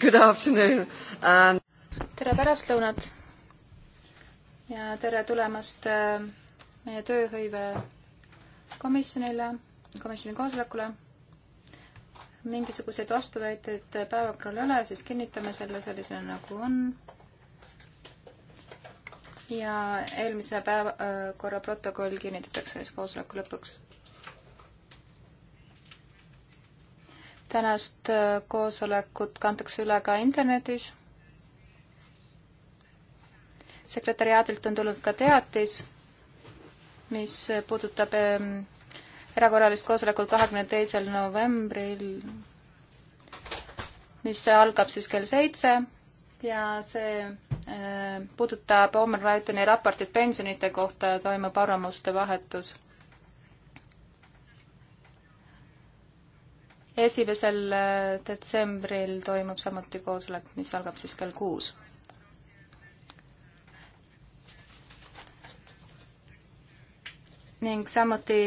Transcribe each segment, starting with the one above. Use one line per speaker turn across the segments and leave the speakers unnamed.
Good afternoon and...
tere pärastlõunat ja tere tulemast äh, meie tööhõive komisjonile, komisjoni koosolekule. mingisuguseid vastuväiteid päevakorral ei ole, siis kinnitame selle sellisena, nagu on. ja eelmise päevakorra äh, protokoll kinnitatakse siis koosoleku lõpuks tänast äh, koosolekut kantakse üle ka internetis. sekretäriaadilt on tulnud ka teatis, mis puudutab ähm, erakorralist koosolekut kahekümne teisel novembril, mis algab siis kell seitse ja see äh, puudutab Omer Raitoni raportit pensionite kohta ja toimub arvamuste vahetus esimesel äh, detsembril toimub samuti koosolek, mis algab siis kell kuus. ning samuti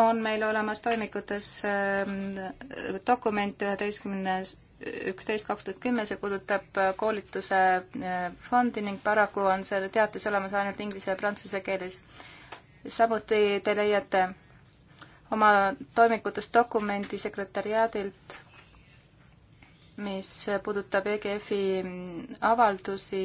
on meil olemas toimikutes ähm, dokument üheteistkümnes, üksteist kaks tuhat kümme, see puudutab äh, koolituse äh, fondi ning paraku on selle teatis olemas ainult inglise ja prantsuse keeles. samuti te leiate oma toimikutest dokumendi sekretäriaadilt, mis puudutab EGF-i avaldusi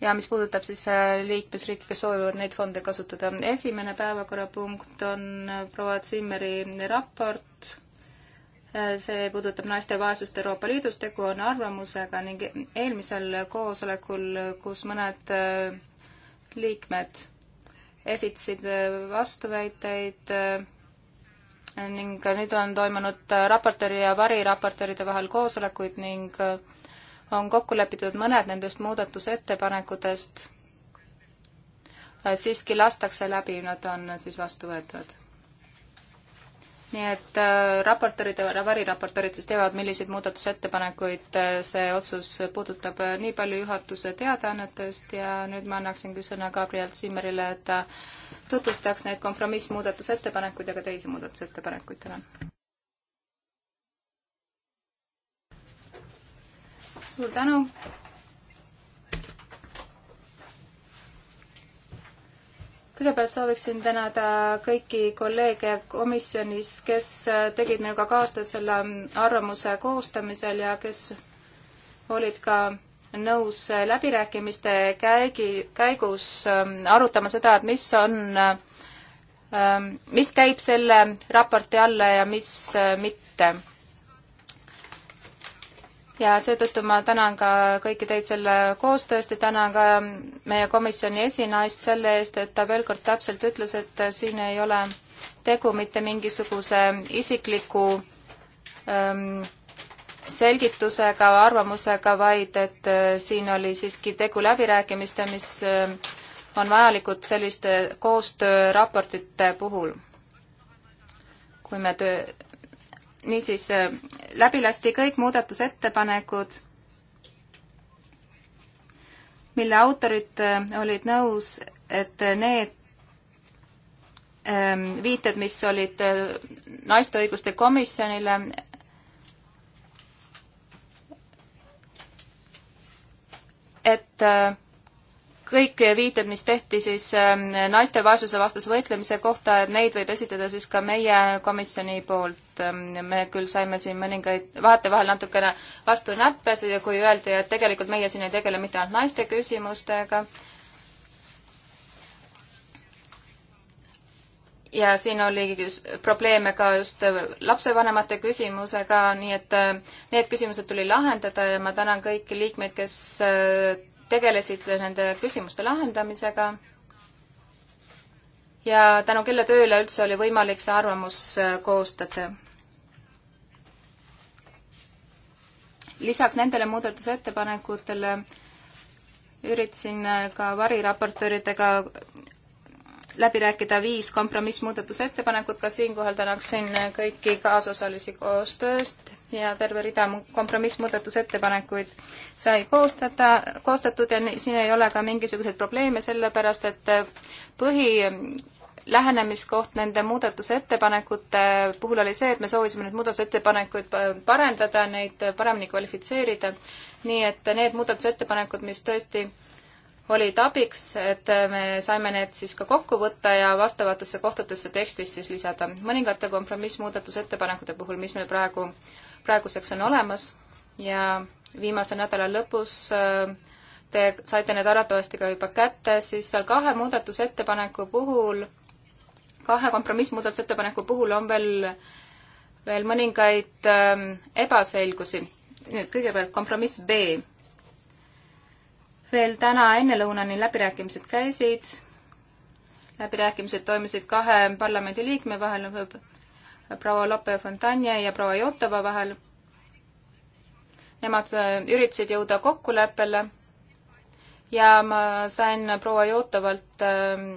ja mis puudutab siis äh, liikmesriike, kes soovivad neid fonde kasutada. esimene päevakorrapunkt on äh, proua Zimmeri raport, äh, see puudutab naiste vaesust Euroopa Liidus, tegu on arvamusega ning eelmisel koosolekul, kus mõned liikmed esitasid äh, vastuväiteid äh, ning nüüd on toimunud äh, raportööri ja variraportööride vahel koosolekuid ning on kokku lepitud mõned nendest muudatusettepanekutest siiski lastakse läbi, nad on siis vastu võetavad nii et äh, raportöörid ja variraportöörid siis teavad, milliseid muudatusettepanekuid äh, see otsus puudutab. Äh, nii palju juhatuse teadaannetest ja nüüd ma annaksingi sõna Gabriel Zimmerile, et ta tutvustaks neid kompromissmuudatusettepanekuid ja ka teisi muudatusettepanekuid. tänan. suur tänu kõigepealt sooviksin tänada kõiki kolleege komisjonis, kes äh, tegid minuga kaastööd selle arvamuse koostamisel ja kes olid ka nõus äh, läbirääkimiste käigi, käigus ähm, arutama seda, et mis on, äh, ähm, mis käib selle raporti alla ja mis mitte ja seetõttu ma tänan ka kõiki teid selle koostööst ja tänan ka meie komisjoni esinaist selle eest, et ta veel kord täpselt ütles, et siin ei ole tegu mitte mingisuguse isikliku ähm, selgitusega, arvamusega, vaid et äh, siin oli siiski tegu läbirääkimiste, mis äh, on vajalikud selliste koostööraportite puhul, kui me töö niisiis, äh, läbi lasti kõik muudatusettepanekud, mille autorid äh, olid nõus, et need ähm, viited, mis olid äh, naiste õiguste komisjonile, et kõik viited, mis tehti siis ähm, naiste vaesuse vastase võitlemise kohta, et neid võib esitada siis ka meie komisjoni poolt et ähm, me küll saime siin mõningaid vahetevahel natukene vastu näppesid ja kui öeldi, et tegelikult meie siin ei tegele mitte ainult naiste küsimustega, ja siin oli probleeme ka just äh, lapsevanemate küsimusega, nii et äh, need küsimused tuli lahendada ja ma tänan kõiki liikmeid, kes äh, tegelesid nende küsimuste lahendamisega ja tänu kelle tööle üldse oli võimalik see arvamus koostada. lisaks nendele muudatusettepanekutele üritasin äh, ka variraportööridega läbi rääkida viis kompromissmuudatusettepanekut, ka siinkohal tänaksin äh, kõiki kaasosalisi koostööst ja terve rida kompromissmuudatusettepanekuid sai koostada, koostatud ja siin ei ole ka mingisuguseid probleeme, sellepärast et äh, põhi lähenemiskoht nende muudatusettepanekute puhul oli see, et me soovisime neid muudatusettepanekuid parendada, neid paremini kvalifitseerida, nii et need muudatusettepanekud, mis tõesti olid abiks, et me saime need siis ka kokku võtta ja vastavatesse kohtadesse tekstis siis lisada. mõningate kompromissmuudatusettepanekute puhul, mis meil praegu, praeguseks on olemas ja viimase nädala lõpus äh, te saite need arvatavasti ka juba kätte, siis seal kahe muudatusettepaneku puhul kahe kompromissmuudatusettepaneku puhul on veel, veel mõningaid ähm, ebaselgusi. nüüd kõigepealt kompromiss B. veel täna ennelõunani läbirääkimised käisid, läbirääkimised toimisid kahe parlamendiliikme vahel, proua Lope Fontanje ja proua Jotova vahel. Nemad äh, üritasid jõuda kokkuleppele ja ma sain proua Jotovalt äh,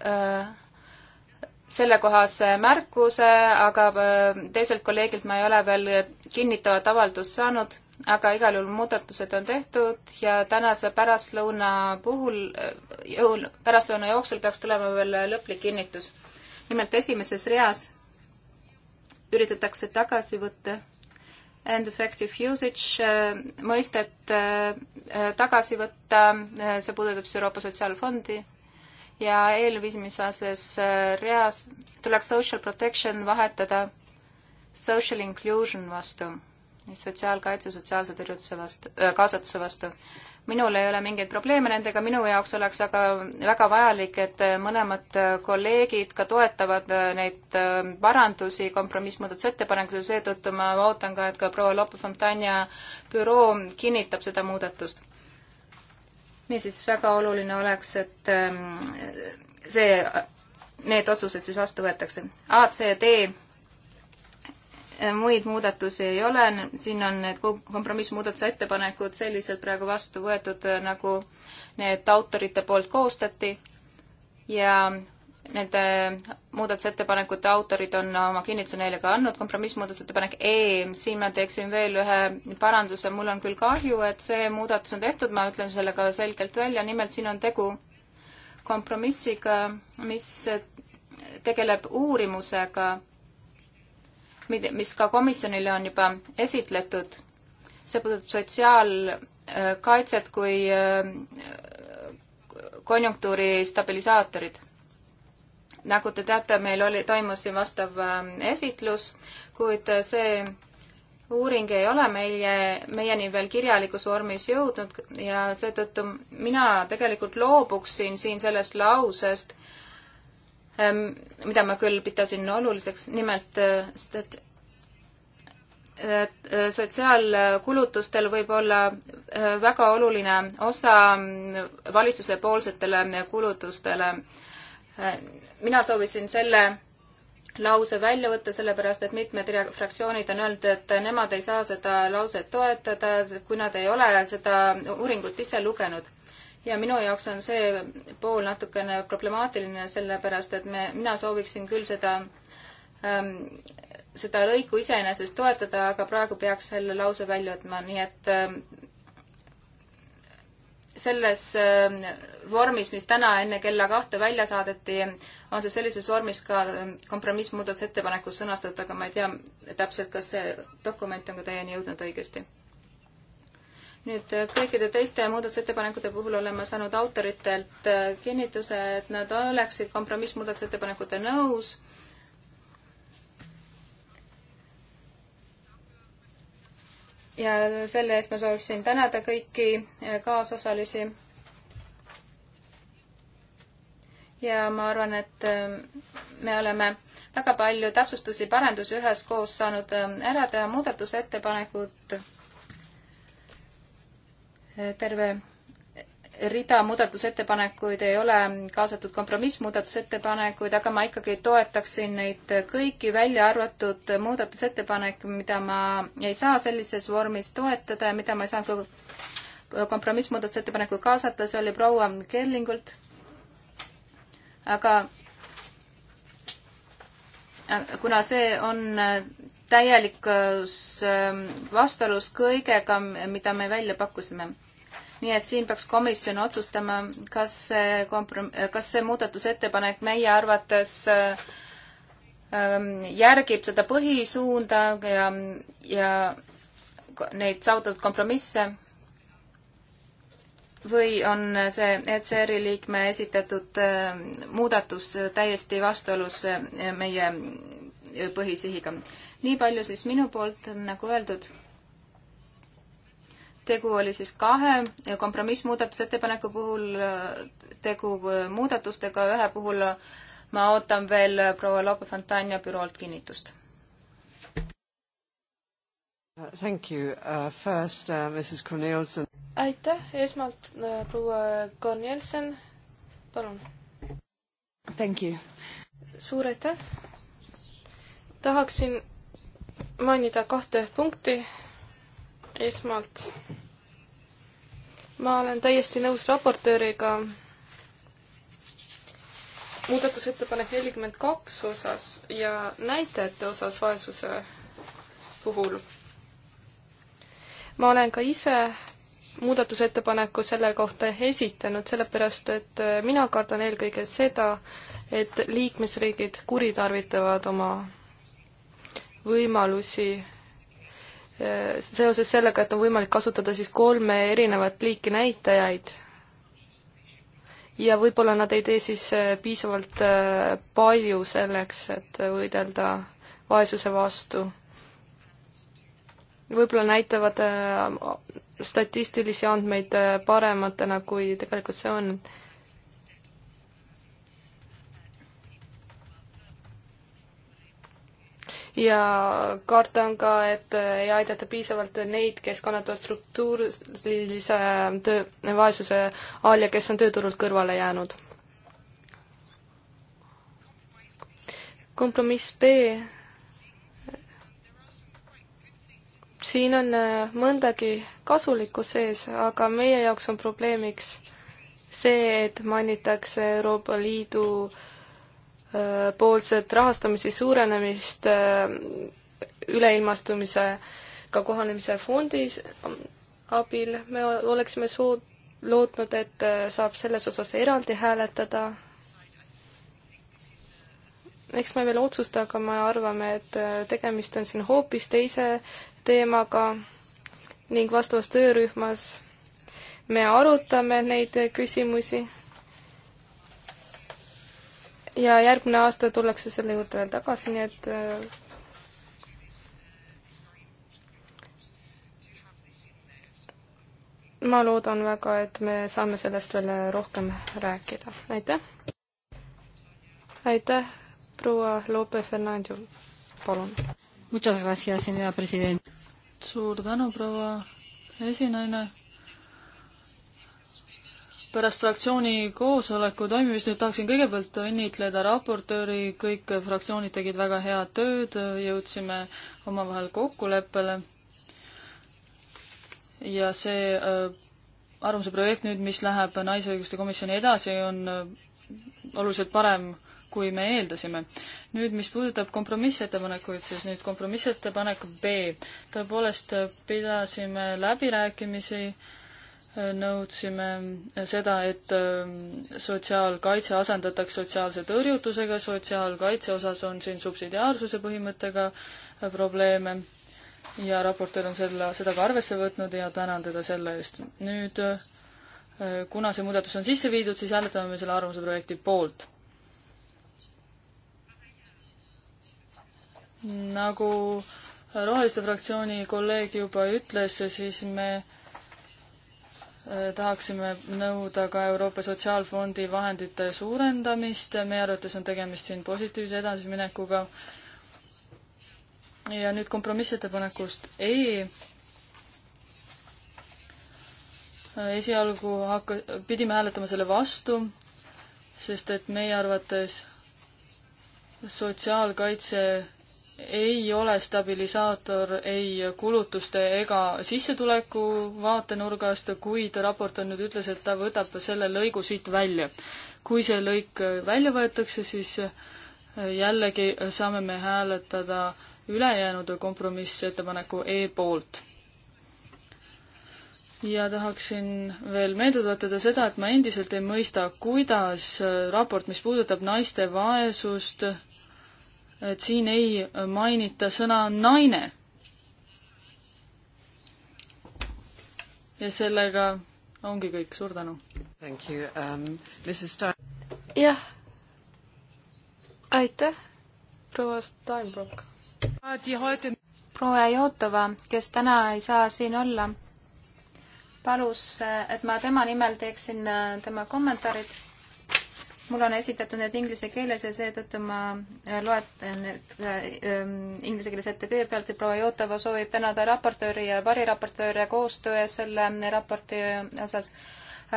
Äh, sellekohase märkuse, aga äh, teiselt kolleegilt ma ei ole veel kinnitavat avaldust saanud, aga igal juhul muudatused on tehtud ja tänase pärastlõuna puhul, äh, jõul, pärastlõuna jooksul peaks tulema veel lõplik kinnitus. nimelt esimeses reas üritatakse tagasi võtta and effective usage mõistet tagasi võtta, see puudutab siis Euroopa Sotsiaalfondi ja eelviisimises äh, reas tuleks social protection vahetada social inclusion vastu, sotsiaalkaitse, sotsiaalse tõrjutuse vastu äh,, kaasatuse vastu. minul ei ole mingeid probleeme nendega, minu jaoks oleks aga väga vajalik, et äh, mõlemad äh, kolleegid ka toetavad neid parandusi kompromissmuudatusettepanekusse, seetõttu ma ootan ka, et ka proua Lope Fontana büroo kinnitab seda muudatust niisiis väga oluline oleks, et ähm, see, need otsused siis vastu võetakse. A, C, D äh, muid muudatusi ei ole, siin on need kompromissmuudatuse ettepanekud selliselt praegu vastu võetud, äh, nagu need autorite poolt koostati ja nende äh, muudatusettepanekute autorid on oma kinnituse neile ka andnud, kompromissmuudatusettepanek E, siin ma teeksin veel ühe paranduse, mul on küll kahju, et see muudatus on tehtud, ma ütlen selle ka selgelt välja, nimelt siin on tegu kompromissiga, mis tegeleb uurimusega, mis ka komisjonile on juba esitletud. see puudutab sotsiaalkaitset äh, kui äh, konjunktuuri stabilisaatorid nagu te teate, meil oli, toimus siin vastav ähm, esitlus, kuid äh, see uuring ei ole meie, meieni veel kirjalikus vormis jõudnud ja seetõttu mina tegelikult loobuksin siin sellest lausest, ähm, mida ma küll pidasin oluliseks, nimelt äh, et et äh, sotsiaalkulutustel võib olla väga oluline osa mm, valitsuse poolsetele kulutustele mina soovisin selle lause välja võtta, sellepärast et mitmed fraktsioonid on öelnud, et nemad ei saa seda lauset toetada, kui nad ei ole seda uuringut ise lugenud. ja minu jaoks on see pool natukene problemaatiline, sellepärast et me, mina sooviksin küll seda ähm, seda lõiku iseenesest toetada, aga praegu peaks selle lause välja võtma, nii et ähm, selles ähm, vormis, mis täna enne kella kahte välja saadeti, on see sellises vormis ka ähm, kompromissmuudatusettepanekus sõnastatud, aga ma ei tea täpselt, kas see dokument on ka teieni jõudnud õigesti. nüüd äh, kõikide teiste muudatusettepanekute puhul olen ma saanud autoritelt äh, kinnituse, et nad oleksid kompromissmuudatusettepanekute nõus ja selle eest ma sooviksin tänada kõiki äh, kaasosalisi. ja ma arvan, et äh, me oleme väga palju täpsustusi, parendusi üheskoos saanud äh, ära teha, muudatusettepanekud terve rida muudatusettepanekuid ei ole kaasatud kompromissmuudatusettepanekuid, aga ma ikkagi toetaksin neid kõiki, välja arvatud muudatusettepanek, mida ma ei saa sellises vormis toetada ja mida ma ei saanud ka kompromissmuudatusettepanekuid kaasata, see oli proua Kerlingult. aga kuna see on täielikus äh, vastuolus kõigega, mida me välja pakkusime nii et siin peaks komisjon otsustama, kas see komprom-, kas see muudatusettepanek meie arvates ähm, järgib seda põhisuunda ja, ja neid saavutatud kompromisse või on see ECR-i liikme esitatud ähm, muudatus täiesti vastuolus äh, meie põhisihiga. nii palju siis minu poolt, nagu öeldud tegu oli siis kahe kompromissmuudatusettepaneku puhul tegu muudatustega, ühe puhul ma ootan veel proua Lope Fontana büroolt kinnitust.
Thank you uh,. First uh, Mrs Cornelson.
aitäh, esmalt uh, proua Cornelson, palun. Thank you. suur aitäh. tahaksin mainida kahte punkti esmalt ma olen täiesti nõus raportööriga muudatusettepanek nelikümmend kaks osas ja näitajate osas vaesuse puhul. ma olen ka ise muudatusettepaneku selle kohta esitanud, sellepärast et mina kardan eelkõige seda, et liikmesriigid kuritarvitavad oma võimalusi seoses sellega, et on võimalik kasutada siis kolme erinevat liiki näitajaid ja võib-olla nad ei tee siis äh, piisavalt äh, palju selleks, et võidelda vaesuse vastu. võib-olla näitavad äh, statistilisi andmeid parematena, kui tegelikult see on ja karta on ka, et ei aidata piisavalt neid, kes kannatavad struktuurilise töö, vaesuse all ja kes on tööturult kõrvale jäänud. kompromiss B siin on äh, mõndagi kasulikku sees, aga meie jaoks on probleemiks see, et mainitakse Euroopa Liidu poolset rahastamise suurenemist äh, üleilmastumisega kohanemise fondis abil, me oleksime soo-, lootnud, et äh, saab selles osas eraldi hääletada. eks me veel otsusta, aga me arvame, et äh, tegemist on siin hoopis teise teemaga ning vastavas töörühmas me arutame neid küsimusi ja järgmine aasta tullakse selle juurde veel tagasi, nii et äh, ma loodan väga, et me saame sellest veel rohkem rääkida. aitäh!
aitäh, proua Lope Fernandil, palun! suur tänu, proua esinaine pärast fraktsiooni koosoleku toimimist nüüd tahaksin kõigepealt õnnitleda raportööri, kõik fraktsioonid tegid väga head tööd, jõudsime omavahel kokkuleppele. ja see äh, arvamuse projekt nüüd, mis läheb Naisõiguste Komisjoni edasi, on äh, oluliselt parem, kui me eeldasime. nüüd, mis puudutab kompromissettepanekuid, siis nüüd kompromissettepanek B. tõepoolest äh, pidasime läbirääkimisi äh, nõudsime seda, et ähm, sotsiaalkaitse asendatakse sotsiaalse tõrjutusega, sotsiaalkaitse osas on siin subsidiaarsuse põhimõttega äh, probleeme ja raportöör on selle, seda ka arvesse võtnud ja tänan teda selle eest. nüüd, äh, kuna see muudatus on sisse viidud, siis hääletame me selle arvamuse projekti poolt. nagu roheliste fraktsiooni kolleeg juba ütles, siis me Äh, tahaksime nõuda ka Euroopa Sotsiaalfondi vahendite suurendamist, meie arvates on tegemist siin positiivse edasiminekuga. ja nüüd kompromissettepanekust E. Äh, esialgu hakka-, pidime hääletama selle vastu, sest et meie arvates sotsiaalkaitse ei ole stabilisaator ei kulutuste ega sissetuleku vaatenurgast, kuid raportöör nüüd ütles, et ta võtab selle lõigu siit välja. kui see lõik välja võetakse, siis jällegi saame me hääletada ülejäänud kompromissettepaneku E poolt. ja tahaksin veel meelde tuletada seda, et ma endiselt ei mõista, kuidas raport, mis puudutab naiste vaesust, et siin ei mainita sõna naine. ja sellega ongi kõik, suur tänu. Um, jah,
aitäh, proua Steinbrock.
proua Jotova, kes täna ei saa siin olla, palus, et ma tema nimel teeksin äh, tema kommentaarid mul on esitatud need inglise keeles ja seetõttu ma äh, loetan need äh, ähm, inglise keeles ette kõigepealt ja proua Jutova soovib tänada raportööri ja variraportööre koostöö eest selle äh, raporti osas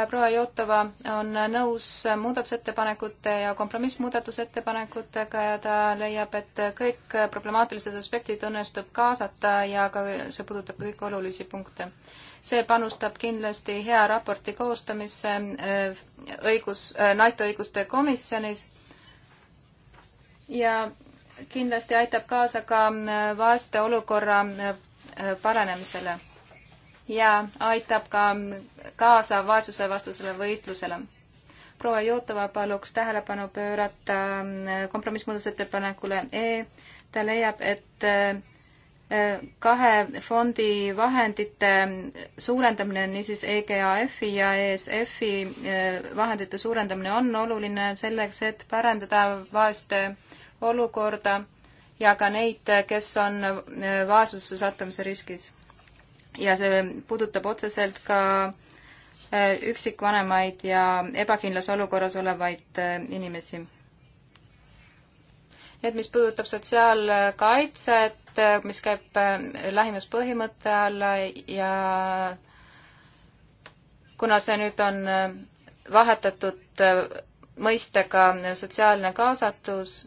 proua Jotova on nõus muudatusettepanekute ja kompromissmuudatusettepanekutega ja ta leiab, et kõik problemaatilised aspektid õnnestub kaasata ja ka see puudutab kõiki olulisi punkte see panustab kindlasti hea raporti koostamisse äh, õigus, äh, naiste õiguste komisjonis ja kindlasti aitab kaasa ka äh, vaeste olukorra paranemisele ja aitab ka kaasa vaesusevastasele võitlusele. proua Jootova paluks tähelepanu pöörata kompromissmuudatusettepanekule E. ta leiab, et kahe fondi vahendite suurendamine, niisiis EGAF-i ja ESF-i äh, vahendite suurendamine on oluline selleks, et pärandada vaeste olukorda ja ka neid, kes on äh, vaesusse sattumise riskis. ja see puudutab otseselt ka äh, üksikvanemaid ja ebakindlas olukorras olevaid inimesi nüüd, mis puudutab sotsiaalkaitset, mis käib äh, lähimuspõhimõtte alla ja kuna see nüüd on äh, vahetatud äh, mõistega sotsiaalne kaasatus,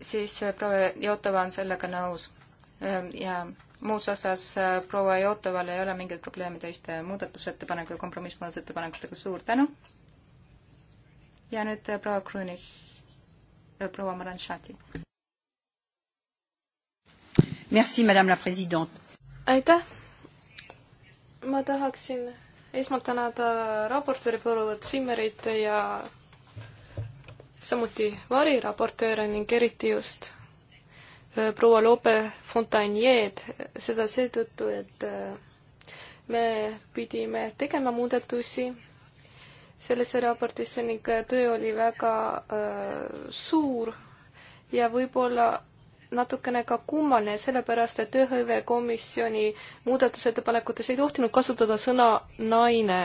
siis proua Jootova on sellega nõus. ja muus osas proua Jootoval ei ole mingeid probleeme teiste muudatusettepaneku ja kompromissmuudatusettepanekutega, suur tänu! ja nüüd äh, proua Krõõnik, äh, proua Marantšati. Merci, madame la president.
aitäh. ma tahaksin esmalt tänada raportööri proua Zimmerit ja samuti variraportööre ning eriti just äh, proua Lope Fontanjed, seda seetõttu, et me pidime tegema muudatusi sellesse raportisse ning äh, töö oli väga äh, suur ja võib-olla natukene ka kummaline, sellepärast et tööhõive komisjoni muudatusettepanekutes ei tohtinud kasutada sõna naine.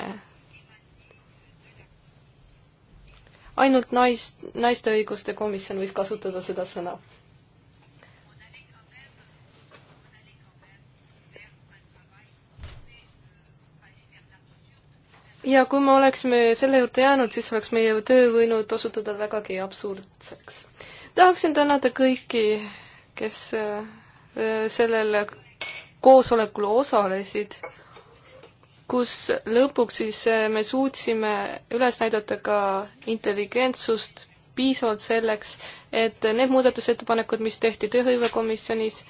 ainult nais, naiste õiguste komisjon võis kasutada seda sõna ja kui me oleksime selle juurde jäänud, siis oleks meie töö võinud osutuda vägagi absurdseks. tahaksin tänada kõiki, kes äh, sellel koosolekul osalesid, kus lõpuks siis äh, me suutsime üles näidata ka intelligentsust piisavalt selleks, et need muudatusettepanekud, mis tehti tööhõivekomisjonis,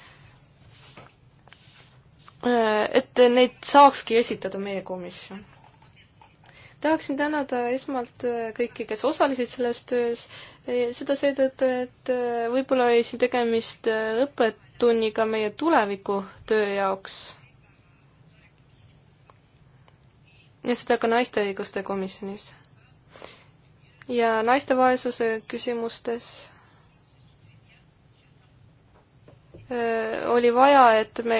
äh, et neid saakski esitada meie komisjon tahaksin tänada esmalt äh, kõiki, kes osalesid selles töös, äh, seda seetõttu, et äh, võib-olla oli siin tegemist õppetunniga meie tuleviku töö jaoks. ja seda ka naiste õiguste komisjonis. ja naiste vaesuse küsimustes oli vaja, et me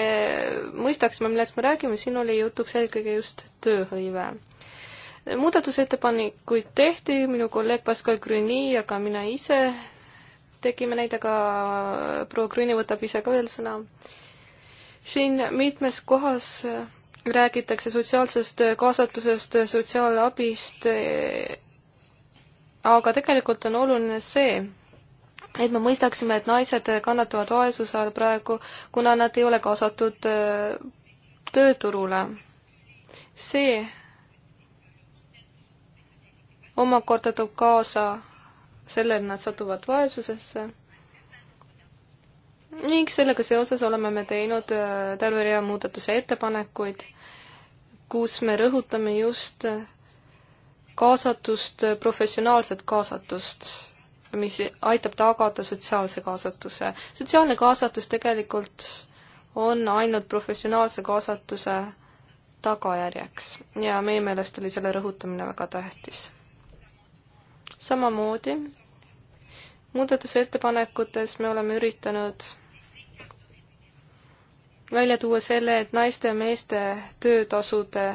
mõistaksime, millest me räägime, siin oli jutuks eelkõige just tööhõive muudatusettepanekuid tehti, minu kolleeg Pascal Grüni ja ka mina ise tegime neid, aga proua Grüni võtab ise ka veel sõna. siin mitmes kohas räägitakse sotsiaalsest kaasatusest, sotsiaalabist, aga tegelikult on oluline see, et me mõistaksime, et naised kannatavad vaesuse all praegu, kuna nad ei ole kaasatud tööturule. see omakorda toob kaasa selle, et nad satuvad vaesusesse ning sellega seoses oleme me teinud äh, terve rea muudatuse ettepanekuid, kus me rõhutame just kaasatust, professionaalset kaasatust, mis aitab tagada sotsiaalse kaasatuse. sotsiaalne kaasatus tegelikult on ainult professionaalse kaasatuse tagajärjeks ja meie meelest oli selle rõhutamine väga tähtis samamoodi muudatusettepanekutes me oleme üritanud välja tuua selle, et naiste ja meeste töötasude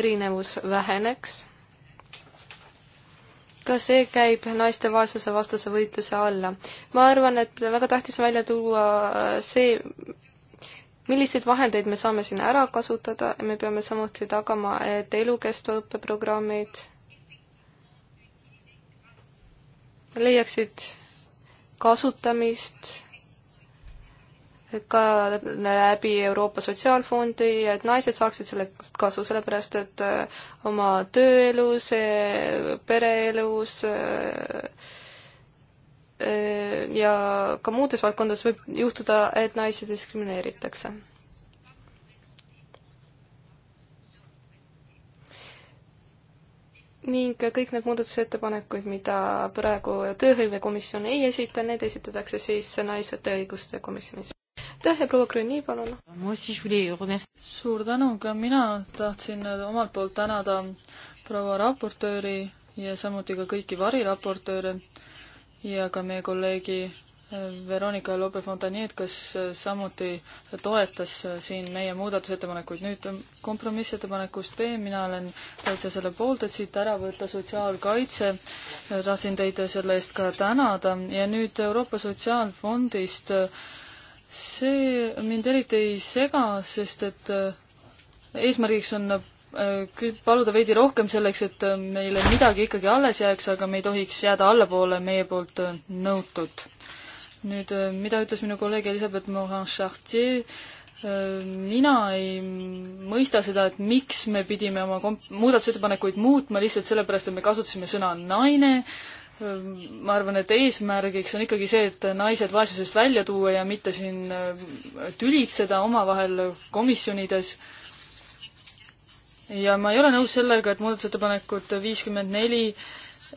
erinevus väheneks. ka see käib naiste vaesuse vastase võitluse alla. ma arvan, et väga tähtis on välja tuua see, milliseid vahendeid me saame siin ära kasutada ja me peame samuti tagama, et elukestva õppe programmid leiaksid kasutamist ka läbi Euroopa Sotsiaalfondi, et naised saaksid sellest kasu, sellepärast et äh, oma tööelus, äh, pereelus äh, ja ka muudes valdkondades võib juhtuda, et naisi diskrimineeritakse ning kõik need muudatusettepanekud, mida praegu tööhõivekomisjon ei esita, need esitatakse siis naiste õiguste komisjonis.
aitäh ja proua Grünni, palun! suur tänu, ka mina tahtsin omalt poolt tänada proua raportööri ja samuti ka kõiki variraportööre ja ka meie kolleegi Veronika Lope-Fontaniet, kes samuti toetas siin meie muudatusettepanekuid. nüüd kompromissettepanekust B, mina olen täitsa selle poolt, et siit ära võtta sotsiaalkaitse. tahtsin teid selle eest ka tänada ja nüüd Euroopa Sotsiaalfondist. see mind eriti ei sega, sest et eesmärgiks on äh, paluda veidi rohkem selleks, et meile midagi ikkagi alles jääks, aga me ei tohiks jääda allapoole meie poolt nõutut nüüd, äh, mida ütles minu kolleeg Elizabeth Morin-Chartier, äh, mina ei mõista seda, et miks me pidime oma komp-, muudatusettepanekuid muutma lihtsalt sellepärast, et me kasutasime sõna naine, äh, ma arvan, et eesmärgiks on ikkagi see, et naised vaesusest välja tuua ja mitte siin tülitseda omavahel komisjonides. ja ma ei ole nõus sellega, et muudatusettepanekut viiskümmend neli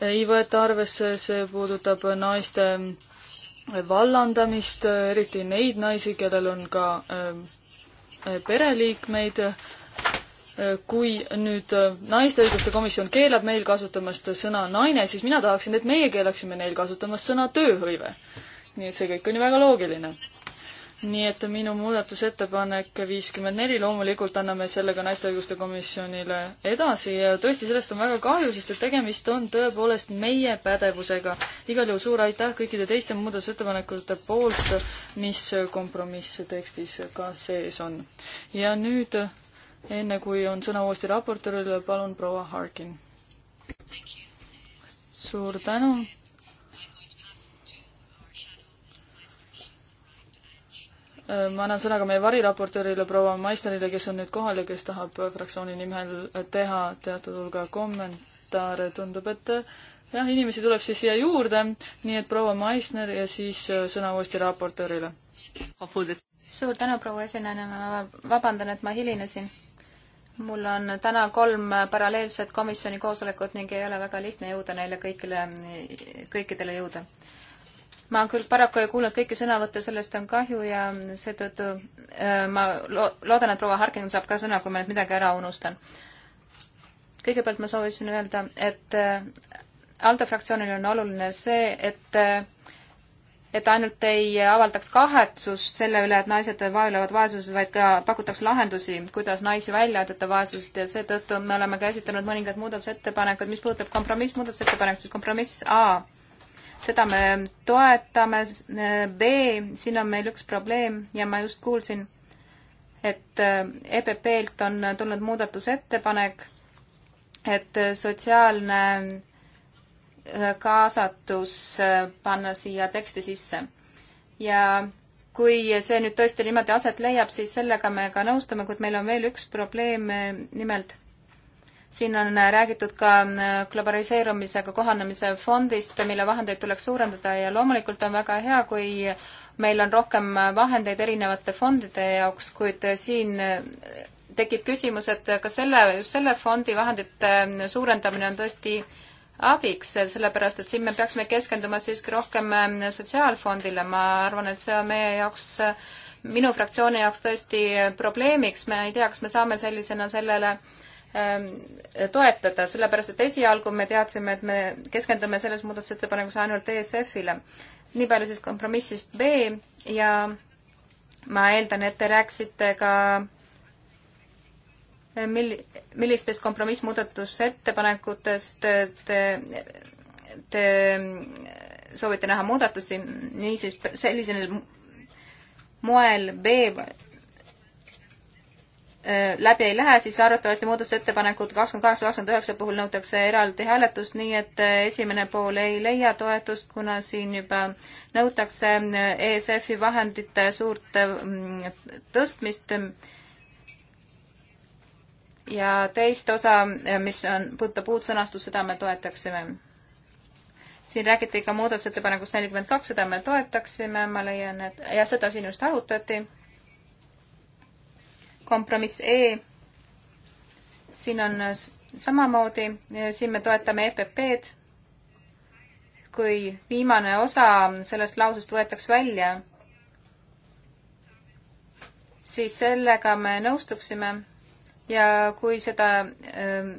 ei võeta arvesse, see puudutab naiste vallandamist, eriti neid naisi, kellel on ka äh, pereliikmeid. Äh, kui nüüd äh, Naiste Õiguste Komisjon keelab meil kasutamast sõna naine, siis mina tahaksin, et meie keelaksime neil kasutamast sõna tööhõive. nii et see kõik on ju väga loogiline nii et minu muudatusettepanek viiskümmend neli, loomulikult anname sellega Naiste Õiguste Komisjonile edasi ja tõesti, sellest on väga kahju, sest et tegemist on tõepoolest meie pädevusega. igal juhul suur aitäh kõikide teiste muudatusettepanekute poolt, mis kompromisstekstis ka sees on. ja nüüd, enne kui on sõna uuesti raportöörile, palun proua Harkin. suur tänu Äh, ma annan sõna ka meie variraportöörile proua Maisterile, kes on nüüd kohal ja kes tahab fraktsiooni nimel teha teatud hulga kommentaare, tundub, et äh, jah, inimesi tuleb siis siia juurde, nii et proua Maisner ja siis äh, sõna uuesti raportöörile.
suur tänu, proua esinejana, ma vabandan, et ma hilinesin. mul on täna kolm paralleelset komisjoni koosolekut ning ei ole väga lihtne jõuda neile kõigile, kõikidele jõuda ma küll paraku ei kuulnud kõiki sõnavõtte, sellest on kahju ja seetõttu äh, ma lo-, loodan, et proua Harkin saab ka sõna, kui ma nüüd midagi ära unustan. kõigepealt ma soovisin öelda, et äh, ALDE fraktsioonil on oluline see, et äh, et ainult ei avaldaks kahetsust selle üle, et naised vaevlevad vaesuses, vaid ka pakutaks lahendusi, kuidas naisi välja aidata vaesusest ja seetõttu me oleme ka esitanud mõningad muudatusettepanekud, mis puudutab kompromissmuudatusettepanekut, siis kompromiss A seda me toetame. B, siin on meil üks probleem ja ma just kuulsin, et äh, EPP-lt on tulnud muudatusettepanek, et sotsiaalne äh, kaasatus äh, panna siia teksti sisse. ja kui see nüüd tõesti niimoodi aset leiab, siis sellega me ka nõustume, kuid meil on veel üks probleem, nimelt siin on äh, räägitud ka äh, globaliseerumisega kohanemise fondist, mille vahendeid tuleks suurendada ja loomulikult on väga hea, kui meil on rohkem äh, vahendeid erinevate fondide jaoks, kuid siin tekib küsimus, et kas selle, just selle fondi vahendite suurendamine on tõesti abiks, sellepärast et siin me peaksime keskenduma siiski rohkem sotsiaalfondile, ma arvan, et see on meie jaoks, minu fraktsiooni jaoks tõesti probleemiks, me ei tea, kas me saame sellisena sellele äh, Ähm, toetada, sellepärast et esialgu me teadsime, et me keskendume selles muudatusettepanekus ainult ESF-ile. nii palju siis kompromissist B ja ma eeldan, et te rääkisite ka äh, mil-, millistest kompromissmuudatusettepanekutest äh, te, te äh, soovite näha muudatusi, niisiis sellisel moel B Äh, läbi ei lähe, siis arvatavasti muudatusettepanekud kakskümmend kaheksa, kakskümmend üheksa puhul nõutakse eraldi hääletust, nii et äh, esimene pool ei leia toetust, kuna siin juba nõutakse äh, ESF-i vahendite suurt mm, tõstmist ja teist osa, mis on, puudutab uut sõnastust, seda me toetaksime. siin räägiti ka muudatusettepanekust nelikümmend kaks, seda me toetaksime, ma leian, et ja seda siin just arutati kompromiss E, siin on samamoodi, siin me toetame EPP-d, kui viimane osa sellest lausest võetakse välja, siis sellega me nõustuksime ja kui seda ähm,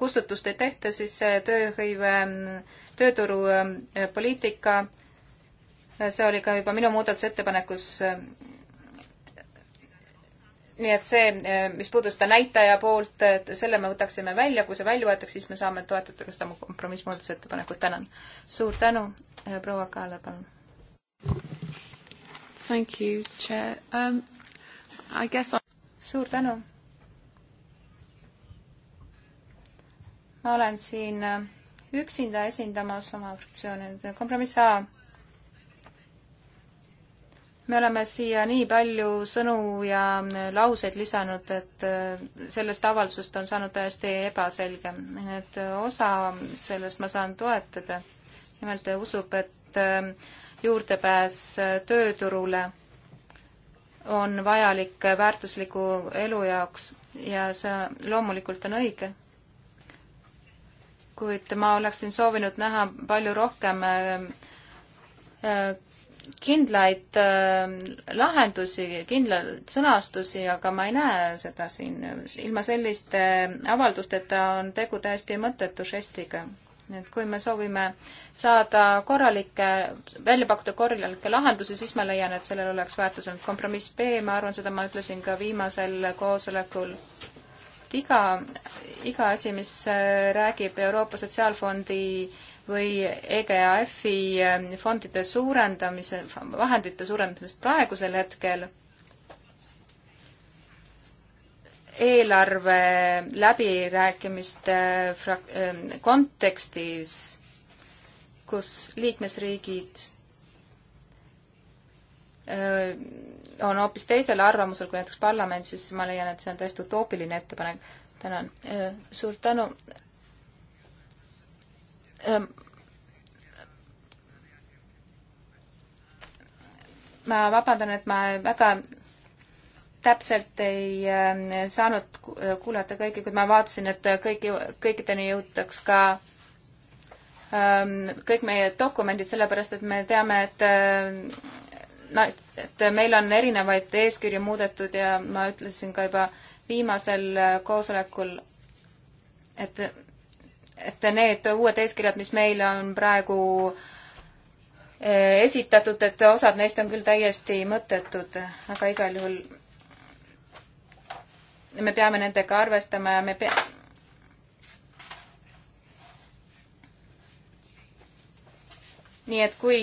kustutust ei tehta, siis see tööhõive, ähm, tööturupoliitika, ähm, see oli ka juba minu muudatusettepanekus nii et see, eh, mis puudutab seda näitaja poolt, et selle me võtaksime välja, kui see välja võetakse, siis me saame toetada ka seda kompromissmuudatusettepanekut, tänan. suur tänu, eh, proua Kaaler, palun. Thank you, chair um,. I guess I... suur tänu. ma olen siin eh, üksinda esindamas oma fraktsiooni, kompromiss A me oleme siia nii palju sõnu ja lauseid lisanud, et äh, sellest avaldusest on saanud täiesti ebaselge. et osa sellest ma saan toetada. nimelt usub, et äh, juurdepääs äh, tööturule on vajalik väärtusliku elu jaoks ja see loomulikult on õige. kuid ma oleksin soovinud näha palju rohkem kindlaid ähm, lahendusi, kindlaid sõnastusi, aga ma ei näe seda siin. ilma selliste ähm, avaldusteta on tegu täiesti mõttetu žestiga. et kui me soovime saada korralikke, välja pakkuda korralikke lahendusi, siis ma leian, et sellel oleks väärtus olnud kompromiss B, ma arvan, seda ma ütlesin ka viimasel koosolekul iga, iga asi, mis äh, räägib Euroopa Sotsiaalfondi või EGAF-i ähm, fondide suurendamise, vahendite suurendamisest praegusel hetkel eelarve läbirääkimiste äh, frak-, ähm, kontekstis, kus liikmesriigid äh, on hoopis teisel arvamusel kui näiteks parlament, siis ma leian, et see on täiesti utoopiline ettepanek. tänan. Äh, suur tänu ma vabandan, et ma väga täpselt ei ähm, saanud kuulata kõiki, kuid ma vaatasin, et kõigi, kõikideni jõutaks ka ähm, kõik meie dokumendid, sellepärast et me teame, et äh, no, et meil on erinevaid eeskirju muudetud ja ma ütlesin ka juba viimasel äh, koosolekul, et et need uued eeskirjad, mis meile on praegu eh, esitatud, et osad neist on küll täiesti mõttetud, aga igal juhul me peame nendega arvestama ja me pea-. nii et kui,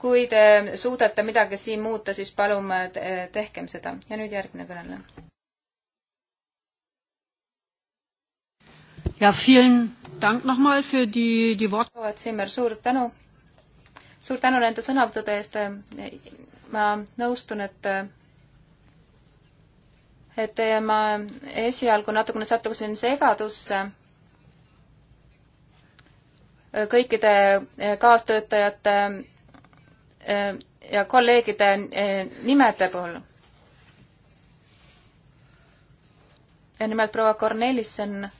kui te suudate midagi siin muuta, siis palume, eh, tehkem seda. ja nüüd järgmine kõneleja
ja vielen Dank nochmal für die, die Worte.
proua Zimmer, suur tänu, suur tänu nende sõnavõttude eest. ma nõustun, et et ma esialgu natukene sattusin segadusse kõikide kaastöötajate e, ja kolleegide e, nimede puhul. ja nimelt proua Kornelissen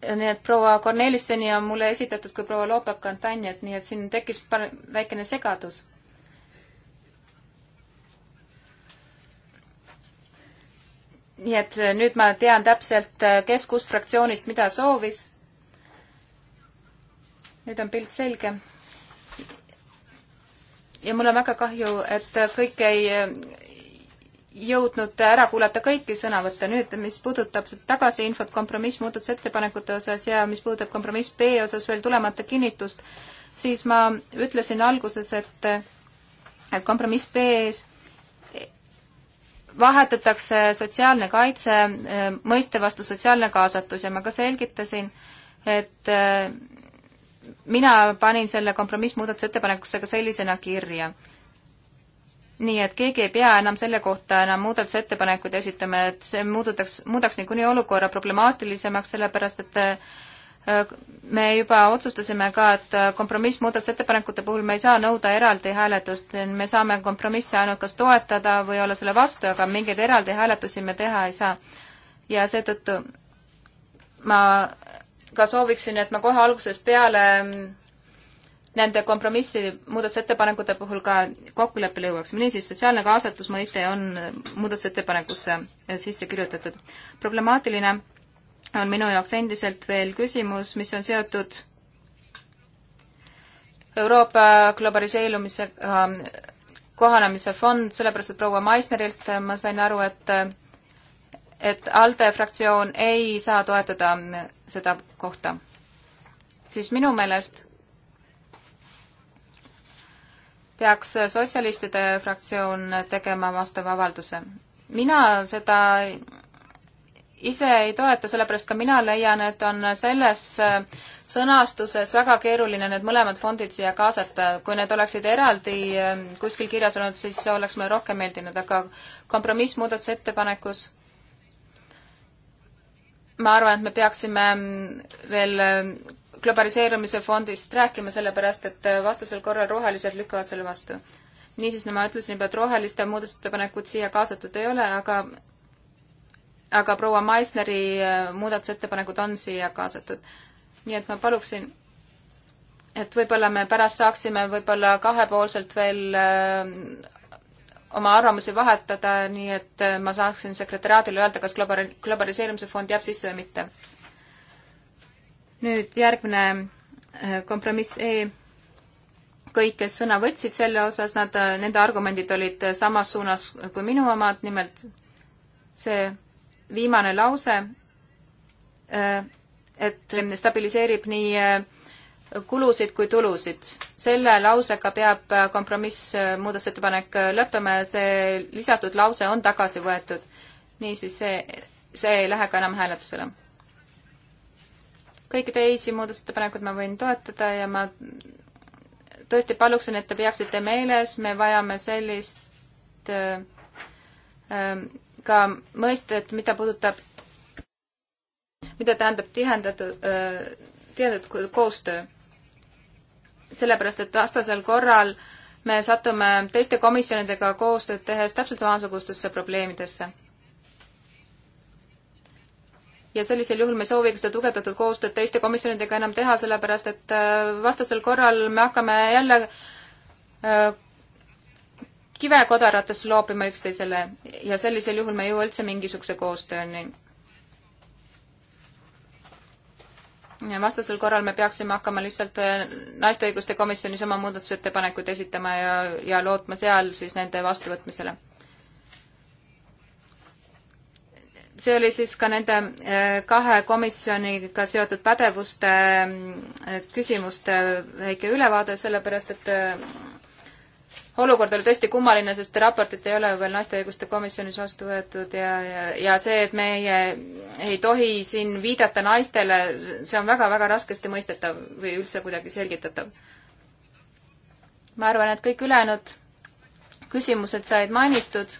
nii et proua Cornelisseni on mulle esitatud kui proua Loopakantaniat, nii et siin tekkis väikene segadus. nii et äh, nüüd ma tean täpselt, äh, kes kust fraktsioonist mida soovis. nüüd on pilt selge. ja mul on väga kahju, et äh, kõik ei jõudnud ära kuulata kõiki sõnavõtte. nüüd, mis puudutab tagasiinfot kompromissmuudatusettepanekute osas ja mis puudutab kompromiss B osas veel tulemata kinnitust, siis ma ütlesin alguses, et, et kompromiss B-s vahetatakse sotsiaalne kaitse äh, mõiste vastu sotsiaalne kaasatus ja ma ka selgitasin, et äh, mina panin selle kompromissmuudatusettepanekusse ka sellisena kirja nii et keegi ei pea enam selle kohta enam muudatusettepanekuid esitama, et see muudetaks, muudaks niikuinii olukorra problemaatilisemaks, sellepärast et äh, me juba otsustasime ka, et äh, kompromissmuudatusettepanekute puhul me ei saa nõuda eraldi hääletust, me saame kompromisse ainult kas toetada või olla selle vastu, aga mingeid eraldi hääletusi me teha ei saa. ja seetõttu ma ka sooviksin, et me kohe algusest peale mm, nende kompromissi muudatusettepanekute puhul ka kokkuleppele jõuaks. niisiis, sotsiaalne kaasatus mõiste on muudatusettepanekusse sisse kirjutatud. problemaatiline on minu jaoks endiselt veel küsimus, mis on seotud Euroopa globaliseerumisega äh, kohanemise fond, sellepärast et proua Meissnerilt ma sain aru, et et ALDE fraktsioon ei saa toetada seda kohta. siis minu meelest peaks sotsialistide fraktsioon tegema vastava avalduse. mina seda ise ei toeta, sellepärast ka mina leian, et on selles sõnastuses väga keeruline need mõlemad fondid siia kaasata. kui need oleksid eraldi eh, kuskil kirjas olnud, siis oleks mulle rohkem meeldinud, aga kompromissmuudatusettepanekus ma arvan, et me peaksime veel eh, globaliseerumise fondist rääkima, sellepärast et vastasel korral rohelised lükkavad selle vastu. niisiis, no nagu ma ütlesin juba, et roheliste muudatusettepanekud siia kaasatud ei ole, aga aga proua Meissneri äh, muudatusettepanekud on siia kaasatud. nii et ma paluksin, et võib-olla me pärast saaksime võib-olla kahepoolselt veel äh, oma arvamusi vahetada, nii et äh, ma saaksin sekretäraadile öelda, kas global-, globaliseerimise fond jääb sisse või mitte nüüd järgmine äh, kompromiss E. kõik, kes sõna võtsid selle osas, nad, äh, nende argumendid olid äh, samas suunas kui minu omad, nimelt see viimane lause, et stabiliseerib nii kulusid kui tulusid. selle lausega peab kompromiss, muudatusettepanek lõppema ja see lisatud lause on tagasi võetud. niisiis see, see ei lähe ka enam hääletusele kõiki teisi muudatusettepanekuid ma võin toetada ja ma tõesti paluksin, et te peaksite meeles, me vajame sellist äh, äh, ka mõistet, mida puudutab, mida tähendab tihendatud, äh, tihendatud koostöö. sellepärast, et vastasel korral me satume teiste komisjonidega koostööd tehes täpselt samasugustesse probleemidesse ja sellisel juhul me ei soovi seda tugevdatud koostööd teiste komisjonidega enam teha, sellepärast et äh, vastasel korral me hakkame jälle äh, kive kodarates loopima üksteisele ja sellisel juhul me ei jõua üldse mingisuguse koostööni. ja vastasel korral me peaksime hakkama lihtsalt äh, naiste õiguste komisjonis oma muudatusettepanekuid esitama ja, ja lootma seal siis nende vastuvõtmisele see oli siis ka nende äh, kahe komisjoniga seotud pädevuste äh, küsimuste väike ülevaade, sellepärast et äh, olukord oli tõesti kummaline, sest raportit ei ole veel naiste õiguste komisjonis vastu võetud ja, ja, ja see, et meie ei tohi siin viidata naistele, see on väga-väga raskesti mõistetav või üldse kuidagi selgitatav. ma arvan, et kõik ülejäänud küsimused said mainitud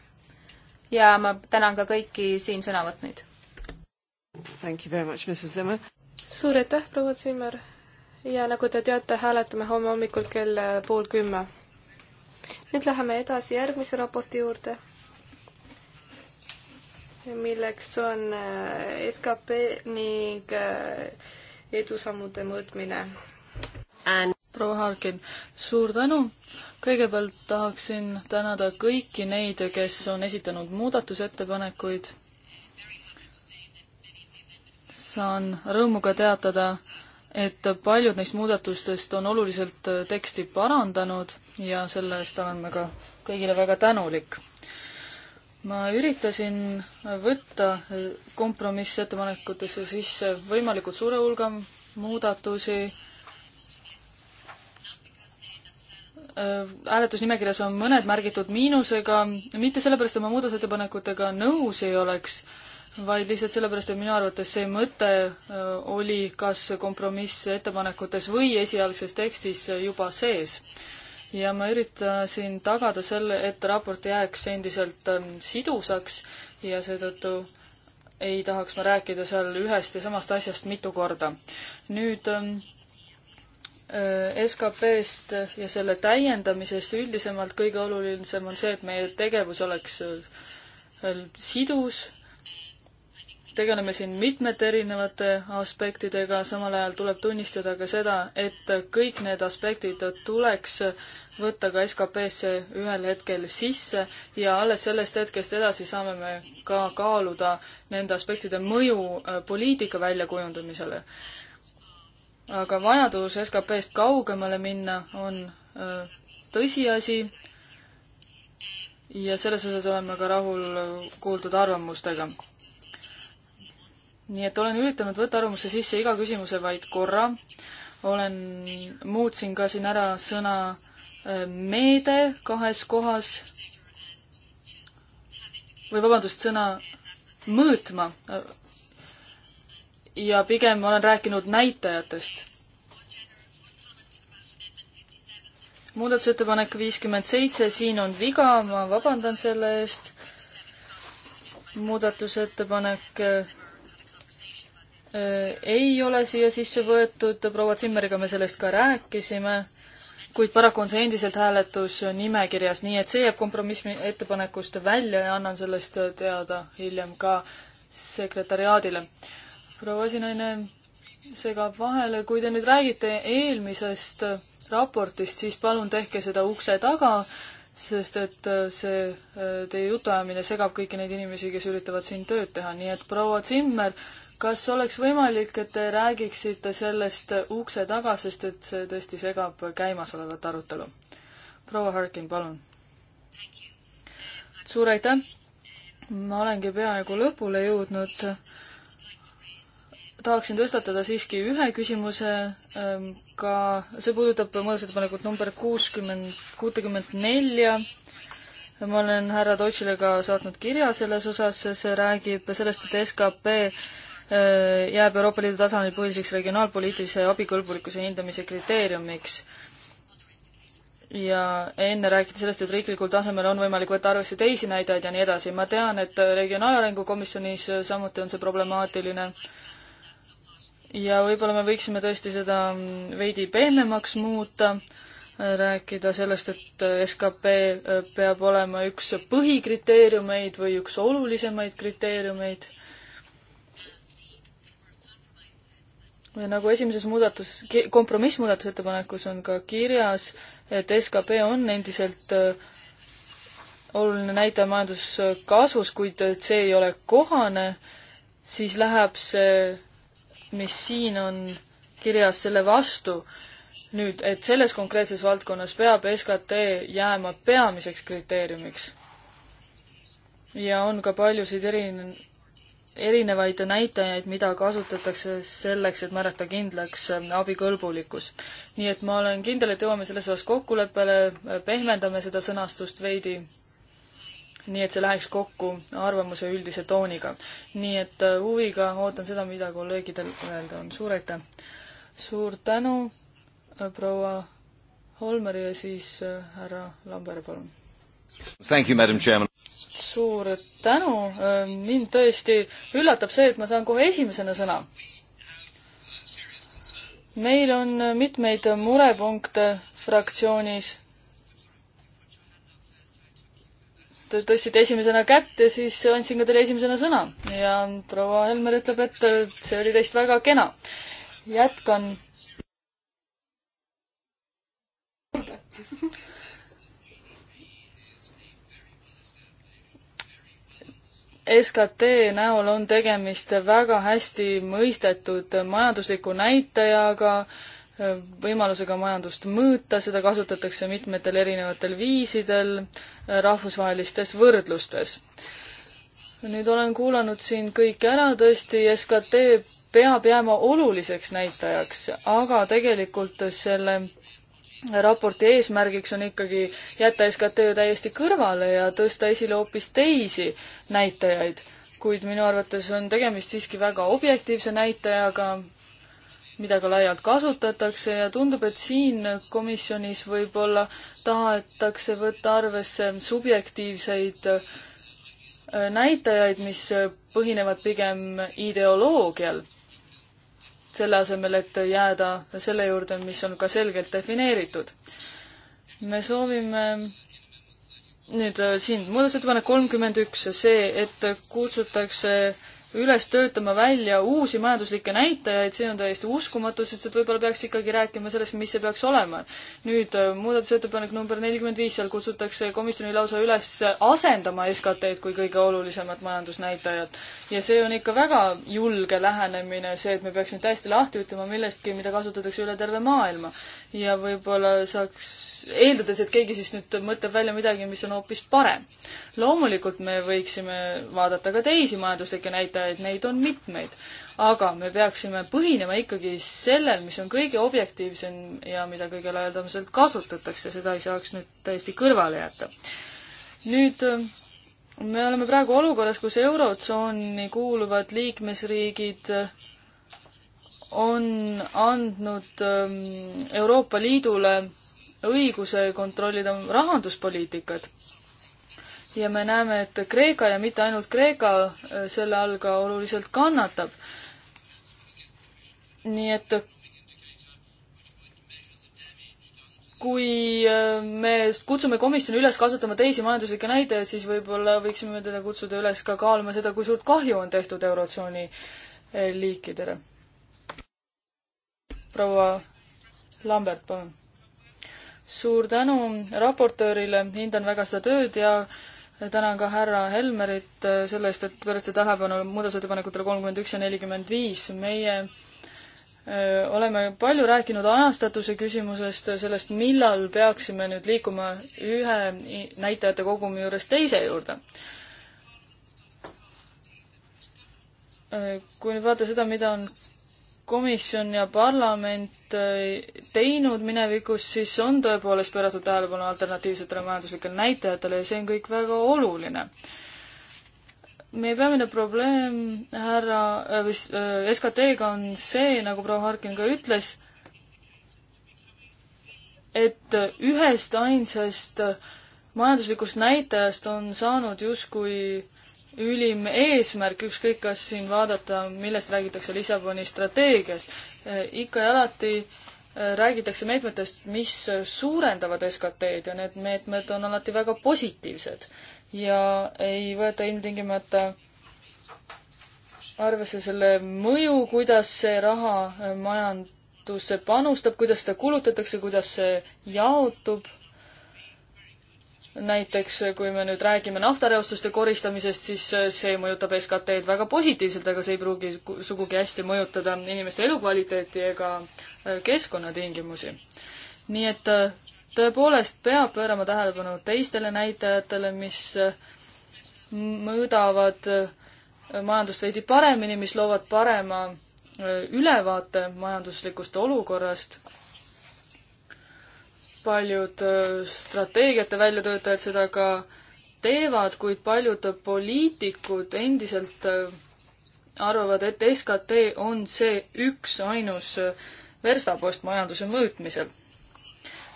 ja ma tänan
ka kõiki siin sõna võtnuid. suur aitäh, proua Zimmer ja nagu te teate, hääletame homme hommikul kell äh, pool kümme. nüüd läheme edasi järgmise raporti juurde, milleks on äh, skp ning äh,
edusammude mõõtmine And proua Harkin, suur tänu. kõigepealt tahaksin tänada kõiki neid, kes on esitanud muudatusettepanekuid. saan rõõmuga teatada, et paljud neist muudatustest on oluliselt teksti parandanud ja selle eest olen ma ka kõigile väga tänulik. ma üritasin võtta kompromissettepanekutesse sisse võimalikult suure hulga muudatusi hääletusnimekirjas on mõned märgitud miinusega, mitte sellepärast, et ma muudatusettepanekutega nõus ei oleks, vaid lihtsalt sellepärast, et minu arvates see mõte äh, oli kas kompromissettepanekutes või esialgses tekstis juba sees. ja ma üritasin tagada selle, et raport jääks endiselt ähm, sidusaks ja seetõttu ei tahaks ma rääkida seal ühest ja samast asjast mitu korda. nüüd ähm, Äh, SKP-st ja selle täiendamisest üldisemalt kõige olulisem on see, et meie tegevus oleks äh, äh, sidus, tegeleme siin mitmete erinevate aspektidega, samal ajal tuleb tunnistada ka seda, et kõik need aspektid tuleks võtta ka SKP-sse ühel hetkel sisse ja alles sellest hetkest edasi saame me ka kaaluda nende aspektide mõju poliitika väljakujundamisele aga vajadus SKP-st kaugemale minna on tõsiasi ja selles osas oleme ka rahul kuuldud arvamustega. nii et olen üritanud võtta arvamusse sisse iga küsimuse vaid korra, olen, muutsin ka siin ära sõna meede kahes kohas või vabandust, sõna mõõtma ja pigem ma olen rääkinud näitajatest. muudatusettepanek viiskümmend seitse, siin on viga, ma vabandan selle eest. muudatusettepanek äh, ei ole siia sisse võetud, proua Zimmeriga me sellest ka rääkisime, kuid paraku on see endiselt hääletus nimekirjas, nii et see jääb kompromissi ettepanekust välja ja annan sellest teada hiljem ka sekretäriaadile proua esinaine segab vahele, kui te nüüd räägite eelmisest raportist, siis palun tehke seda ukse taga, sest et äh, see äh, teie jutuajamine segab kõiki neid inimesi, kes üritavad siin tööd teha, nii et proua Zimmer, kas oleks võimalik, et te räägiksite sellest ukse taga, sest et see tõesti segab käimasolevat arutelu? proua Harkin, palun. suur aitäh! ma olengi peaaegu lõpule jõudnud tahaksin tõstatada siiski ühe küsimuse ähm, ka, see puudutab muudatusettepanekut number kuuskümmend, kuutekümmet nelja. ma olen härra Deutschile ka saatnud kirja selles osas, see räägib sellest, et skp äh, jääb Euroopa Liidu tasandil põhiliseks regionaalpoliitilise abikõlbulikkuse hindamise kriteeriumiks. ja enne räägiti sellest, et riiklikul tasemel on võimalik võtta arvesse teisi näitajaid ja nii edasi. ma tean, et Regionaalarengu komisjonis samuti on see problemaatiline ja võib-olla me võiksime tõesti seda veidi peenemaks muuta, rääkida sellest, et skp äh, peab olema üks põhikriteeriumeid või üks olulisemaid kriteeriumeid. nagu esimeses muudatus, kompromissmuudatusettepanekus on ka kirjas, et skp on endiselt äh, oluline näitaja majanduskasvus, kuid see ei ole kohane, siis läheb see mis siin on kirjas selle vastu. nüüd, et selles konkreetses valdkonnas peab SKT jääma peamiseks kriteeriumiks. ja on ka paljusid erine-, erinevaid näitajaid, mida kasutatakse selleks, et määrata kindlaks abikõlbulikkus. nii et ma olen kindel, et jõuame selles osas kokkuleppele, pehmendame seda sõnastust veidi nii et see läheks kokku arvamuse üldise tooniga. nii et äh, huviga ootan seda, mida kolleegidel öelda on. suur aitäh! suur tänu, äh, proua Holmer ja siis äh, härra Lamber, palun!
Thank you, madam chairman!
suur tänu, mind tõesti üllatab see, et ma saan kohe esimesena sõna. meil on mitmeid murepunkte fraktsioonis te tõstsite esimesena kätt ja siis andsin ka teile esimesena sõna ja proua Helmer ütleb, et see oli teist väga kena. jätkan. SKT näol on tegemist väga hästi mõistetud majandusliku näitajaga äh,, võimalusega majandust mõõta, seda kasutatakse mitmetel erinevatel viisidel äh, rahvusvahelistes võrdlustes. nüüd olen kuulanud siin kõik ära, tõesti, SKT peab jääma oluliseks näitajaks, aga tegelikult selle raporti eesmärgiks on ikkagi jätta SKT täiesti kõrvale ja tõsta esile hoopis teisi näitajaid. kuid minu arvates on tegemist siiski väga objektiivse näitajaga, mida ka laialt kasutatakse ja tundub, et siin komisjonis võib-olla tahetakse võtta arvesse subjektiivseid äh, näitajaid, mis põhinevad pigem ideoloogial, selle asemel, et jääda selle juurde, mis on ka selgelt defineeritud. me soovime nüüd äh, siin muudatusettepanek kolmkümmend üks, see, et kutsutakse äh, üles töötama välja uusi majanduslikke näitajaid, see on täiesti uskumatu, sest et võib-olla peaks ikkagi rääkima sellest, mis see peaks olema. nüüd äh, muudatusettepanek number nelikümmend viis, seal kutsutakse komisjoni lausa üles asendama SKT-d kui kõige olulisemat majandusnäitajat. ja see on ikka väga julge lähenemine, see, et me peaks nüüd täiesti lahti ütlema millestki, mida kasutatakse üle terve maailma. ja võib-olla saaks, eeldades, et keegi siis nüüd mõtleb välja midagi, mis on hoopis parem. loomulikult me võiksime vaadata ka teisi majanduslikke näitajaid, esitajaid, neid on mitmeid. aga me peaksime põhinema ikkagi sellel, mis on kõige objektiivsem ja mida kõige laialdaselt kasutatakse, seda ei saaks nüüd täiesti kõrvale jätta. nüüd me oleme praegu olukorras, kus Eurotsooni kuuluvad liikmesriigid on andnud ähm, Euroopa Liidule õiguse kontrollida rahanduspoliitikat ja me näeme, et Kreeka ja mitte ainult Kreeka äh, selle all ka oluliselt kannatab. nii et kui äh, me kutsume komisjoni üles kasutama teisi majanduslikke näitajaid, siis võib-olla võiksime teda kutsuda üles ka kaaluma seda, kui suurt kahju on tehtud Eurotsooni äh, liikidele. proua Lambert, palun. suur tänu raportöörile, hindan väga seda tööd ja tänan ka härra Helmerit äh, selle eest, et pöörasite tähelepanu muudatusettepanekutele kolmkümmend üks ja nelikümmend viis. meie öö, äh, oleme palju rääkinud ajastatuse küsimusest, sellest, millal peaksime nüüd liikuma ühe näitajate kogumi juurest teise juurde. Äh, kui nüüd vaadata seda, mida on komisjon ja parlament Äh, teinud minevikus, siis on tõepoolest pööratud tähelepanu alternatiivsetele majanduslikele näitajatele ja see on kõik väga oluline. meie peamine probleem härra äh,, või äh, SKT-ga on see, nagu proua Harkin ka ütles, et ühest ainsast äh, majanduslikust näitajast on saanud justkui äh, ülim eesmärk, ükskõik kas siin vaadata, millest räägitakse Lissaboni strateegias, eh, ikka ja alati eh, räägitakse meetmetest, mis suurendavad SKT-d ja need meetmed on alati väga positiivsed ja ei võeta ilmtingimata arvesse selle mõju, kuidas see raha majandusse panustab, kuidas seda kulutatakse, kuidas see jaotub näiteks kui me nüüd räägime naftareostuste koristamisest, siis äh, see mõjutab SKT-d väga positiivselt, aga see ei pruugi sugugi hästi mõjutada inimeste elukvaliteeti ega äh, keskkonnatingimusi. nii et äh, tõepoolest peab pöörama tähelepanu teistele näitajatele, mis mõõdavad majandust veidi paremini, mis loovad parema ülevaate majanduslikust olukorrast paljud äh, strateegiate väljatöötajad seda ka teevad, kuid paljud poliitikud endiselt äh, arvavad, et SKT on see üksainus äh, verstapost majanduse mõõtmisel.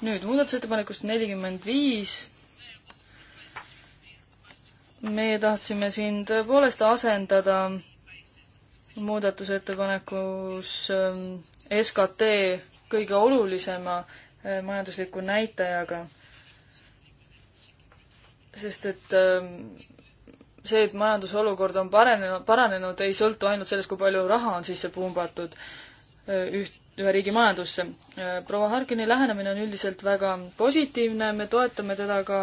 nüüd muudatusettepanekust nelikümmend viis. meie tahtsime siin tõepoolest asendada muudatusettepanekus ähm, SKT kõige olulisema Äh, majandusliku näitajaga. sest et ähm, see, et majandusolukord on parenenud, paranenud, ei sõltu ainult sellest, kui palju raha on sisse pumbatud äh, üht, ühe riigi majandusse. Äh, proua Harkini lähenemine on üldiselt väga positiivne, me toetame teda ka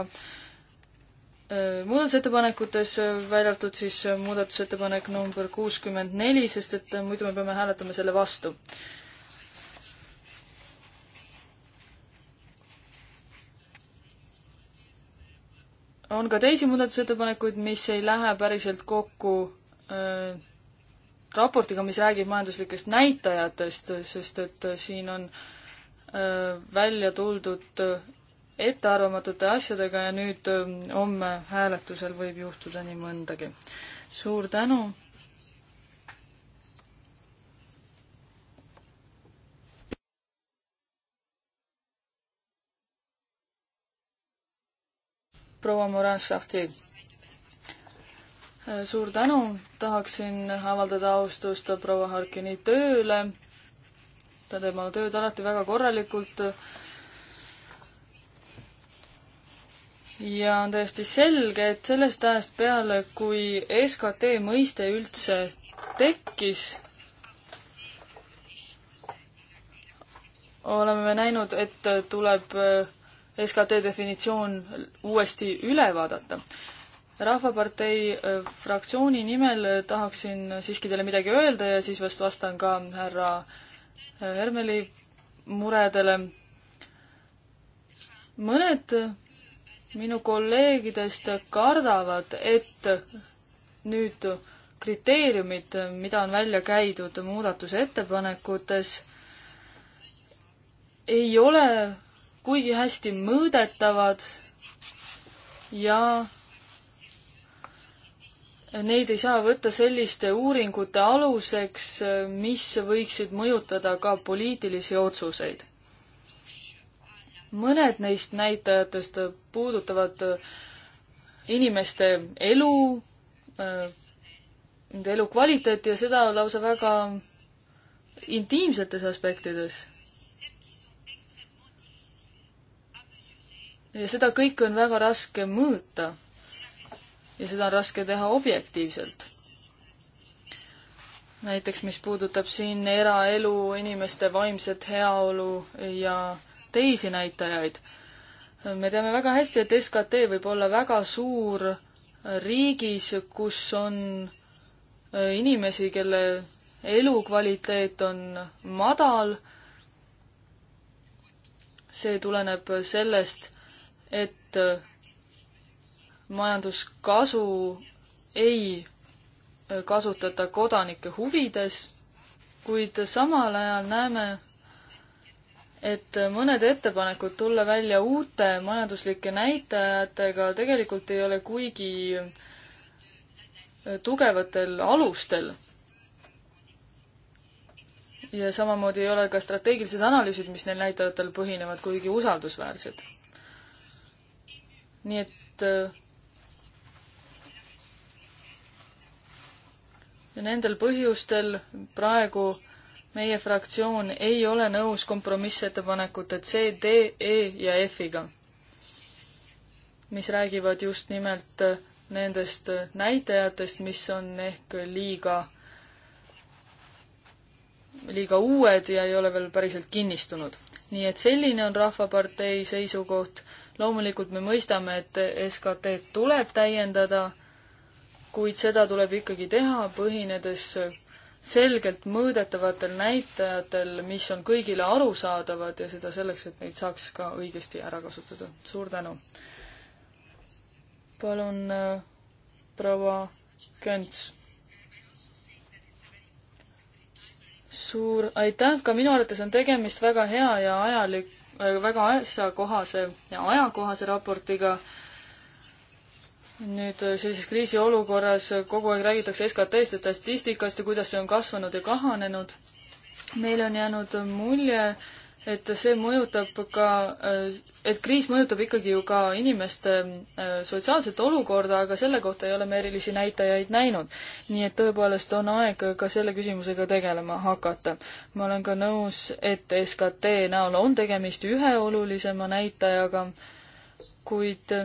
muudatusettepanekutes, välja arvatud siis muudatusettepanek number kuuskümmend neli, sest et muidu me peame hääletama selle vastu. on ka teisi muudatusettepanekuid, mis ei lähe päriselt kokku äh, raportiga, mis räägib majanduslikest näitajatest, sest et äh, siin on äh, välja tuldud äh, ettearvamatute asjadega ja nüüd äh, homme hääletusel võib juhtuda nii mõndagi. suur tänu proua Morin-Chartier. Äh, suur tänu, tahaksin avaldada austust proua Harkini tööle. ta teeb oma tööd alati väga korralikult. ja on täiesti selge, et sellest ajast peale, kui SKT mõiste üldse tekkis, oleme me näinud, et tuleb äh, SKT definitsioon uuesti üle vaadata. rahvapartei äh, fraktsiooni nimel äh, tahaksin siiski teile midagi öelda ja siis vast vastan ka härra äh, Hermeli muredele. mõned minu kolleegidest kardavad, et nüüd kriteeriumid, mida on välja käidud muudatusettepanekutes, ei ole kuigi hästi mõõdetavad ja neid ei saa võtta selliste uuringute aluseks, mis võiksid mõjutada ka poliitilisi otsuseid. mõned neist näitajatest puudutavad inimeste elu, nende elukvaliteeti ja seda lausa väga intiimsetes aspektides ja seda kõike on väga raske mõõta. ja seda on raske teha objektiivselt. näiteks, mis puudutab siin eraelu, inimeste vaimset heaolu ja teisi näitajaid. me teame väga hästi, et SKT võib olla väga suur riigis, kus on inimesi, kelle elukvaliteet on madal. see tuleneb sellest, et äh, majanduskasu ei äh, kasutata kodanike huvides, kuid samal ajal näeme, et äh, mõned ettepanekud tulla välja uute majanduslike näitajatega tegelikult ei ole kuigi tugevatel alustel. ja samamoodi ei ole ka strateegilised analüüsid, mis neil näitajatel põhinevad, kuigi usaldusväärsed nii et äh, ja nendel põhjustel praegu meie fraktsioon ei ole nõus kompromissettepanekute C, D, E ja F-iga, mis räägivad just nimelt äh, nendest äh, näitajatest, mis on ehk liiga, liiga uued ja ei ole veel päriselt kinnistunud. nii et selline on Rahvapartei seisukoht loomulikult me mõistame, et SKT-d tuleb täiendada, kuid seda tuleb ikkagi teha, põhinedes selgelt mõõdetavatel näitajatel, mis on kõigile arusaadavad ja seda selleks, et neid saaks ka õigesti ära kasutada. suur tänu! palun äh, proua Könts. suur aitäh, ka minu arvates on tegemist väga hea ja ajalik väga asjakohase ja ajakohase raportiga. nüüd äh, sellises kriisiolukorras äh, kogu aeg räägitakse SKT-st ja statistikast ja kuidas see on kasvanud ja kahanenud. meil on jäänud mulje, et see mõjutab ka, et kriis mõjutab ikkagi ju ka inimeste äh, sotsiaalset olukorda, aga selle kohta ei ole me erilisi näitajaid näinud. nii et tõepoolest on aeg ka selle küsimusega tegelema hakata. ma olen ka nõus, et SKT näol on tegemist ühe olulisema näitajaga, kuid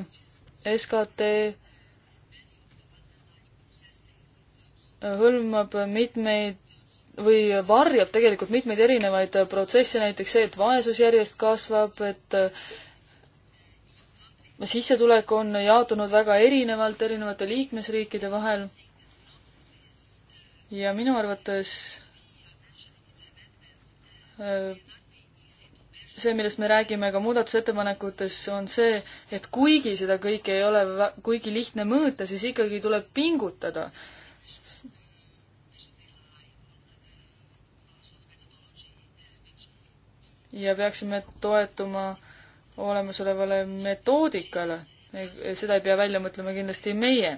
SKT hõlmab mitmeid või varjab tegelikult mitmeid erinevaid protsesse, näiteks see, et vaesus järjest kasvab, et äh, sissetulek on jaotunud väga erinevalt erinevate liikmesriikide vahel. ja minu arvates äh, see, millest me räägime ka muudatusettepanekutes, on see, et kuigi seda kõike ei ole kuigi lihtne mõõta, siis ikkagi tuleb pingutada ja peaksime toetuma olemasolevale metoodikale. seda ei pea välja mõtlema kindlasti meie.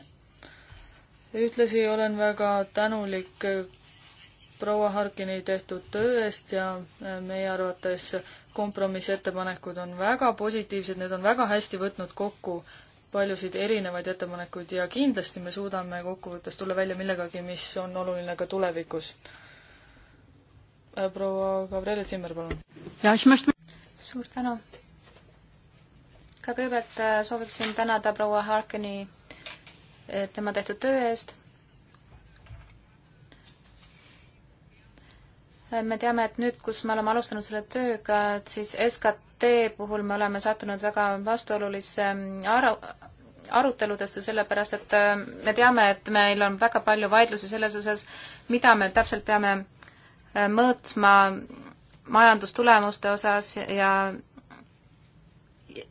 ühtlasi olen väga tänulik proua Harkini tehtud töö eest ja äh, meie arvates kompromissettepanekud on väga positiivsed, need on väga hästi võtnud kokku paljusid erinevaid ettepanekuid ja kindlasti me suudame kokkuvõttes tulla välja millegagi, mis on oluline ka tulevikus proua Gabriele Zimmer, palun.
suur tänu. ka kõigepealt äh, sooviksin tänada proua Harkini äh, tema tehtud töö eest. Äh, me teame, et nüüd, kus me oleme alustanud selle tööga, et siis SKT puhul me oleme sattunud väga vastuolulisse ähm, aru, aruteludesse, sellepärast et me teame, et meil on väga palju vaidlusi selles osas, mida me täpselt peame mõõtma majandustulemuste osas ja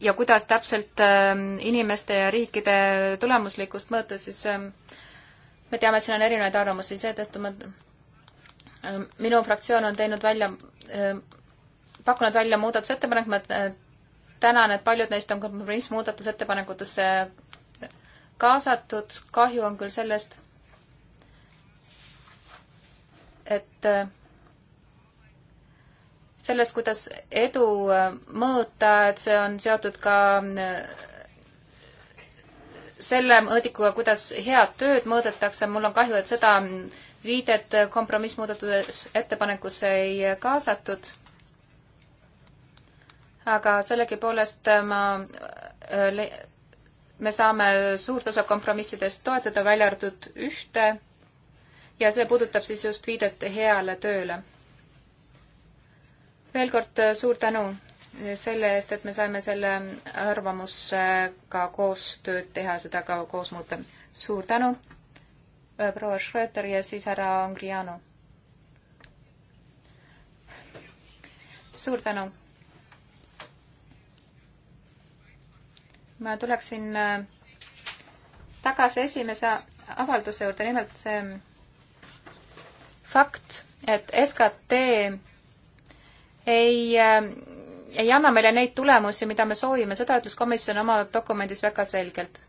ja kuidas täpselt ähm, inimeste ja riikide tulemuslikkust mõõta, siis ähm, me teame, et siin on erinevaid arvamusi, seetõttu ma, ähm, minu fraktsioon on teinud välja, pakkunud välja muudatusettepanek, ma äh, tänan, et paljud neist on kompromissmuudatusettepanekutesse kaasatud, kahju on küll sellest, et äh, sellest, kuidas edu äh, mõõta, et see on seotud ka äh, selle mõõdikuga, kuidas head tööd mõõdetakse, mul on kahju, et seda viidet kompromissmuudatuse ettepanekusse ei kaasatud. aga sellegipoolest äh, ma, me saame suurt osa kompromissidest toetada, välja arvatud ühte ja see puudutab siis just viidet heale tööle veel kord äh, suur tänu äh, selle eest, et me saime selle äh, arvamusega koostööd teha, seda ka koos muuta. suur tänu, proua Schröter ja siis härra Angriano. suur tänu. ma tuleksin tagasi esimese avalduse juurde, nimelt see mm, fakt, et SKT ei äh, ei anna meile neid tulemusi, mida me soovime, seda ütles komisjon oma dokumendis väga selgelt.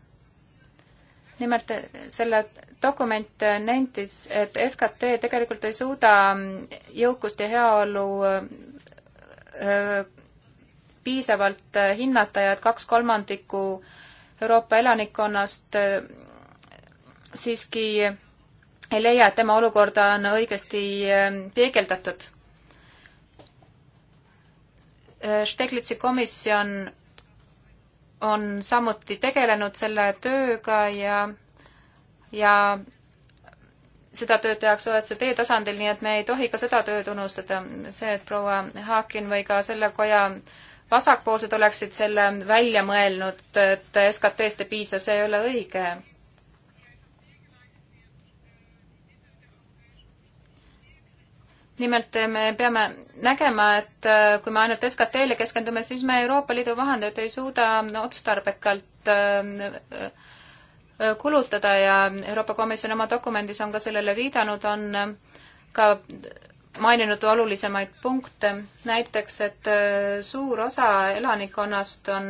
nimelt äh, selle dokument äh, nentis, et SKT tegelikult ei suuda mm, jõukust ja heaolu piisavalt hinnata ja et kaks kolmandikku Euroopa elanikkonnast siiski ei leia, et tema olukorda on õigesti peegeldatud Steglitsi komisjon on samuti tegelenud selle tööga ja, ja seda tööd tehakse OECD tasandil, nii et me ei tohi ka seda tööd unustada. see, et proua Haakin või ka selle koja vasakpoolsed oleksid selle välja mõelnud, et SKT-st ei piisa, see ei ole õige nimelt eh, me peame nägema, et eh, kui me ainult SKT-le keskendume, siis me Euroopa Liidu vahendeid ei suuda otstarbekalt eh, kulutada ja Euroopa Komisjon oma dokumendis on ka sellele viidanud, on ka maininud olulisemaid punkte, näiteks et suur osa elanikkonnast on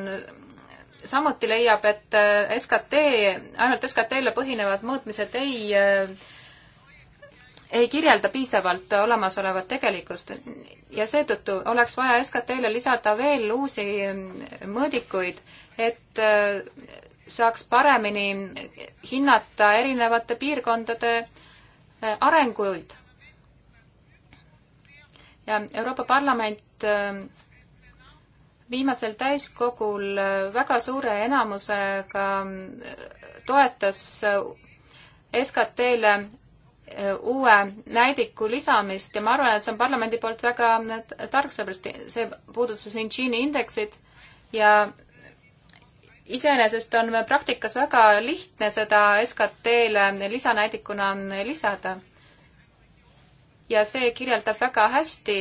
samuti leiab, et SKT, ainult SKT-le põhinevad mõõtmised ei äh, ei kirjelda piisavalt olemasolevat tegelikkust ja seetõttu oleks vaja SKT-le lisada veel uusi mõõdikuid, et äh, saaks paremini hinnata erinevate piirkondade äh, arenguid. ja Euroopa Parlament äh, viimasel täiskogul väga suure enamusega toetas SKT-le uue näidiku lisamist ja ma arvan, et see on parlamendi poolt väga tark, sellepärast see puudutas siin Gini indeksit ja iseenesest on praktikas väga lihtne seda SKT-le lisanäidikuna lisada. ja see kirjeldab väga hästi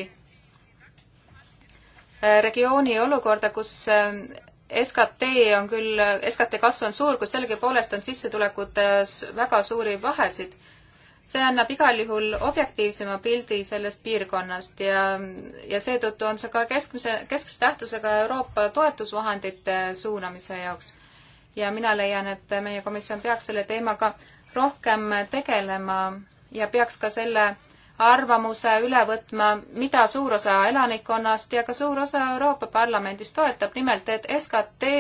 äh, regiooni olukorda, kus äh, SKT on küll, äh, SKT kasv on suur, kuid sellegipoolest on sissetulekutes väga suuri vahesid see annab igal juhul objektiivsema pildi sellest piirkonnast ja, ja seetõttu on see ka keskmise, keskse tähtsusega Euroopa toetusvahendite suunamise jaoks. ja mina leian, et meie komisjon peaks selle teemaga rohkem tegelema ja peaks ka selle arvamuse üle võtma, mida suur osa elanikkonnast ja ka suur osa Euroopa Parlamendist toetab, nimelt et SKT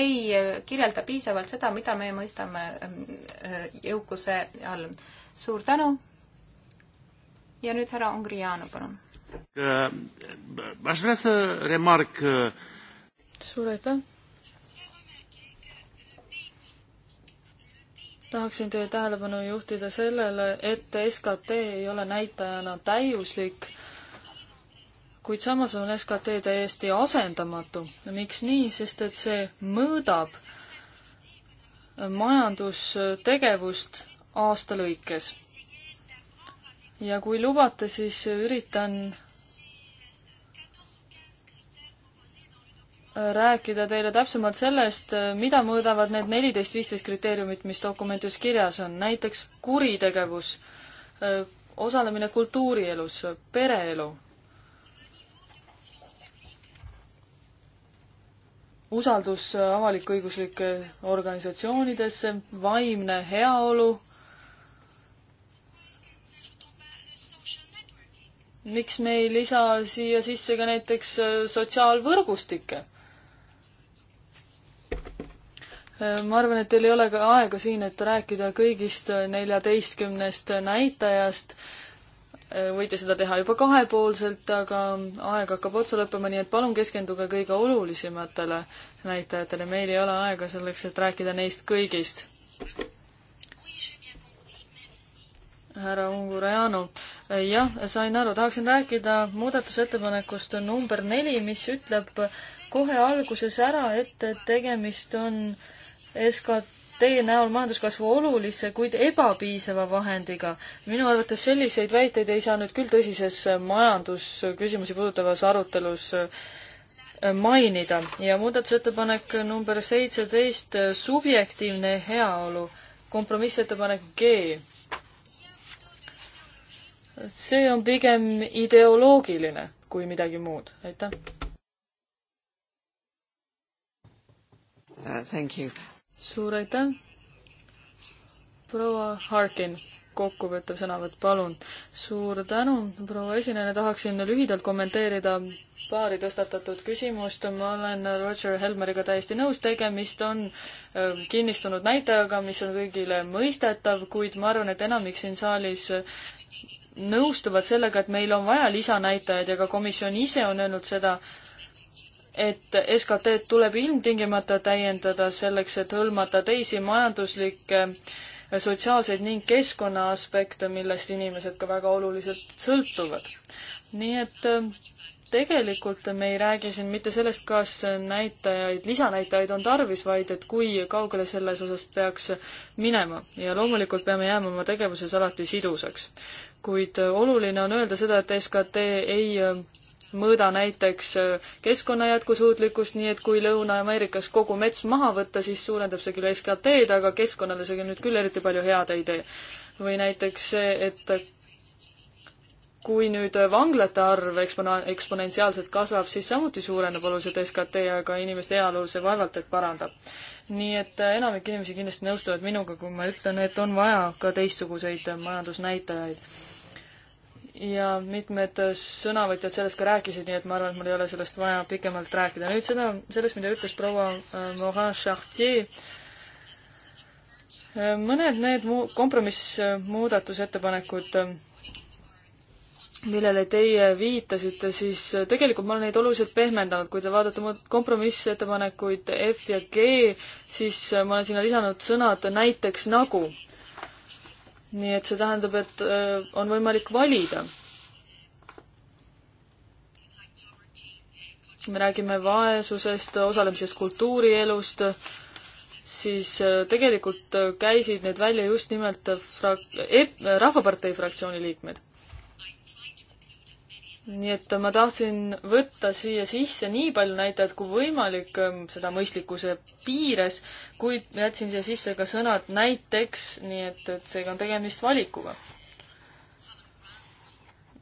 ei kirjelda piisavalt seda, mida me mõistame ähm, äh, jõukuse all suur tänu. ja nüüd härra Ungrijanu, palun.
suur aitäh. tahaksin teie tähelepanu juhtida sellele, et SKT ei ole näitajana täiuslik, kuid samas on SKT täiesti asendamatu. miks nii, sest et see mõõdab majandustegevust aasta lõikes. ja kui lubate, siis üritan rääkida teile täpsemalt sellest, mida mõõdavad need neliteist, viisteist kriteeriumit, mis dokumentides kirjas on, näiteks kuritegevus, osalemine kultuurielus, pereelu, usaldus avalik-õiguslike organisatsioonidesse, vaimne heaolu miks me ei lisa siia sisse ka näiteks äh, sotsiaalvõrgustikke? Äh, ma arvan, et teil ei ole ka aega siin, et rääkida kõigist äh, neljateistkümnest näitajast. võite seda teha juba kahepoolselt, aga ähm, aeg hakkab otsa lõppema, nii et palun keskenduge kõige olulisematele näitajatele. meil ei ole aega selleks, et rääkida neist kõigist härra Ungurajanu. jah, sain aru, tahaksin rääkida muudatusettepanekust number neli, mis ütleb kohe alguses ära, et tegemist on SKT näol majanduskasvu olulise, kuid ebapiisava vahendiga. minu arvates selliseid väiteid ei saa nüüd küll tõsises majandusküsimusi puudutavas arutelus mainida ja muudatusettepanek number seitseteist, subjektiivne heaolu, kompromissettepanek G see on pigem ideoloogiline kui midagi muud, aitäh.
Uh,
suur aitäh. proua Harkin, kokkuvõttev sõnavõtt, palun. suur tänu, proua esineja, tahaksin lühidalt kommenteerida paari tõstatatud küsimust, ma olen Roger Helmeriga täiesti nõus, tegemist on ähm, kinnistunud näitajaga, mis on kõigile mõistetav, kuid ma arvan, et enamik siin saalis nõustuvad sellega, et meil on vaja lisanäitajaid ja ka komisjon ise on öelnud seda, et SKT-d tuleb ilmtingimata täiendada selleks, et hõlmata teisi majanduslikke, sotsiaalseid ning keskkonna aspekte, millest inimesed ka väga oluliselt sõltuvad. nii et äh, tegelikult me ei räägi siin mitte sellest, kas näitajaid, lisanäitajaid on tarvis, vaid et kui kaugele selles osas peaks minema ja loomulikult peame jääma oma tegevuses alati sidusaks kuid äh, oluline on öelda seda, et SKT ei äh, mõõda näiteks äh, keskkonna jätkusuutlikkust, nii et kui Lõuna-Ameerikas kogu mets maha võtta, siis suurendab see küll SKT-d, aga keskkonnale see nüüd küll eriti palju head ei tee. või näiteks see, et kui nüüd vanglate arv ekspona-, eksponentsiaalselt kasvab, siis samuti suureneb oluliselt SKT, aga inimeste heaolu see vaevalt et parandab. nii et enamik inimesi kindlasti nõustuvad minuga, kui ma ütlen, et on vaja ka teistsuguseid majandusnäitajaid ja mitmed sõnavõtjad sellest ka rääkisid, nii et ma arvan, et mul ei ole sellest vaja pikemalt rääkida. nüüd seda, sellest, mida ütles proua äh, Morin Chartier, äh, mõned need muu-, kompromissmuudatusettepanekud, äh, millele teie viitasite, siis tegelikult ma olen neid oluliselt pehmendanud, kui te vaatate mu kompromissettepanekuid F ja G, siis ma olen sinna lisanud sõnad näiteks nagu nii et see tähendab, et äh, on võimalik valida. me räägime vaesusest, osalemisest kultuurielust, siis äh, tegelikult äh, käisid need välja just nimelt frak-, e rahvapartei fraktsiooni liikmed nii et ma tahtsin võtta siia sisse nii palju näitajaid kui võimalik, ähm, seda mõistlikkuse piires, kuid jätsin siia sisse ka sõnad näiteks, nii et, et seega on tegemist valikuga.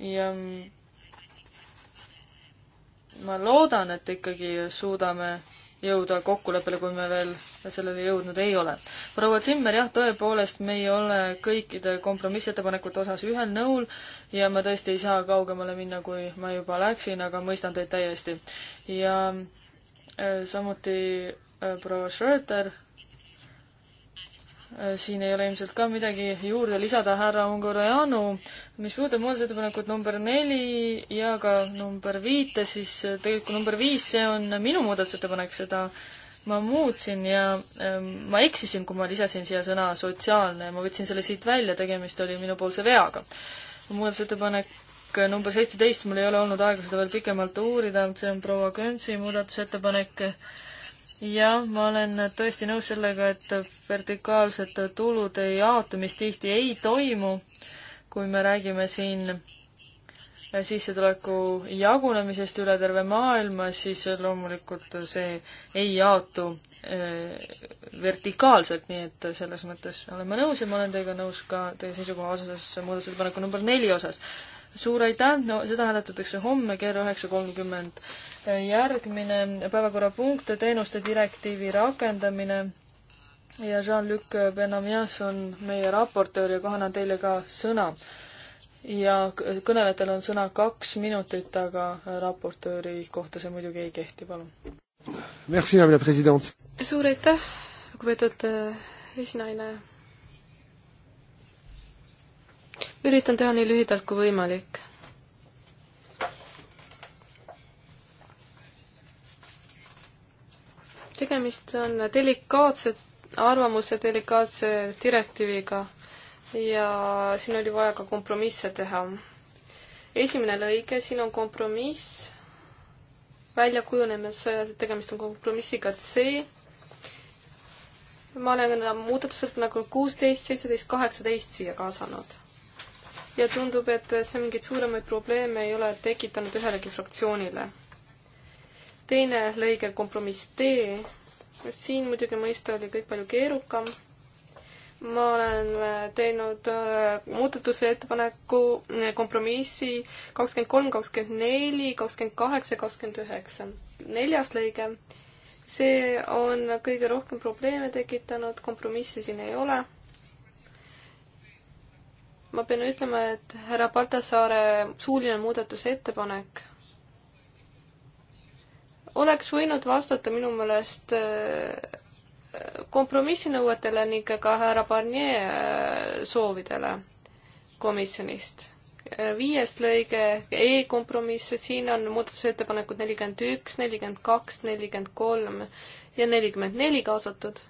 ja mm, ma loodan, et ikkagi suudame jõuda kokkuleppele, kui me veel sellele jõudnud ei ole. proua Zimmer, jah, tõepoolest, me ei ole kõikide kompromissettepanekute osas ühel nõul ja ma tõesti ei saa kaugemale minna, kui ma juba läksin, aga mõistan teid täiesti. ja äh, samuti äh, proua Schröter Äh, siin ei ole ilmselt ka midagi juurde lisada, härra Ungurojanu. mis puudutab muudatusettepanekut number neli ja ka number viite, siis äh, tegelikult number viis, see on minu muudatusettepanek, seda ma muutsin ja ähm, ma eksisin, kui ma lisasin siia sõna sotsiaalne, ma võtsin selle siit välja, tegemist oli minupoolse veaga. muudatusettepanek äh, number seitseteist, mul ei ole olnud aega seda veel pikemalt uurida, see on proua Könsi muudatusettepanek jah, ma olen tõesti nõus sellega, et vertikaalset tulude jaotumist tihti ei toimu, kui me räägime siin sissetuleku jagunemisest üle terve maailma, siis loomulikult see ei jaotu eh, vertikaalselt, nii et selles mõttes olen ma nõus ja ma olen teiega nõus ka teie seisukoha osas muudatusettepaneku number neli osas suur aitäh, no seda hääletatakse homme kell üheksa kolmkümmend. järgmine päevakorrapunkt, teenuste direktiivi rakendamine ja Jean-Luc Benamias on meie raportöör ja kohe annan teile ka sõna. ja kõnelejatel on sõna kaks minutit, aga raportööri kohta see muidugi ei kehti, palun. suur aitäh, lugupeetud äh, esinaine
üritan teha nii lühidalt kui võimalik. tegemist on delikaatse arvamuse delikaatse direktiiviga ja siin oli vaja ka kompromisse teha. esimene lõige, siin on kompromiss, välja kujunemas, tegemist on kompromissiga C. ma olen muudatusettepanekud nagu kuusteist, seitseteist, kaheksateist siia kaasanud ja tundub, et see mingeid suuremaid probleeme ei ole tekitanud ühelegi fraktsioonile. teine lõige, kompromiss D, siin muidugi mõiste oli kõik palju keerukam. ma olen äh, teinud äh, muudatuse ettepaneku äh, kompromissi kakskümmend kolm, kakskümmend neli, kakskümmend kaheksa, kakskümmend üheksa. neljas lõige, see on kõige rohkem probleeme tekitanud, kompromissi siin ei ole ma pean ütlema, et härra Baltasaare suuline muudatusettepanek oleks võinud vastata minu meelest äh, kompromissinõuetele ning ka härra Barnier äh, soovidele komisjonist. viies lõige e-kompromiss, siin on muudatusettepanekud nelikümmend üks, nelikümmend kaks, nelikümmend kolm ja nelikümmend neli kaasatud.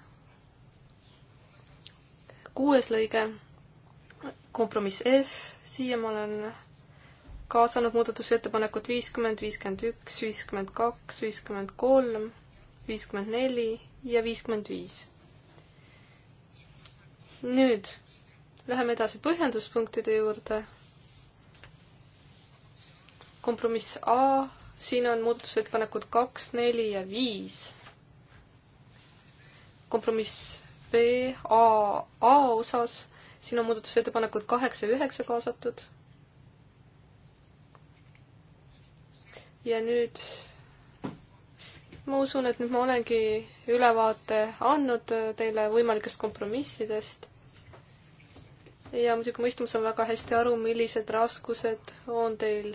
kuues lõige kompromiss F, siia ma olen kaasanud muudatusettepanekud viiskümmend, viiskümmend üks, viiskümmend kaks, viiskümmend kolm, viiskümmend neli ja viiskümmend viis. nüüd läheme edasi põhjenduspunktide juurde. kompromiss A, siin on muudatusettepanekud kaks, neli ja viis. kompromiss B A, A osas siin on muudatusettepanekud kaheksa ja üheksa kaasatud. ja nüüd ma usun, et nüüd ma olengi ülevaate andnud teile võimalikest kompromissidest. ja muidugi mõistma saan väga hästi aru, millised raskused on teil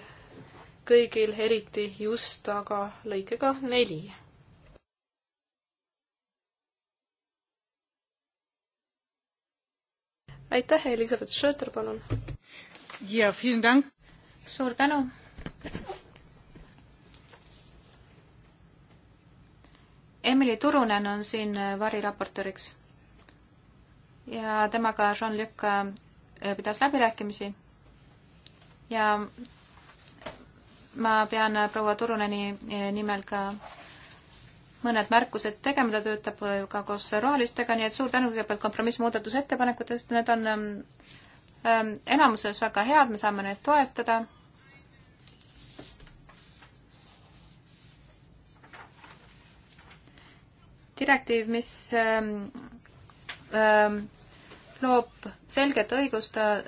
kõigil, eriti just aga lõikega neli aitäh, Elizabeth Schröter, palun! ja, suur tänu!
Emily Turunen on siin äh, variraportööriks ja temaga Jean-Luc äh, pidas läbirääkimisi ja ma pean äh, proua Turuneni nimel ka mõned märkused tegema, ta töötab ka koos rohelistega, nii et suur tänu kõigepealt kompromissmuudatusettepanekutest, need on ähm, ähm enamuses väga head, me saame neid toetada. direktiiv, mis ähm, ähm, loob selget õigust, äh,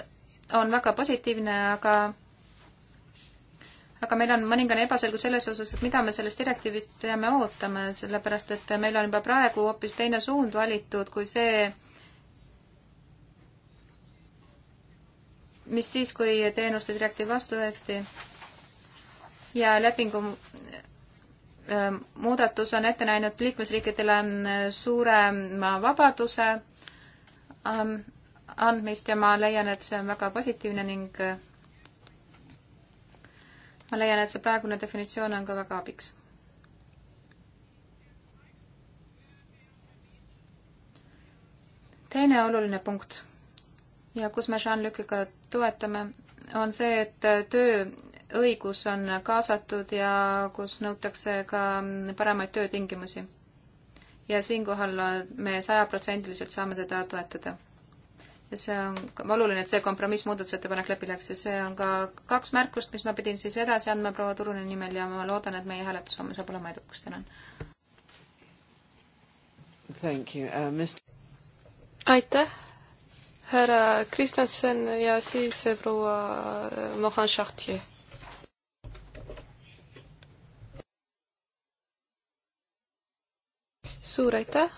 on väga positiivne, aga aga meil on mõningane ebaselgus selles osas, et mida me sellest direktiivist peame ootama, sellepärast et meil on juba praegu hoopis teine suund valitud kui see, mis siis, kui teenuste direktiiv vastu võeti ja lepingu äh, muudatus on ette näinud liikmesriikidele äh, suurema vabaduse ähm, andmist ja ma leian, et see on väga positiivne ning äh, ma leian, et see praegune definitsioon on ka väga abiks. teine oluline punkt ja kus me Jean-Luciga toetame, on see, et tööõigus on kaasatud ja kus nõutakse ka paremaid töötingimusi. ja siinkohal me sajaprotsendiliselt saame teda toetada see on oluline, et see kompromissmuudatusettepanek läbi läks ja see on ka kaks märkust, mis ma pidin siis edasi andma proua Turunen nimel ja ma loodan, et
meie hääletus homme saab olema edukas, tänan.
Uh,
aitäh, härra Kristjanson ja siis proua Mohan Šahtjev. suur aitäh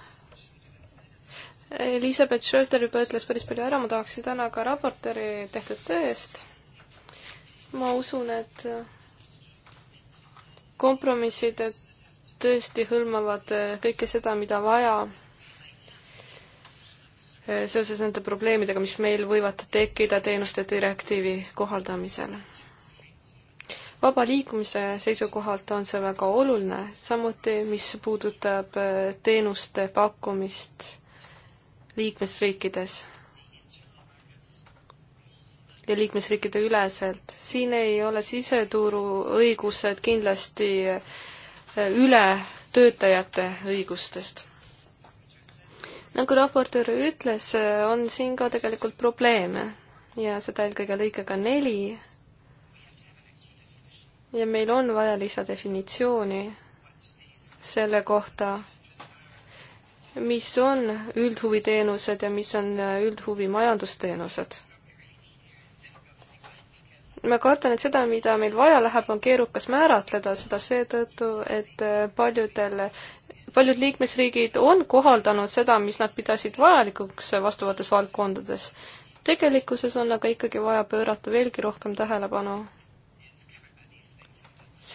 Elizabeth Schröter juba ütles päris palju ära, ma tahaksin täna ka raportööri tehtud töö eest. ma usun, et kompromissid tõesti hõlmavad kõike seda, mida vaja seoses nende probleemidega, mis meil võivad tekkida teenuste direktiivi kohaldamisel. vaba liikumise seisukohalt on see väga oluline, samuti mis puudutab teenuste pakkumist liikmesriikides ja liikmesriikide üleselt. siin ei ole siseturu õigused kindlasti eh, üle töötajate õigustest. nagu raportöör ütles, eh, on siin ka tegelikult probleeme ja seda eelkõige lõikega neli. ja meil on vaja lisadefinitsiooni selle kohta, mis on üldhuviteenused ja mis on üldhuvi majandusteenused. ma kardan, et seda, mida meil vaja läheb, on keerukas määratleda, seda seetõttu, et paljudel paljud liikmesriigid on kohaldanud seda, mis nad pidasid vajalikuks vastavates valdkondades. tegelikkuses on aga ikkagi vaja pöörata veelgi rohkem tähelepanu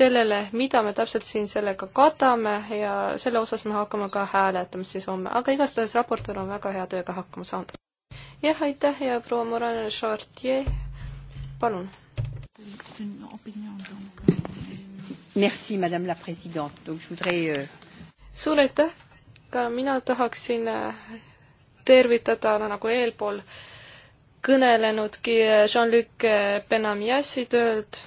sellele, mida me täpselt siin sellega katame ja selle osas me hakkame ka hääletama siis homme, aga igastahes raportöör on väga hea tööga hakkama saanud. jah, aitäh ja proua Morane Chartier, palun. Merci, madame la president, donc je voudrais euh, suur aitäh, ka mina tahaksin äh, tervitada no, nagu eelpool kõnelenudki äh, Jean-Luc äh, Benamiassi töölt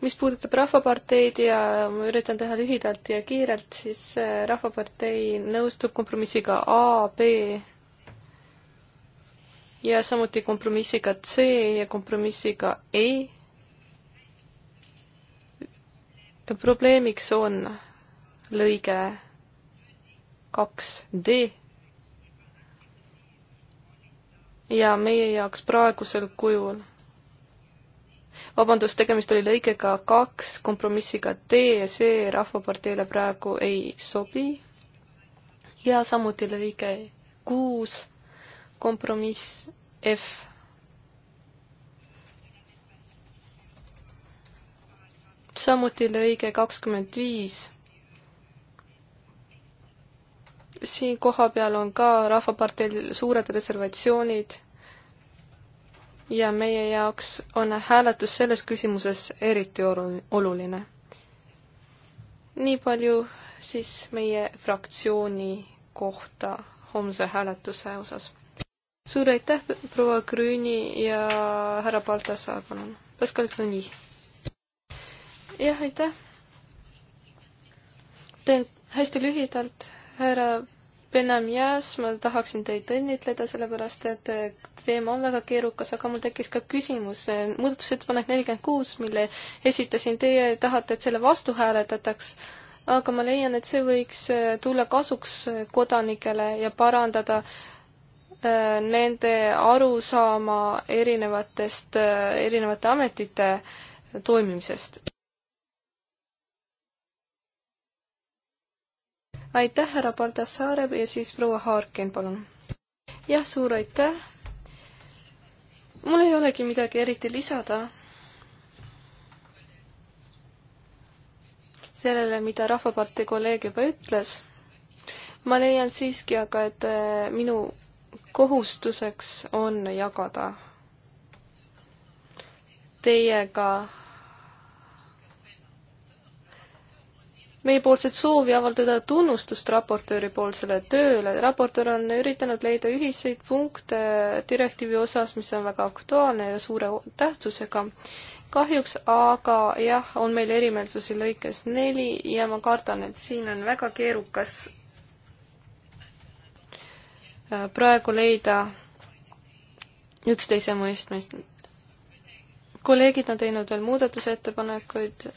mis puudutab Rahvaparteid ja ma üritan teha lühidalt ja kiirelt, siis äh, Rahvapartei nõustub kompromissiga A, B ja samuti kompromissiga C ja kompromissiga E. probleemiks on lõige kaks D ja meie jaoks praegusel kujul vabandust, tegemist oli lõikega kaks, kompromissiga D ja see Rahvaparteile praegu ei sobi. ja samuti lõige kuus, kompromiss F samuti lõige kakskümmend viis. siin kohapeal on ka Rahvaparteil suured reservatsioonid ja meie jaoks on hääletus selles küsimuses eriti oluline. nii palju siis meie fraktsiooni kohta homse hääletuse osas. suur aitäh, proua Grüni ja härra Baltasaar, palun. Pascal Grüni. jah, aitäh. teen hästi lühidalt, härra Benamias, ma tahaksin teid õnnitleda, sellepärast et äh, teema on väga keerukas, aga mul tekkis ka küsimus. Äh, muudatusettepanek nelikümmend kuus, mille esitasin, teie tahate, et selle vastu hääletataks, aga ma leian, et see võiks äh, tulla kasuks kodanikele ja parandada nende arusaama erinevatest, erinevate ametite toimimisest. aitäh, härra Baldassare ja siis proua Haarken, palun. jah, suur aitäh. mul ei olegi midagi eriti lisada sellele, mida Rahvapartei kolleeg juba ütles. ma leian siiski aga, et eh, minu kohustuseks on jagada teiega meiepoolset soovi avaldada tunnustust raportööri poolsele tööle. raportöör on üritanud leida ühiseid punkte direktiivi osas, mis on väga aktuaalne ja suure tähtsusega. kahjuks aga jah, on meil erimeelsusi lõikes neli ja ma kardan, et siin on väga keerukas äh, praegu leida üksteise mõistmist. kolleegid on teinud veel muudatusettepanekuid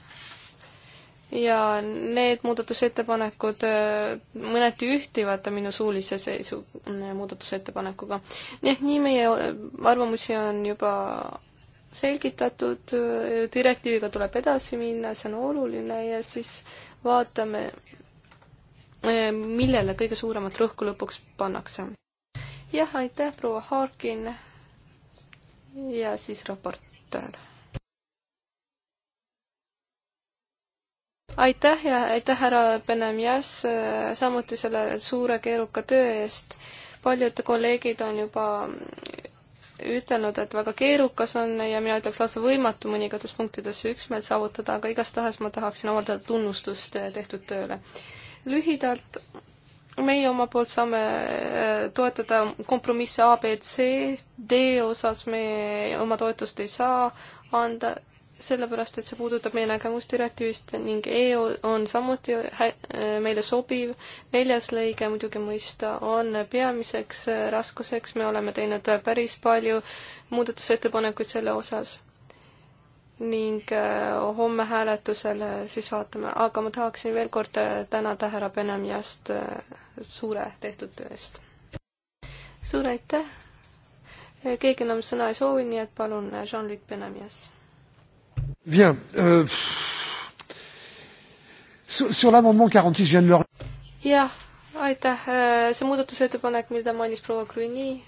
ja need muudatusettepanekud äh, mõneti ühtivad minu suulise seisu äh, muudatusettepanekuga. nii et nii meie arvamusi on juba selgitatud, äh, direktiiviga tuleb edasi minna, see on oluline ja siis vaatame, millele kõige suuremat rõhku lõpuks pannakse. jah, aitäh, proua Harkin ja siis raportöör aitäh ja aitäh, härra Benemjas, äh, samuti selle suure keeruka töö eest. paljud kolleegid on juba ütelnud, et väga keerukas on ja mina ütleks lausa võimatu mõningates punktides üksmeelt saavutada, aga igastahes ma tahaksin avaldada tunnustust äh, tehtud tööle. lühidalt, meie oma poolt saame äh, toetada kompromisse A, B, C, D osas me oma toetust ei saa anda sellepärast, et see puudutab meie nägemust direktiivist ning EU on samuti meile sobiv. neljas lõige muidugi mõista on peamiseks raskuseks, me oleme teinud päris palju muudatusettepanekuid selle osas. ning äh, homme hääletusel siis vaatame, aga ma tahaksin veel kord äh, tänada härra Benamiast äh, suure tehtud töö eest. suur aitäh! keegi enam sõna ei soovi, nii et palun, Jean-Luc Benamias
Bien, euh, sur, sur l'amendement 46, je viens de leur...
jah, aitäh, äh, see muudatusettepanek, mida mainis proua Grüni,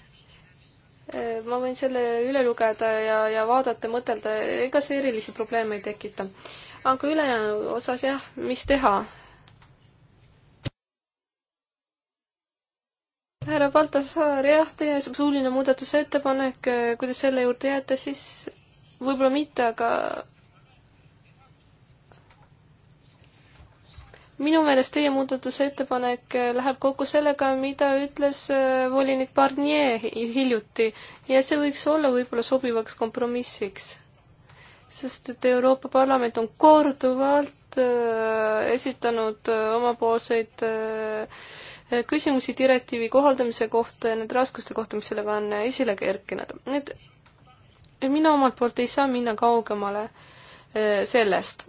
äh, ma võin selle üle lugeda ja, ja vaadata, mõtelda, ega see erilisi probleeme ei tekita. aga ülejäänu osas jah, mis teha? härra Baltasaar, jah, teie suuline muudatusettepanek, äh, kui te selle juurde jääte, siis võib-olla mitte, aga minu meelest teie muudatusettepanek äh, läheb kokku sellega, mida ütles äh, volinik Barnier hiljuti ja see võiks olla võib-olla sobivaks kompromissiks. sest et Euroopa Parlament on korduvalt äh, esitanud omapoolseid küsimusi direktiivi kohaldamise kohta ja nende raskuste kohta, mis sellega on esile kerkinud. nüüd mina omalt poolt ei saa minna kaugemale sellest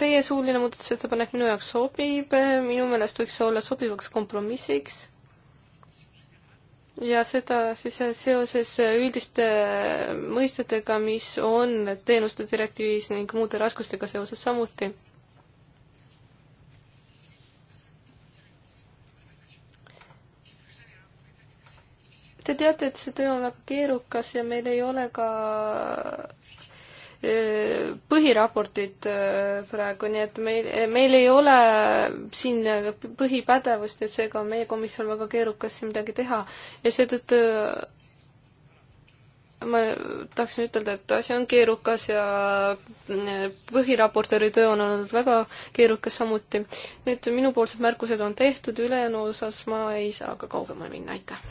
Teie suuline muudatusettepanek minu jaoks sobib, minu meelest võiks see olla sobivaks kompromissiks ja seda siis seoses üldiste mõistetega, mis on teenuste direktiivis ning muude raskustega seoses samuti. Te teate, et see töö on väga keerukas ja meil ei ole ka põhiraportit äh, praegu, nii et meil, meil ei ole siin põhipädevust, et seega on meie komisjon väga keerukas siin midagi teha ja seetõttu ma tahaksin ütelda, et asi on keerukas ja äh, põhiraportööri töö on olnud väga keerukas samuti. nüüd minupoolsed märkused on tehtud, ülejäänu osas ma ei saa ka kaugemale minna, aitäh!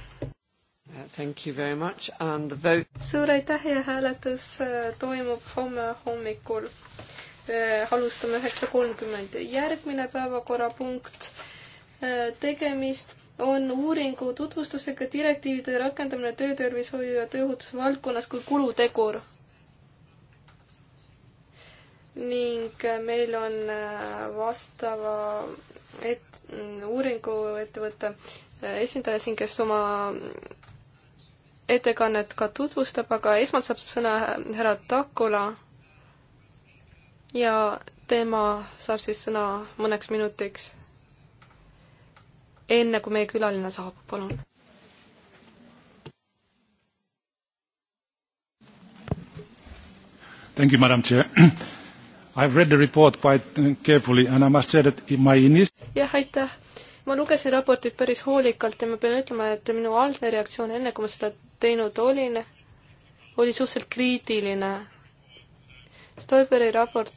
Uh,
suur aitäh ja hääletus uh, toimub homme hommikul. Uh, alustame üheksa kolmkümmend. järgmine päevakorrapunkt tegemist on uuringu tutvustusega direktiivide rakendamine töötervishoiu ja tööohutuse valdkonnas kui kulutegur. ning meil on vastava et, uuringuettevõtte esindaja siin, kes oma ettekannet ka tutvustab, aga esmalt saab sõna härra Takula ja tema saab siis sõna mõneks minutiks, enne kui meie külaline saabub, palun.
Thank you, madam chair. I have read the report quite uh, carefully and
I must say that in my inis-.
jah, aitäh. ma lugesin raportit päris hoolikalt ja ma pean ütlema, et minu algne reaktsioon enne, kui ma seda teinud olin, oli suhteliselt kriitiline. Stoiberi raport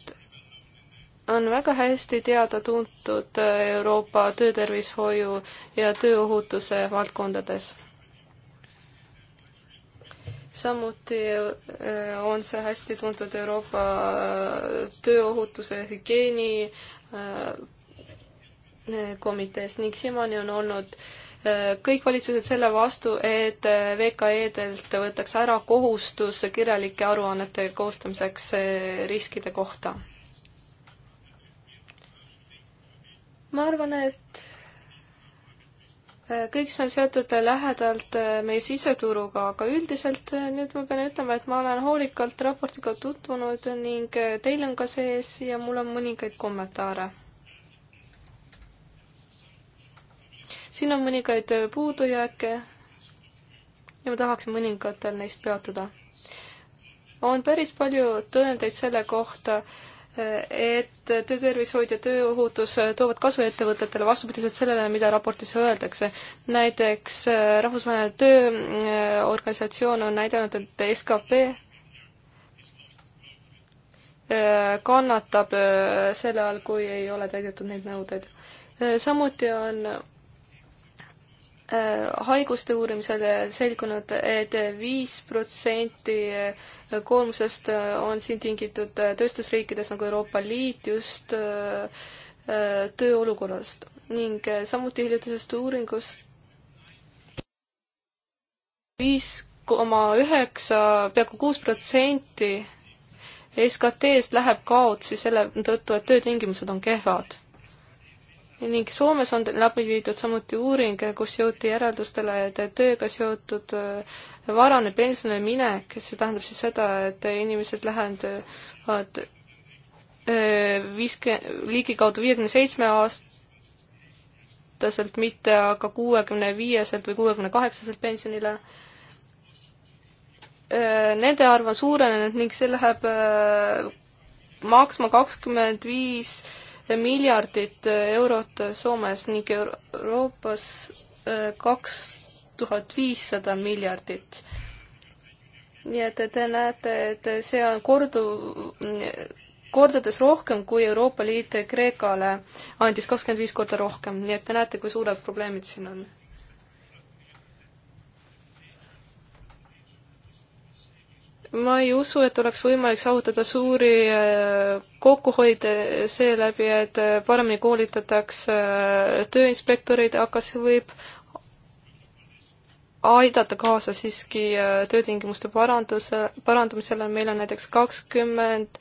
on väga hästi teada-tuntud äh, Euroopa töötervishoiu ja tööohutuse valdkondades. samuti äh, on see hästi tuntud Euroopa äh, tööohutuse hügieeni komitees ning siiamaani on olnud äh, kõik valitsused selle vastu, et VKE-delt võtaks ära kohustus kirjalike aruannete koostamiseks riskide kohta. ma arvan, et kõik see on seotud lähedalt meie siseturuga, aga üldiselt nüüd ma pean ütlema, et ma olen hoolikalt raportiga tutvunud ning teil on ka sees ja mul on mõningaid kommentaare siin on mõningaid puudujääke ja ma tahaksin mõningatel neist peatuda. on päris palju tõendeid selle kohta, et töötervishoid ja tööohutus toovad kasu ettevõtetele vastupidiselt sellele, mida raportis öeldakse. näiteks äh, Rahvusvaheline Tööorganisatsioon on näidanud, et skp äh, kannatab äh, selle all, kui ei ole täidetud neid nõudeid. samuti on Äh, haiguste uurimisel selgunud et, et viis protsenti äh, koormusest äh, on siin tingitud tööstusriikides nagu Euroopa Liit just töö olukorrast ning samuti hiljutisest uuringust viis koma üheksa, peaaegu kuus protsenti SKT-st läheb kaotsi selle tõttu, et töötingimused on kehvad ning Soomes on läbi viidud samuti uuring, kus jõuti järeldustele, et tööga seotud äh, varane pensionile minek, see tähendab siis seda, et inimesed lähevad äh, viiske-, ligikaudu viiekümne seitsme aastaselt, mitte aga kuuekümne viieselt või kuuekümne kaheksaselt pensionile äh, nende arv on suurenenud ning see läheb maksma kakskümmend viis miljardit eurot Soomes ning Euroopas äh, kaks tuhat viissada miljardit. nii et te näete, et see on korduv, kordades rohkem, kui Euroopa Liit Kreekale andis kakskümmend viis korda rohkem, nii et te näete, kui suured probleemid siin on ma ei usu, et oleks võimalik saavutada suuri äh, kokkuhoide äh, seeläbi, et äh, paremini koolitatakse tööinspektoreid, aga see võib aidata kaasa siiski töötingimuste paranduse, parandamisele, meil on näiteks kakskümmend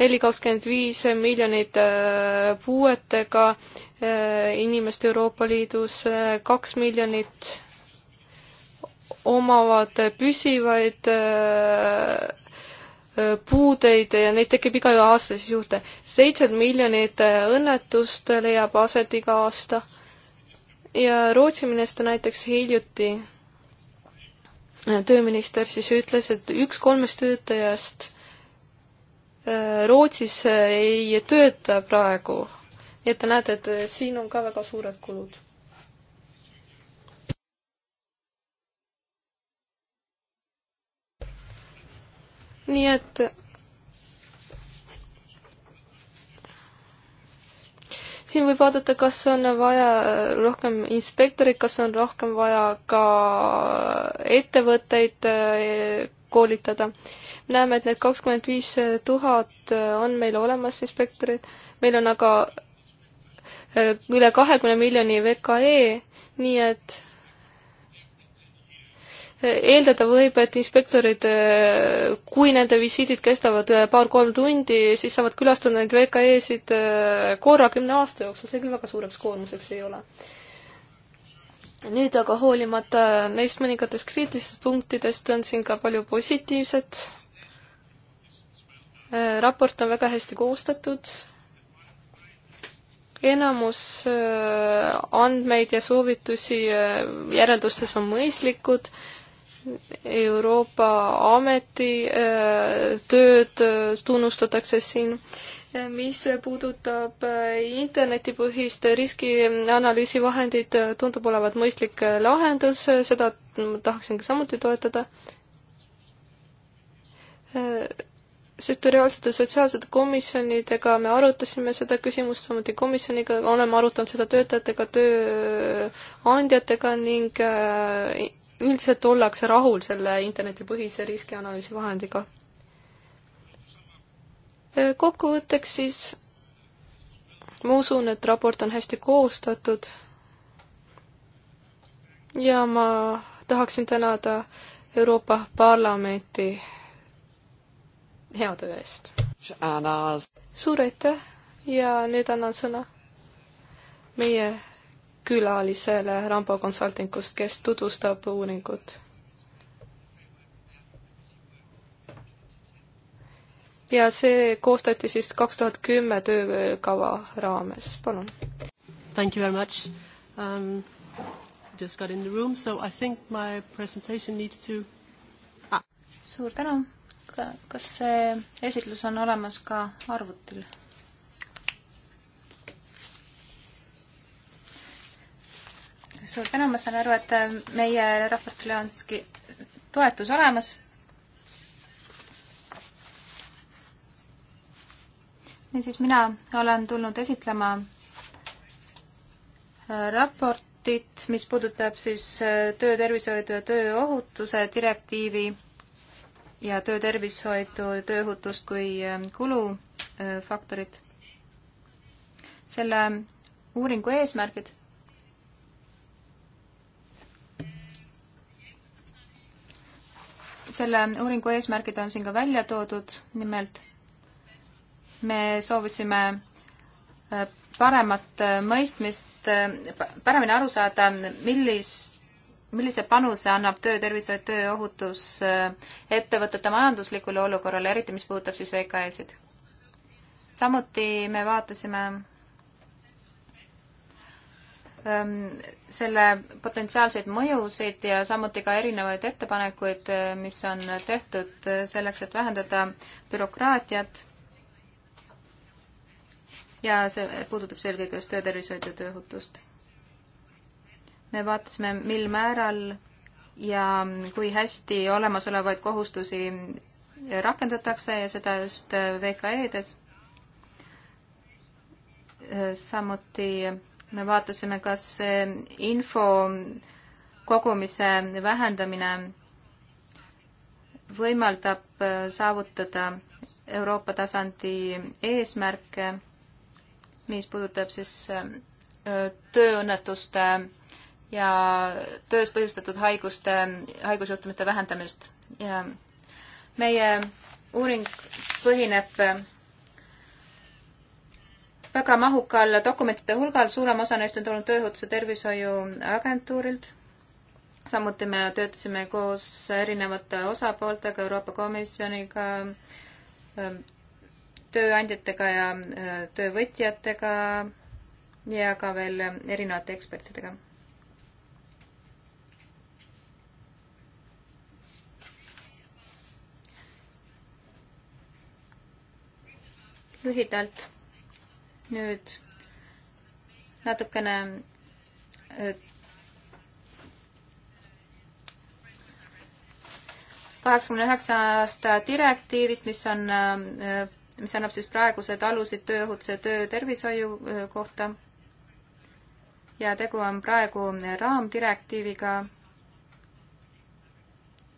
neli, kakskümmend viis miljonit puuetega inimest Euroopa Liidus, kaks miljonit omavad püsivaid äh, äh, puudeid ja neid tekib iga aasta siis juurde. seitse miljonit äh, õnnetust leiab aset iga aasta. ja Rootsi minister näiteks hiljuti, tööminister siis ütles, et üks kolmest töötajast Rootsis ei tööta praegu. nii et te näete, et siin on ka väga suured kulud nii et siin võib vaadata, kas on vaja rohkem inspektoreid, kas on rohkem vaja ka ettevõtteid eh, koolitada. näeme, et need kakskümmend viis tuhat on meil olemas inspektorid, meil on aga eh, üle kahekümne miljoni VKE, nii et eeldada võib, et inspektorid, kui nende visiidid kestavad äh, paar-kolm tundi, siis saavad külastada neid VKE-sid äh, korra kümne aasta jooksul, see küll väga suureks koormuseks ei ole. nüüd aga hoolimata neist mõningatest kriitilistest punktidest on siin ka palju positiivset. Äh, raport on väga hästi koostatud, enamus andmeid ja soovitusi järeldustes on mõistlikud Euroopa ametitööd äh, äh, tunnustatakse siin äh, mis puudutab internetipõhist riskianalüüsi vahendit, tundub olevat mõistlik lahendus, seda tahaksin ka samuti toetada. sektoriaalsete sotsiaalsete komisjonidega me arutasime seda küsimust, samuti komisjoniga oleme arutanud seda töötajatega, tööandjatega ning üldiselt ollakse rahul selle internetipõhise riskianalüüsi vahendiga. kokkuvõtteks siis ma usun, et raport on hästi koostatud ja ma tahaksin tänada Euroopa Parlamenti hea töö eest. suur aitäh ja nüüd annan sõna meie külalisele Rambo Consultingust, kes tutvustab uuringut. ja see koostati siis kaks tuhat kümme töökava raames, palun.
Thank you very much um,. Just got in the room, so I think my presentation needs to ah.. suur tänu. kas
see esitlus on olemas ka arvutil? suur tänu, ma saan aru, et äh, meie raportile on siiski toetus olemas. niisiis, mina olen tulnud esitlema äh, raportit, mis puudutab siis äh, töötervishoidu ja tööohutuse direktiivi ja töötervishoidu, tööohutust kui kulufaktorit. selle uuringu eesmärgid selle uuringu eesmärgid on siin ka välja toodud, nimelt me soovisime äh, paremat äh, mõistmist, äh, paremini aru saada, millist millise panuse annab töötervishoid, tööohutus ettevõtete majanduslikule olukorrale, eriti mis puudutab siis VKE-sid? samuti me vaatasime Ähm, selle potentsiaalseid mõjusid ja samuti ka erinevaid ettepanekuid, äh, mis on tehtud äh, selleks, et vähendada bürokraatiat. ja see puudutab siis eelkõige just töötervishoidu ja tööohutust. me vaatasime, mil määral ja kui hästi olemasolevaid kohustusi rakendatakse ja seda just äh, VKE-des. samuti me vaatasime, kas info kogumise vähendamine võimaldab äh, saavutada Euroopa tasandi eesmärke, mis puudutab siis äh, tööõnnetuste ja töös põhjustatud haiguste, haigusjuhtumite vähendamist ja meie uuring põhineb äh, väga mahukal dokumentide hulgal, suurem osa neist on tulnud Tööohutuse Tervishoiuagentuurilt. samuti me töötasime koos erinevate osapooltega, Euroopa Komisjoniga, ähm, tööandjatega ja äh, töövõtjatega ja ka veel erinevate ekspertidega. lühidalt nüüd natukene kaheksakümne üheksa aasta direktiivist, mis on, mis annab siis praegused alusid tööohutuse töö tervishoiu kohta. ja tegu on praegu raamdirektiiviga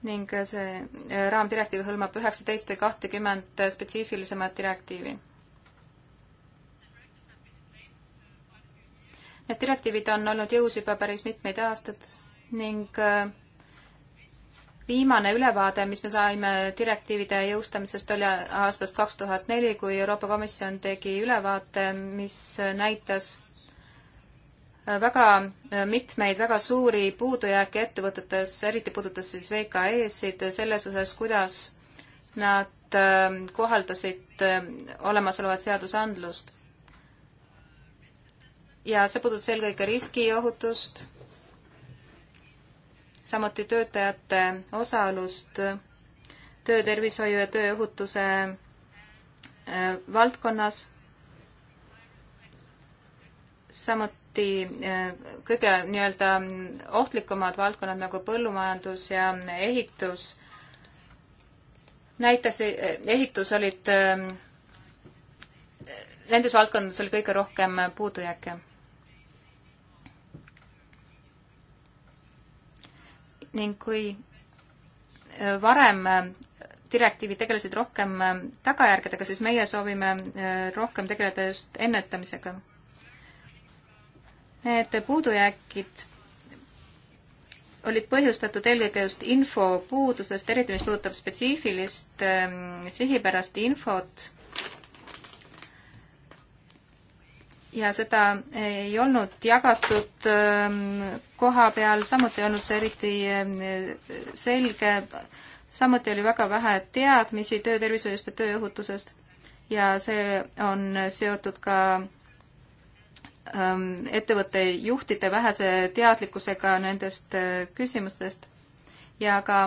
ning see raamdirektiiv hõlmab üheksateist või kahtekümmet spetsiifilisemat direktiivi Need direktiivid on olnud jõus juba päris mitmeid aastaid ning äh, viimane ülevaade, mis me saime direktiivide jõustamisest, oli aastast kaks tuhat neli, kui Euroopa Komisjon tegi ülevaate, mis näitas äh, väga äh, mitmeid väga suuri puudujääke ettevõtetes, eriti puudutas siis VKE-sid selles osas, kuidas nad kohaldasid olemasolevat seadusandlust ja see puudutas eelkõige riskiohutust, samuti töötajate osalust töötervishoiu ja tööohutuse äh, valdkonnas, samuti äh, kõige nii-öelda ohtlikumad valdkonnad nagu põllumajandus ja ehitus näitas, äh, ehitus olid, nendes valdkondades oli kõige rohkem puudujääke. ning kui äh, varem äh, direktiivid tegelesid rohkem äh, tagajärgedega, siis meie soovime rohkem tegeleda just ennetamisega. Need puudujäägid olid põhjustatud eelkõige just info puudusest, eriti mis puudutab spetsiifilist ähm, sihipärast infot ja seda ei olnud jagatud ähm, koha peal, samuti ei olnud see eriti ähm, selge, samuti oli väga vähe teadmisi töötervishoiust ja tööohutusest ja see on seotud ka ähm, ettevõtte juhtide vähese teadlikkusega nendest äh, küsimustest ja ka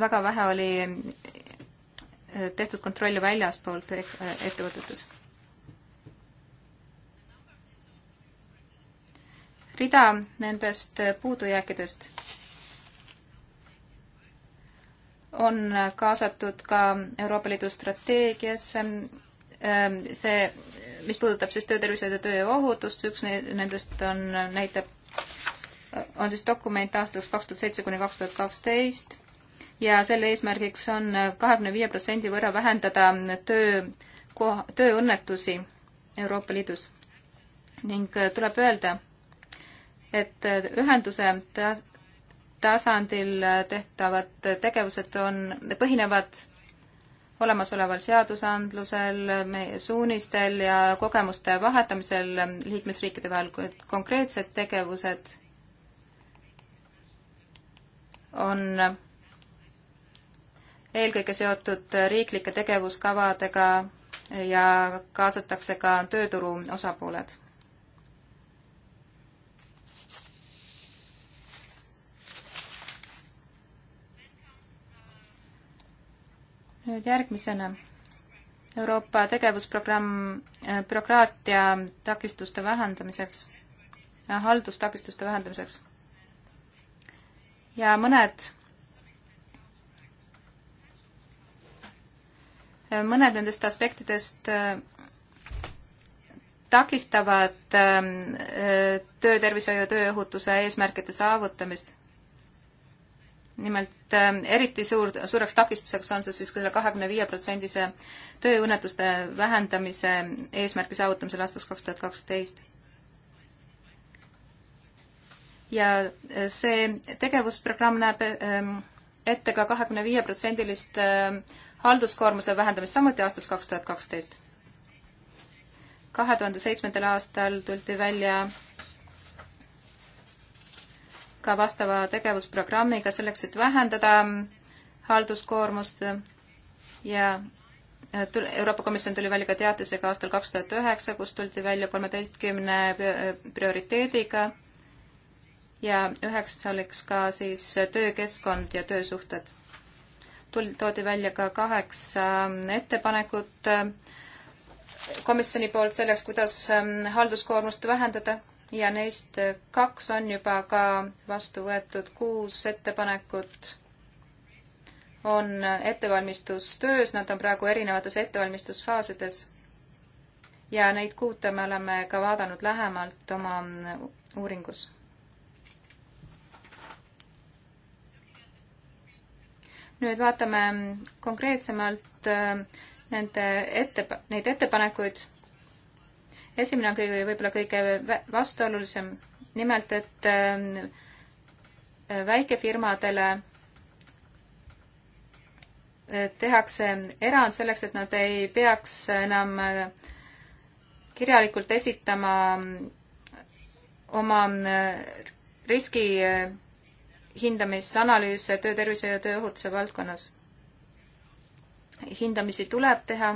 väga vähe oli äh, tehtud kontrolli väljaspoolt äh, ettevõtetes rida nendest puudujääkidest on kaasatud ka Euroopa Liidu strateegiasse, ähm, see, mis puudutab siis töötervishoidu ja tööohutust, üks nendest on, näitab, on siis dokument aastateks kaks tuhat seitse kuni kaks tuhat kaksteist ja selle eesmärgiks on kahekümne viie protsendi võrra vähendada töö, tööõnnetusi Euroopa Liidus. ning äh, tuleb öelda, et ühenduse tasandil tehtavad tegevused on, põhinevad olemasoleval seadusandlusel, meie suunistel ja kogemuste vahetamisel liikmesriikide vahel, kuid konkreetsed tegevused on eelkõige seotud riiklike tegevuskavadega ja kaasatakse ka tööturu osapooled nüüd järgmisena. Euroopa tegevusprogramm eh, bürokraatia takistuste vähendamiseks, eh, haldustakistuste vähendamiseks. ja mõned, eh, mõned nendest aspektidest takistavad töötervishoiu ja tööohutuse eesmärkide saavutamist nimelt äh, eriti suur, suureks takistuseks on see siis selle kahekümne viie protsendise tööõnnetuste vähendamise eesmärgi saavutamisel aastaks kaks tuhat kaksteist. ja äh, see tegevusprogramm näeb ähm, ette ka kahekümne viie protsendilist äh, halduskoormuse vähendamist samuti aastast kaks tuhat kaksteist. kahe tuhande seitsmendal aastal tuldi välja ka vastava tegevusprogrammiga selleks, et vähendada halduskoormust ja äh, Euroopa Komisjon tuli välja ka teatisega aastal kaks tuhat üheksa, kus tuldi välja kolmeteistkümne äh, prioriteediga ja üheks oleks ka siis töökeskkond ja töösuhted. tul-, toodi välja ka kaheksa ähm, ettepanekut äh, komisjoni poolt selleks, kuidas ähm, halduskoormust vähendada ja neist kaks on juba ka vastu võetud, kuus ettepanekut on ettevalmistustöös, nad on praegu erinevates ettevalmistusfaasides ja neid kuute me oleme ka vaadanud lähemalt oma uuringus. nüüd vaatame konkreetsemalt äh, nende ette, neid ettepanekuid esimene on kõige, võib-olla kõige vastuolulisem, nimelt et ähm, väikefirmadele äh, tehakse erand selleks, et nad ei peaks enam äh, kirjalikult esitama äh, oma riski hindamisanalüüse töötervise ja tööohutuse valdkonnas. hindamisi tuleb teha,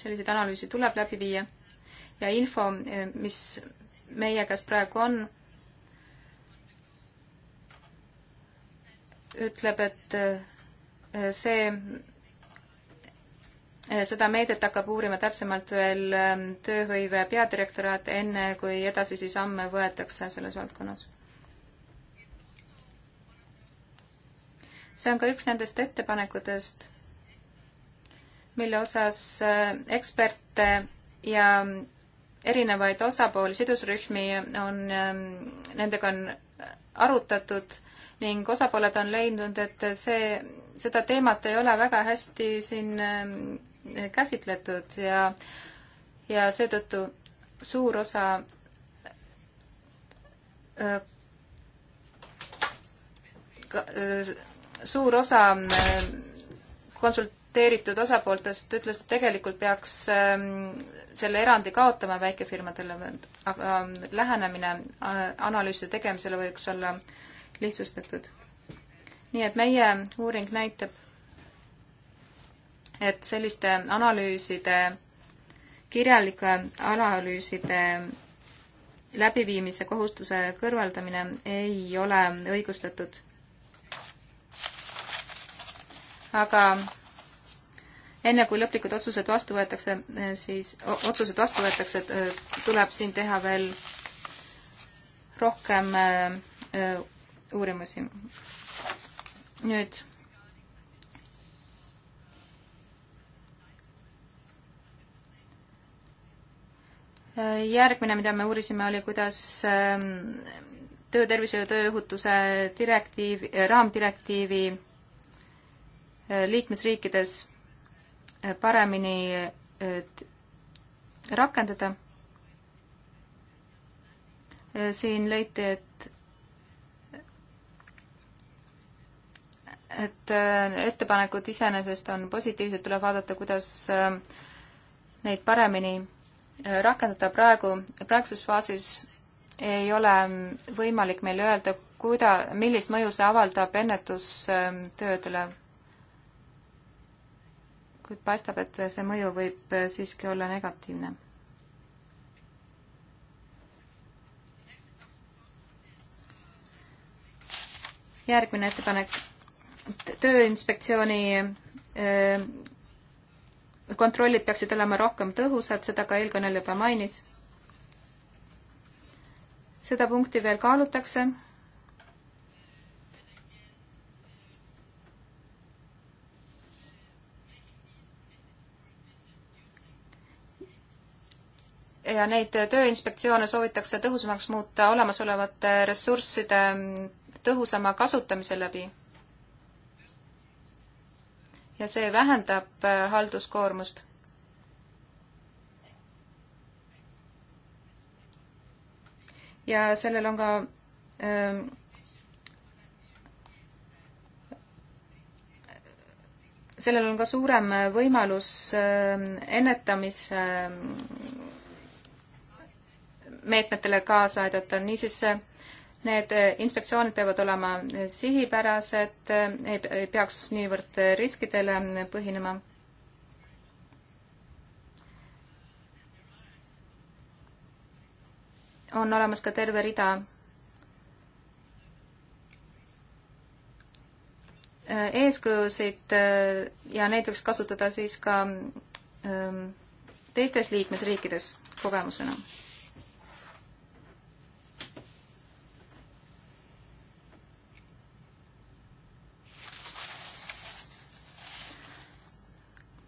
selliseid analüüse tuleb läbi viia ja info, eh, mis meie käes praegu on, ütleb, et eh, see, eh, seda meedet hakkab uurima täpsemalt veel tööhõive peadirektoraat, enne kui edasisi samme võetakse selles valdkonnas. see on ka üks nendest ettepanekutest, mille osas eksperte ja erinevaid osapooli, sidusrühmi on, ähm, nendega on arutatud ning osapooled on leidnud, et see, seda teemat ei ole väga hästi siin ähm, käsitletud ja, ja seetõttu suur osa äh, äh, suur osa äh, konsult-, konsulteeritud osapooltest ütles, et tegelikult peaks ähm, selle erandi kaotama väikefirmadele, aga ähm, lähenemine äh, analüüside tegemisele võiks olla lihtsustatud. nii et meie uuring näitab, et selliste analüüside, kirjalike analüüside läbiviimise kohustuse kõrvaldamine ei ole õigustatud aga enne kui lõplikud otsused vastu võetakse, eh, siis, otsused vastu võetakse, eh, tuleb siin teha veel rohkem eh, uurimusi. nüüd järgmine, mida me uurisime, oli, kuidas töötervishoiu ja tööohutuse direktiiv, raamdirektiivi liikmesriikides paremini rakendada. siin leiti, et et äh, ettepanekud iseenesest on positiivsed, tuleb vaadata, kuidas äh, neid paremini äh, rakendada praegu, praeguses faasis ei ole mm, võimalik meil öelda, kuida-, millist mõju see avaldab ennetustöödele kuid paistab, et see mõju võib siiski olla negatiivne. järgmine ettepanek. tööinspektsiooni eh, kontrollid peaksid olema rohkem tõhusad, seda ka eelkõneleja juba mainis. seda punkti veel kaalutakse ja neid tööinspektsioone soovitakse tõhusamaks muuta olemasolevate ressursside tõhusama kasutamise läbi. ja see vähendab äh, halduskoormust. ja sellel on ka öö, ähm, sellel on ka suurem võimalus ähm, ennetamise ähm, meetmetele kaasa aidata. niisiis need eh, inspektsioonid peavad olema eh, sihipärased, eh, ei peaks niivõrd riskidele põhinema. on olemas ka terve rida eeskujusid ja neid võiks kasutada siis ka teistes liikmesriikides kogemusena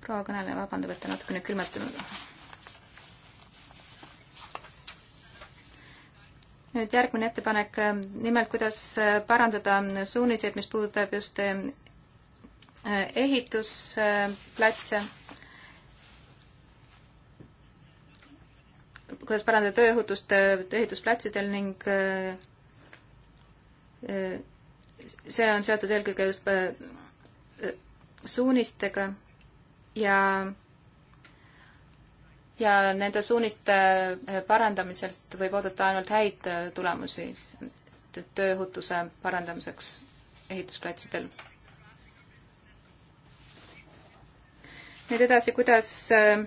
proua kõneleja vabandab, et ta natukene külmetanud. nüüd järgmine ettepanek, äh, nimelt kuidas äh, parandada suuniseid, mis puudutab just äh, ehitusplatse kuidas parandada tööohutust ehitusplatsidel ning see on seotud eelkõige just suunistega ja ja nende suuniste parandamiselt võib oodata ainult häid tulemusi tööohutuse parandamiseks ehitusplatsidel. nüüd edasi, kuidas äh,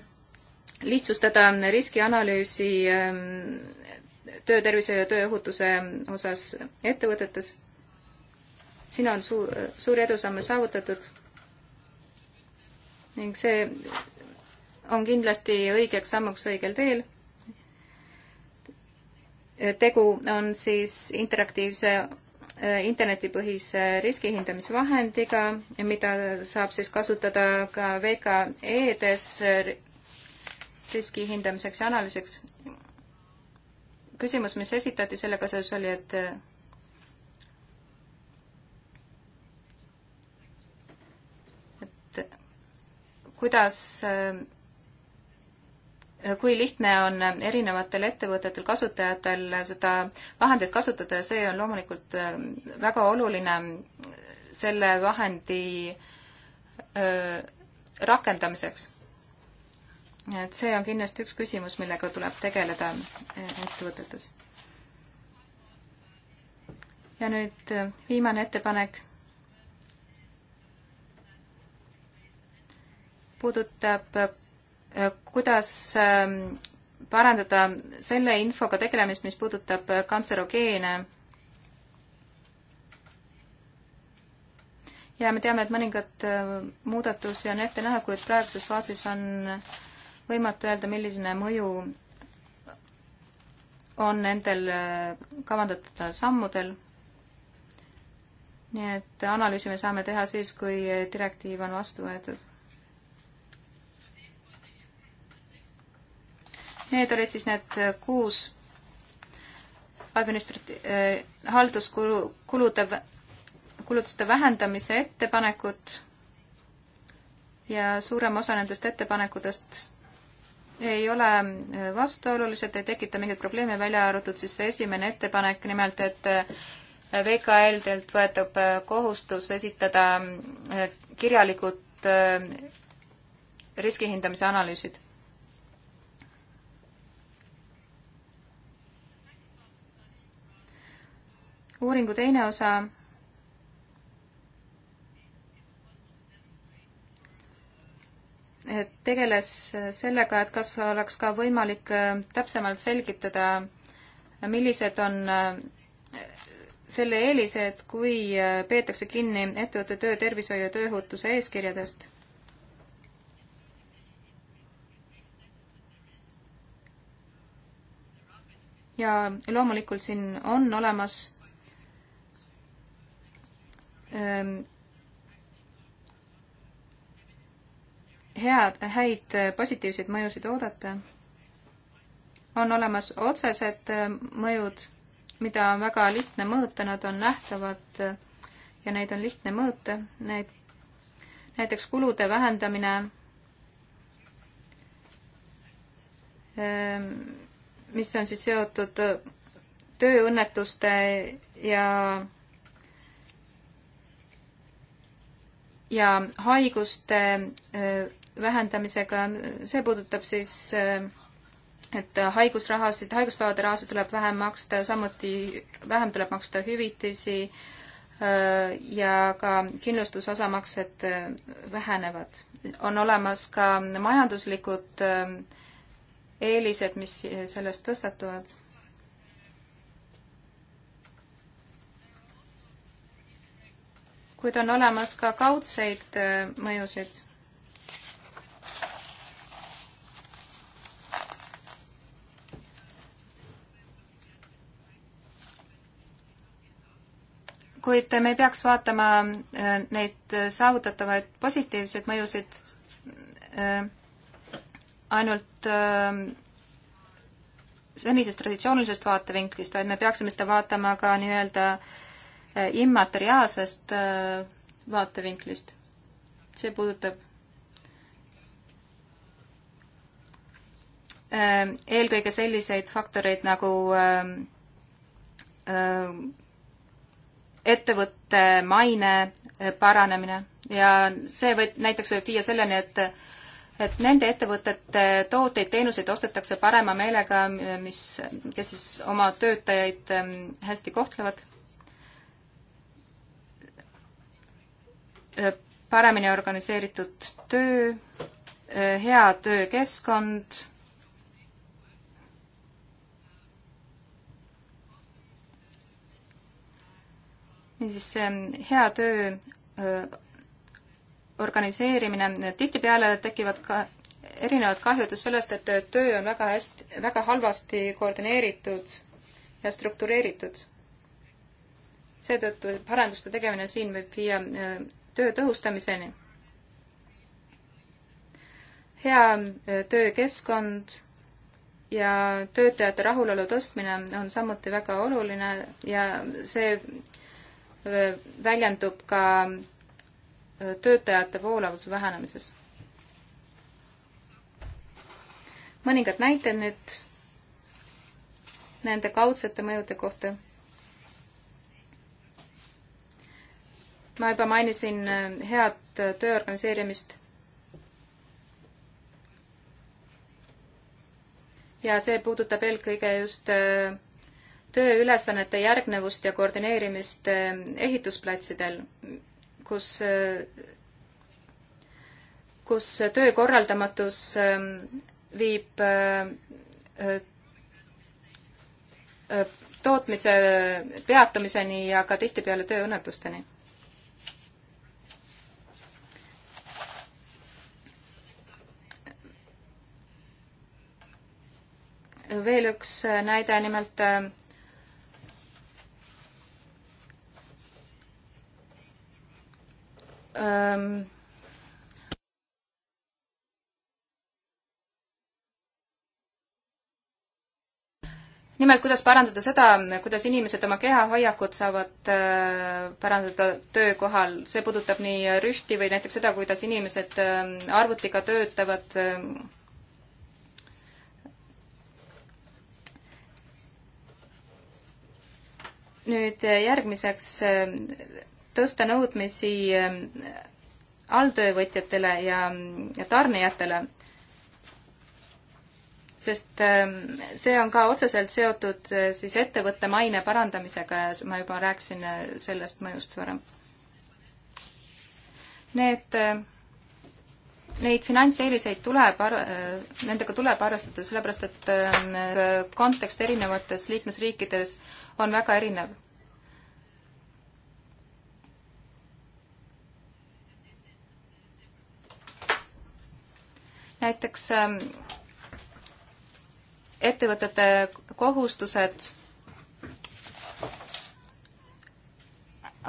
lihtsustada riskianalüüsi ähm, töötervishoiu ja tööohutuse osas ettevõtetes. siin on suur, suuri edusamme saavutatud ning see on kindlasti õigeks sammuks õigel teel. tegu on siis interaktiivse äh, internetipõhise riskihindamisvahendiga, mida saab siis kasutada ka VKE-des riski hindamiseks ja analüüsiks. küsimus, mis esitati sellega seoses oli, et äh, kuidas äh, kui lihtne on erinevatel ettevõtetel, kasutajatel seda vahendit kasutada ja see on loomulikult äh, väga oluline selle vahendi äh, rakendamiseks. et see on kindlasti üks küsimus, millega tuleb tegeleda ettevõtetes. ja nüüd viimane ettepanek puudutab, äh, kuidas ähm, parandada selle infoga tegelemist, mis puudutab äh, kantserogeene. ja me teame, et mõningad äh, muudatusi on ette näha, kuid praeguses faasis on võimatu öelda, milline mõju on nendel kavandatavatel sammudel. nii et analüüsi me saame teha siis, kui direktiiv on vastu võetud Need olid siis need kuus administrat-, eh, äh, halduskulu, kulude, kulutuste vähendamise ettepanekut ja suurem osa nendest ettepanekutest ei ole äh, vastuolulised, ei tekita mingeid probleeme, välja arvatud siis see esimene ettepanek, nimelt et äh, VKL-delt võetab kohustus esitada kirjalikud riskihindamise analüüsid uuringu teine osa tegeles sellega, et kas oleks ka võimalik äh, täpsemalt selgitada, millised on äh, selle eelised, kui äh, peetakse kinni ettevõtte töö, tervishoiu ja tööohutuse eeskirjadest. ja loomulikult siin on olemas Ähm, head, häid äh, positiivseid mõjusid oodata. on olemas otsesed äh, mõjud, mida on väga lihtne mõõta, nad on nähtavad äh, ja neid on lihtne mõõta, neid, näiteks kulude vähendamine, ähm, mis on siis seotud tööõnnetuste ja ja haiguste äh, vähendamisega, see puudutab siis, äh, et haigusrahasid, haiguspäevade rahasid tuleb vähem maksta, samuti vähem tuleb maksta hüvitisi äh, ja ka kindlustusosamaksed vähenevad. on olemas ka majanduslikud eelised, mis sellest tõstatuvad kuid on olemas ka kaudseid äh, mõjusid. kuid me ei peaks vaatama äh, neid saavutatavaid positiivseid mõjusid äh, ainult senisest traditsioonilisest vaatevinklist, vaid me peaksime seda vaatama ka nii-öelda äh, immateriaalsest äh, vaatevinklist. see puudutab äh, eelkõige selliseid faktoreid nagu äh, ettevõtte maine paranemine ja see võib, näiteks võib viia selleni, et et nende ettevõtete tooteid, teenuseid ostetakse parema meelega, mis, kes siis oma töötajaid ähm, hästi kohtlevad Äh, paremini organiseeritud töö, äh, hea töökeskkond, niisiis ähm, hea töö äh, organiseerimine, tihtipeale tekivad ka erinevad kahjud just sellest, et töö on väga hästi, väga halvasti koordineeritud ja struktureeritud. seetõttu paranduste tegemine siin võib viia töö tõhustamiseni. hea e, töökeskkond ja töötajate rahulolu tõstmine on samuti väga oluline ja see e, väljendub ka e, töötajate voolavuse vähenemises. mõningad näited nüüd nende kaudsete mõjude kohta ma juba mainisin äh, head äh, töö organiseerimist. ja see puudutab eelkõige just äh, tööülesannete järgnevust ja koordineerimist ehitusplatsidel, kus, kus töö korraldamatus ähm, viib tootmise peatumiseni ja ka tihtipeale tööõnnetusteni veel üks äh, näide, nimelt äh, ähm, nimelt, kuidas parandada seda, kuidas inimesed oma kehahoiakut saavad äh, parandada töökohal, see puudutab nii rühti või näiteks seda, kuidas inimesed arvutiga töötavad, nüüd äh, järgmiseks äh, tõsta nõudmisi äh, alltöövõtjatele ja, ja tarnijatele, sest ähm, see on ka otseselt seotud siis ettevõtte maine parandamisega ja ma juba rääkisin sellest mõjust varem. Need Neid finantseeliseid tuleb, äh, nendega tuleb arvestada, sellepärast et ähm, äh, kontekst erinevates liikmesriikides on väga erinev. näiteks ähm, ettevõtete kohustused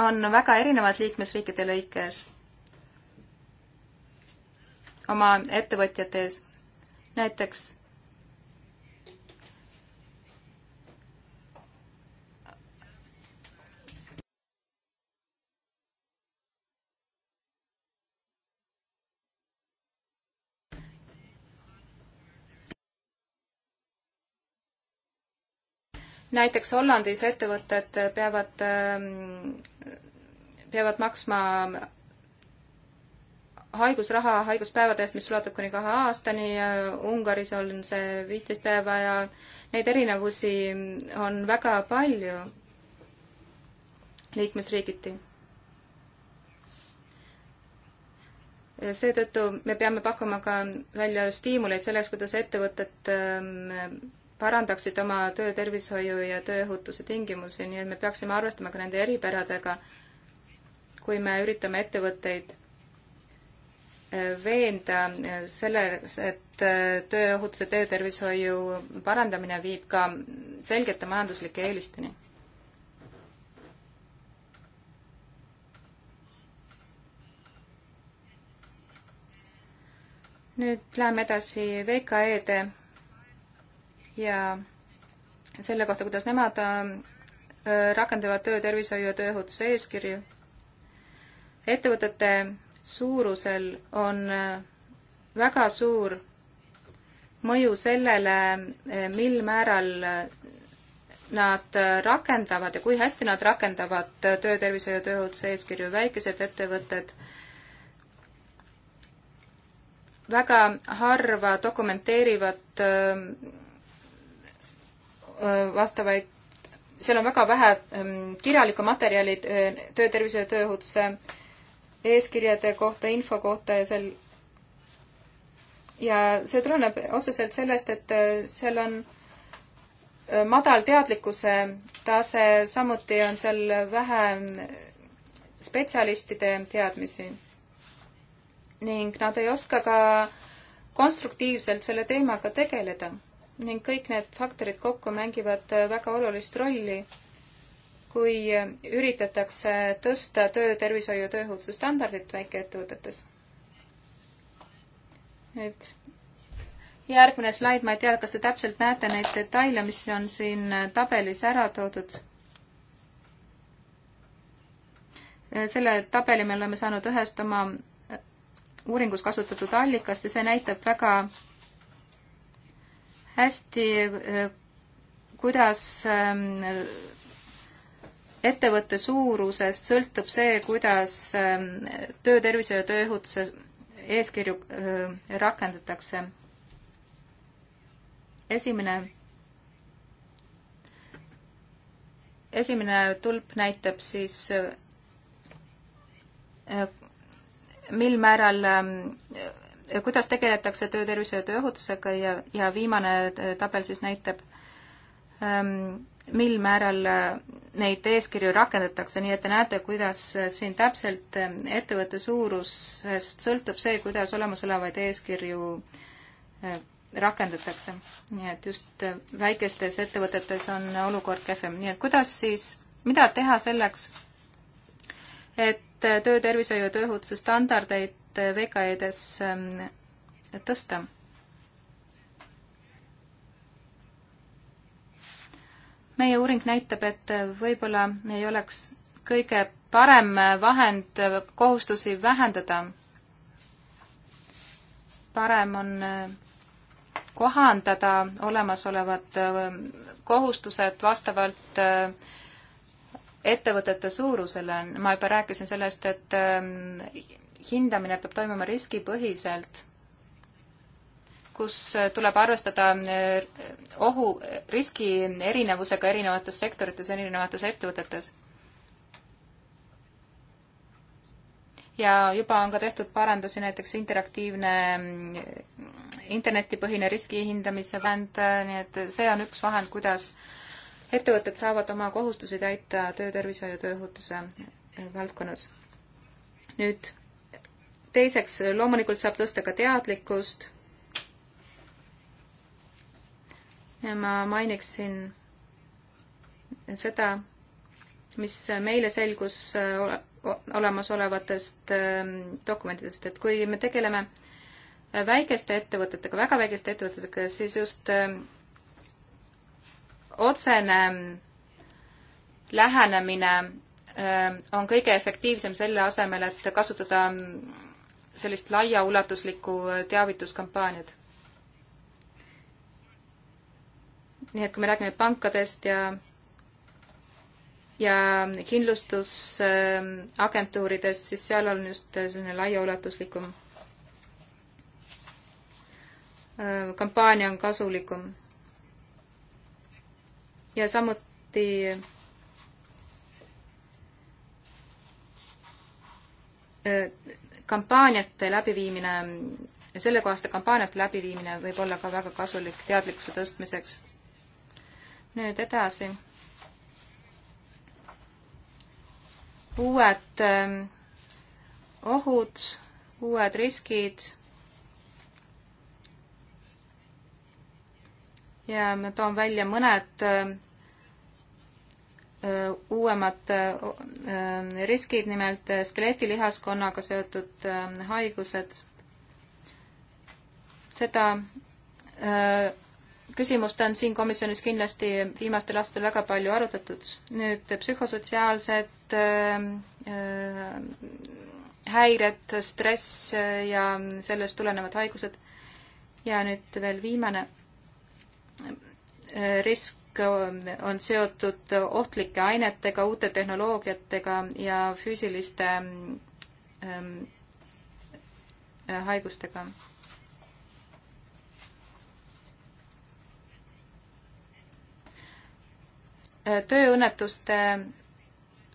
on väga erinevad liikmesriikide lõikes oma ettevõtjate ees. näiteks näiteks Hollandis ettevõtted peavad, ähm, peavad maksma haigusraha haiguspäevade eest, mis ulatub kuni kahe aastani, Ungaris on see viisteist päeva ja neid erinevusi on väga palju liikmesriigiti. seetõttu me peame pakkuma ka välja stiimuleid selleks, kuidas ettevõtted ähm, parandaksid oma töötervishoiu ja tööohutuse tingimusi, nii et me peaksime arvestama ka nende eripäradega, kui me üritame ettevõtteid veenda selles, et tööohutuse, töötervishoiu parandamine viib ka selgete majanduslike eelisteni. nüüd läheme edasi VKE-de ja selle kohta, kuidas nemad äh, rakendavad töötervishoiu ja tööohutuse eeskirju. ettevõtete suurusel on äh, väga suur mõju sellele, äh, mil määral äh, nad rakendavad ja kui hästi nad rakendavad töötervishoiu ja tööohutuse eeskirju, väikesed ettevõtted väga harva dokumenteerivad vastavaid, seal on väga vähe ähm, kirjalikku materjali töötervishoiu ja tööohutuse eeskirjade kohta, info kohta ja sel ja see tuleneb otseselt sellest, et äh, seal on äh, madal teadlikkuse tase, samuti on seal vähe äh, spetsialistide teadmisi. ning nad ei oska ka konstruktiivselt selle teemaga tegeleda ning kõik need faktorid kokku mängivad väga olulist rolli kui üritatakse tõsta töötervishoiu tööohutuse standardit väikeettevõtetes. nüüd järgmine slaid, ma ei tea, kas te täpselt näete neid detaile, mis on siin tabelis ära toodud. selle tabeli me oleme saanud ühest oma uuringus kasutatud allikast ja see näitab väga hästi, kuidas ähm, ettevõtte suurusest sõltub see, kuidas ähm, töötervise ja tööohutuse eeskirju äh, rakendatakse. esimene, esimene tulp näitab siis, äh, mil määral, ähm, äh, kuidas tegeletakse töötervise ja tööohutusega ja, ja viimane tabel siis näitab, ähm, mil määral äh, neid eeskirju rakendatakse, nii et te näete, kuidas äh, siin täpselt äh, ettevõtte suurusest sõltub see, kuidas olemasolevaid eeskirju rakendatakse. nii et just väikestes ettevõtetes on olukord kehvem. nii et kuidas siis, mida teha selleks, et töötervishoiu ja tööohutuse standardeid VKE-des ähm, tõsta? meie uuring näitab, et võib-olla ei oleks kõige parem vahend kohustusi vähendada. parem on äh, kohandada olemasolevad äh, kohustused vastavalt äh, ettevõtete suurusele. ma juba rääkisin sellest, et hindamine peab toimuma riskipõhiselt kus äh, tuleb arvestada äh, ohu, riski erinevusega erinevates sektorites, erinevates ettevõtetes. ja juba on ka tehtud parandusi, näiteks interaktiivne mm, internetipõhine riski hindamise vahend, äh, nii et see on üks vahend, kuidas ettevõtted saavad oma kohustusi täita töötervishoiu, tööohutuse valdkonnas. nüüd teiseks, loomulikult saab tõsta ka teadlikkust ma mainiksin seda, mis meile selgus olemasolevatest ähm, dokumentidest, et kui me tegeleme väikeste ettevõtetega, väga väikeste ettevõtetega, siis just ähm, otsene ähm, lähenemine on kõige efektiivsem selle asemel, et kasutada sellist laiaulatuslikku äh, teavituskampaaniat nii et kui me räägime pankadest ja ja kindlustusagentuuridest, siis seal on just selline laiaulatuslikum äh, kampaania on kasulikum. ja samuti äh, kampaaniate läbiviimine, sellekohaste kampaaniate läbiviimine võib olla ka väga kasulik teadlikkuse tõstmiseks nüüd edasi. uued ähm, ohud, uued riskid. ja ma toon välja mõned ähm, äh, uuemad ähm, riskid, nimelt äh, skeletilihaskonnaga seotud haigused. seda äh, küsimust on siin komisjonis kindlasti viimastel aastatel väga palju arutatud. nüüd psühhosotsiaalsed ähm, ähm, häired, stress ja sellest tulenevad haigused. ja nüüd veel viimane risk on seotud ohtlike ainetega, uute tehnoloogiatega ja füüsiliste ähm, haigustega tööõnnetuste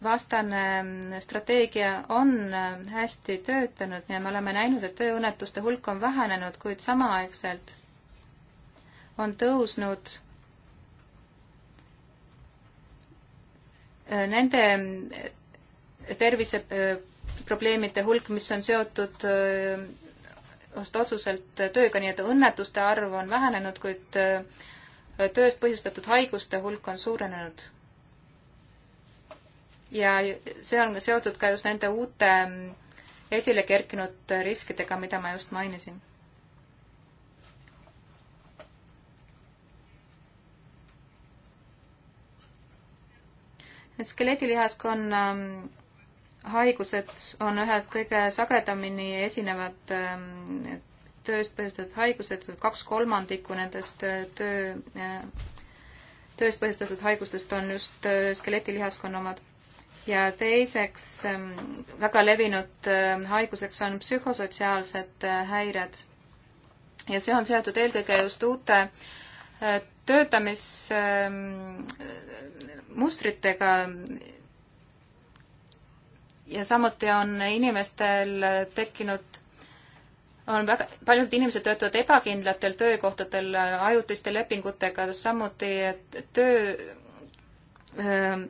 vastane strateegia on hästi töötanud ja me oleme näinud, et tööõnnetuste hulk on vähenenud, kuid samaaegselt on tõusnud nende terviseprobleemide hulk, mis on seotud just äh, otseselt tööga, nii et õnnetuste arv on vähenenud, kuid äh, tööst põhjustatud haiguste hulk on suurenenud. ja see on seotud ka just nende uute mm, esile kerkinud riskidega, mida ma just mainisin. skeletilihaskonna mm, haigused on ühed kõige sagedamini esinevad mm, tööst põhjustatud haigused, kaks kolmandikku nendest äh, töö, äh, tööst põhjustatud haigustest on just äh, skeletilihaskonna omad. ja teiseks ähm, väga levinud haiguseks on psühhosotsiaalsed häired. ja see on seotud eelkõige just uute töötamismustritega ähm, ja samuti on inimestel tekkinud on väga, paljud inimesed töötavad ebakindlatel töökohtadel ajutiste lepingutega, samuti töö öö, ähm,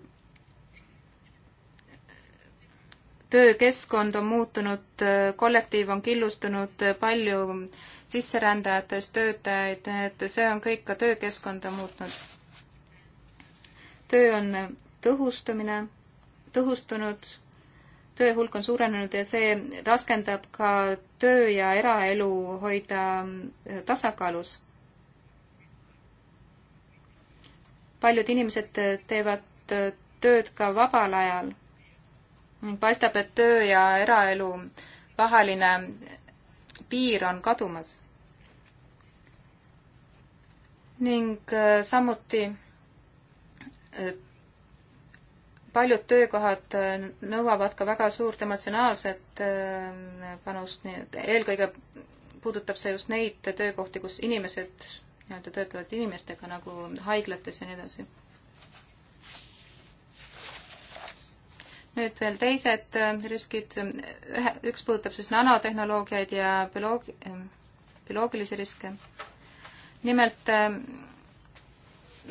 töökeskkond on muutunud, kollektiiv on killustunud, palju sisserändajatest töötajaid, et see on kõik ka töökeskkonda muutnud. töö on tõhustumine, tõhustunud töö hulk on suurenenud ja see raskendab ka töö ja eraelu hoida äh, tasakaalus. paljud inimesed äh, teevad äh, tööd ka vabal ajal ning paistab, et töö ja eraelu vaheline piir on kadumas. ning samuti paljud töökohad äh, nõuavad ka väga suurt emotsionaalset äh, panust, nii et eelkõige puudutab see just neid töökohti, kus inimesed nii-öelda töötavad inimestega nagu haiglates ja nii edasi. nüüd veel teised äh, riskid, ühe, üks puudutab siis nanotehnoloogiaid ja bioloog-, bioloogilisi riske. nimelt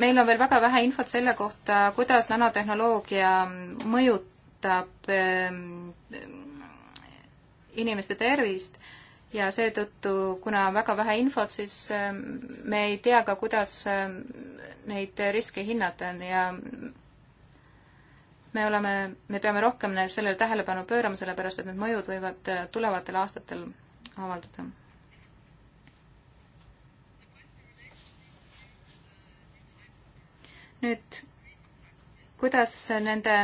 meil on veel väga vähe infot selle kohta, kuidas nanotehnoloogia mõjutab ehm, inimeste tervist ja seetõttu, kuna on väga vähe infot, siis ehm, me ei tea ka, kuidas ehm, neid riske hinnata on ja me oleme, me peame rohkem sellele tähelepanu pöörama, sellepärast et need mõjud võivad tulevatel aastatel avalduda nüüd, kuidas nende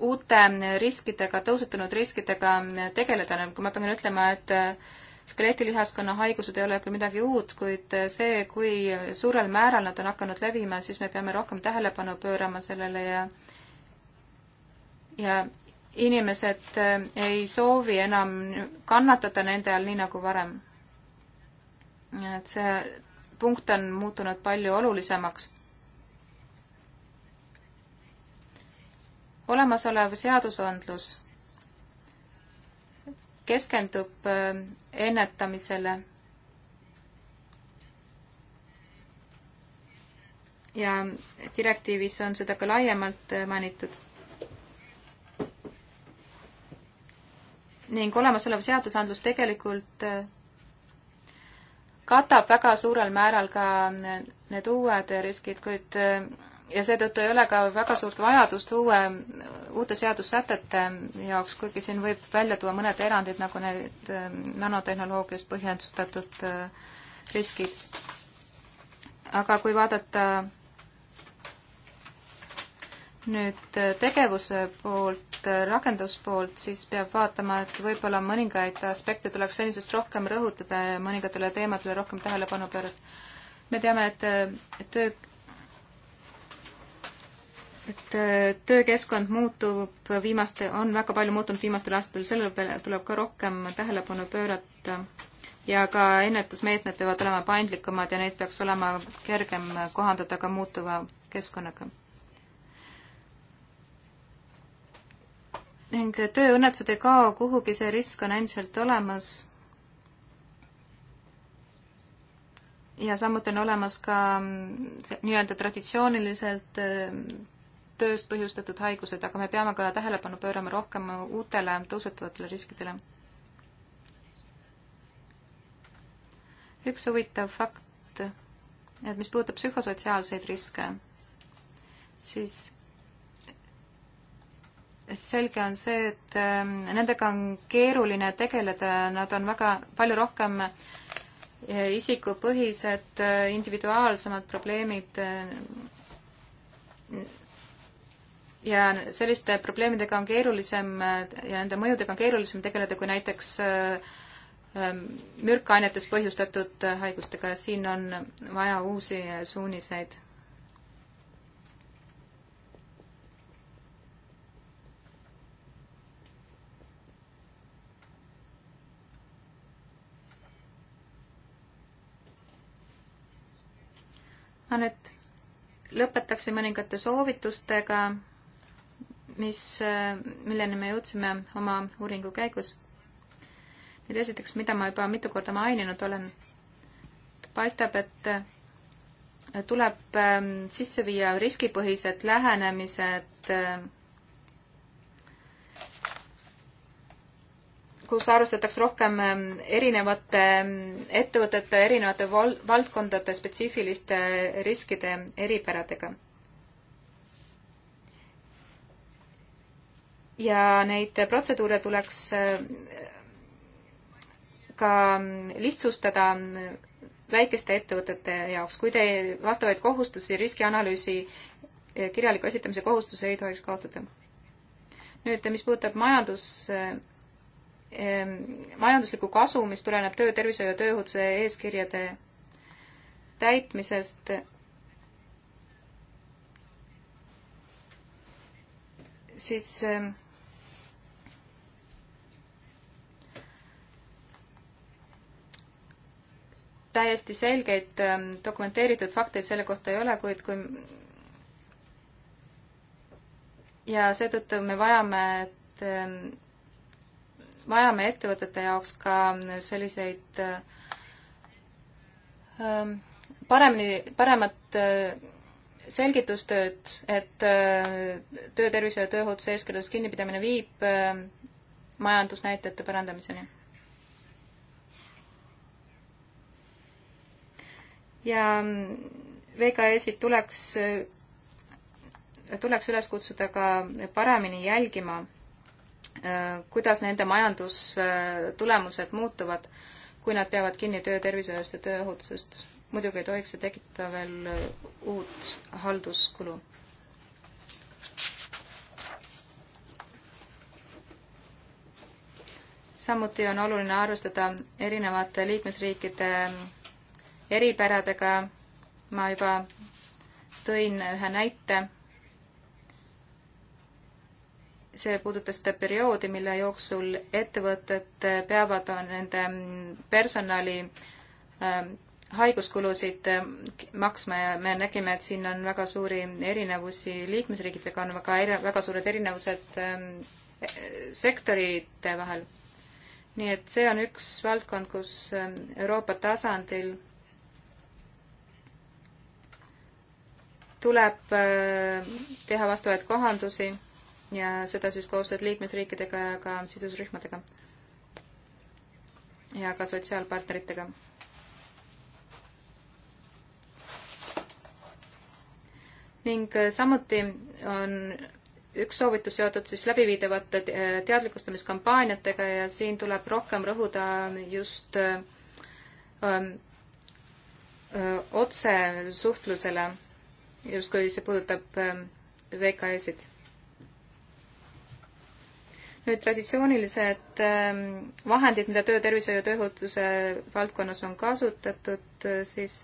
uute riskidega, tõusetunud riskidega tegeleda, nagu kui ma pean ütlema, et äh, skeleetilihaskonna haigused ei ole küll midagi uut, kuid äh, see, kui suurel määral nad on hakanud levima, siis me peame rohkem tähelepanu pöörama sellele ja ja inimesed äh, ei soovi enam kannatada nende all nii nagu varem. et see punkt on muutunud palju olulisemaks. olemasolev seadusandlus keskendub äh, ennetamisele ja direktiivis on seda ka laiemalt äh, mainitud. ning olemasolev seadusandlus tegelikult äh, katab väga suurel määral ka need uued riskid, kuid ja seetõttu ei ole ka väga suurt vajadust uue, uute seadussätete jaoks, kuigi siin võib välja tuua mõned erandid, nagu need äh, nanotehnoloogiast põhjendustatud äh, riskid. aga kui vaadata nüüd äh, tegevuse poolt, äh, rakenduspoolt, siis peab vaatama, et võib-olla mõningaid aspekte tuleks senisest rohkem rõhutada ja mõningatele teemadele rohkem tähelepanu pöörata. me teame, et äh, töö, et töökeskkond muutub viimaste, on väga palju muutunud viimastel aastatel, selle peale tuleb ka rohkem tähelepanu pöörata ja ka ennetusmeetmed peavad olema paindlikumad ja neid peaks olema kergem kohandada ka muutuva keskkonnaga ning tööõnnetused ei kao kuhugi, see risk on endiselt olemas. ja samuti on olemas ka mm, nii-öelda traditsiooniliselt mm, tööst põhjustatud haigused, aga me peame ka tähelepanu pöörama rohkem uutele tõusetuvatele riskidele. üks huvitav fakt, et mis puudutab psühhosotsiaalseid riske, siis selge on see, et ähm, nendega on keeruline tegeleda, nad on väga palju rohkem äh, isikupõhised, äh, individuaalsemad probleemid. Äh, ja selliste probleemidega on keerulisem ja nende mõjudega on keerulisem tegeleda kui näiteks ähm, mürkainetes põhjustatud haigustega ja siin on vaja uusi suuniseid ma nüüd lõpetaksin mõningate soovitustega, mis, milleni me jõudsime oma uuringu käigus. nüüd esiteks, mida ma juba mitu korda maininud olen, paistab, et tuleb ähm, sisse viia riskipõhised lähenemised äh, kus arvestatakse rohkem ähm, erinevate ähm, ettevõtete, erinevate val-, valdkondade spetsiifiliste riskide eripäradega. ja neid protseduure tuleks äh, ka ähm, lihtsustada äh, väikeste ettevõtete jaoks, kui te vastavaid kohustusi, riskianalüüsi äh, kirjaliku esitamise kohustuse ei tohiks kaotada. nüüd, mis puudutab majandus- majanduslikku kasu, mis tuleneb töö, tervishoiu ja tööohutuse eeskirjade täitmisest, siis täiesti selgeid dokumenteeritud fakteid selle kohta ei ole, kuid kui ja seetõttu me vajame, et vajame ettevõtete jaoks ka selliseid ähm, paremini, paremat äh, selgitustööd, et äh, töötervishoiu ja tööohutuse eeskirjadest kinnipidamine viib äh, majandusnäitajate parandamiseni. ja mm, VKS-id tuleks, tuleks üles kutsuda ka paremini jälgima Äh, kuidas nende majandustulemused muutuvad, kui nad peavad kinni töötervishoiust ja tööohutusest. muidugi ei tohiks see tekitada veel uut halduskulu. samuti on oluline arvestada erinevate liikmesriikide eripäradega. ma juba tõin ühe näite see puudutas seda perioodi, mille jooksul ettevõtted peavad nende personali ähm, haiguskulusid ähm, maksma ja me nägime, et siin on väga suuri erinevusi liikmesriikidega, on väga eri, väga suured erinevused ähm, sektorite vahel. nii et see on üks valdkond, kus Euroopa tasandil tuleb äh, teha vastavaid kohandusi ja seda siis koostööd liikmesriikidega ja ka sidusrühmadega ja ka sotsiaalpartneritega. ning äh, samuti on üks soovitus seotud siis läbiviidavate äh, teadlikustamiskampaaniatega ja siin tuleb rohkem rõhuda just äh, ähm, otsesuhtlusele, justkui see puudutab ähm, VKE-sid nüüd traditsioonilised ähm, vahendid, mida töötervishoiu ja tööohutuse valdkonnas on kasutatud, äh, siis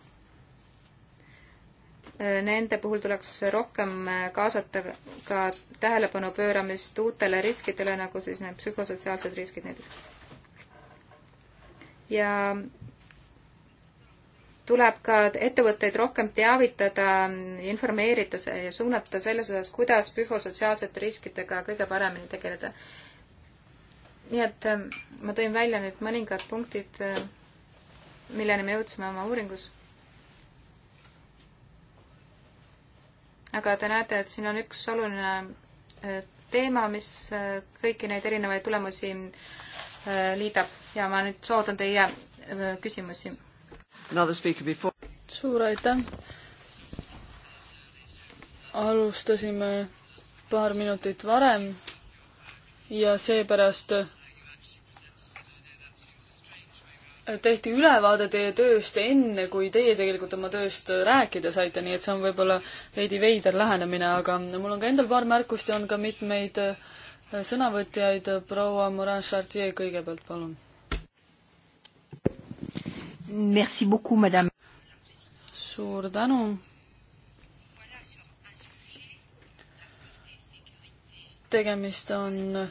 äh, nende puhul tuleks rohkem äh, kaasata ka tähelepanu pööramist uutele riskidele, nagu siis need psühhosotsiaalsed riskid näiteks. ja tuleb ka ettevõtteid rohkem teavitada, informeerida ja suunata selles osas, kuidas psühhosotsiaalsete riskidega kõige paremini tegeleda nii et ähm, ma tõin välja nüüd mõningad punktid, äh, milleni me jõudsime oma uuringus. aga te näete, et siin on üks oluline äh, teema, mis äh, kõiki neid erinevaid tulemusi liidab ja ma nüüd soodan teie küsimusi.
suur aitäh! alustasime paar minutit varem ja seepärast tehti ülevaade teie tööst enne, kui teie tegelikult oma tööst rääkida saite, nii et see on võib-olla veidi veider lähenemine, aga mul on ka endal paar märkust ja on ka mitmeid äh, sõnavõtjaid. proua Morin Chartier kõigepealt, palun. Merci beaucoup, madame. suur tänu. tegemist on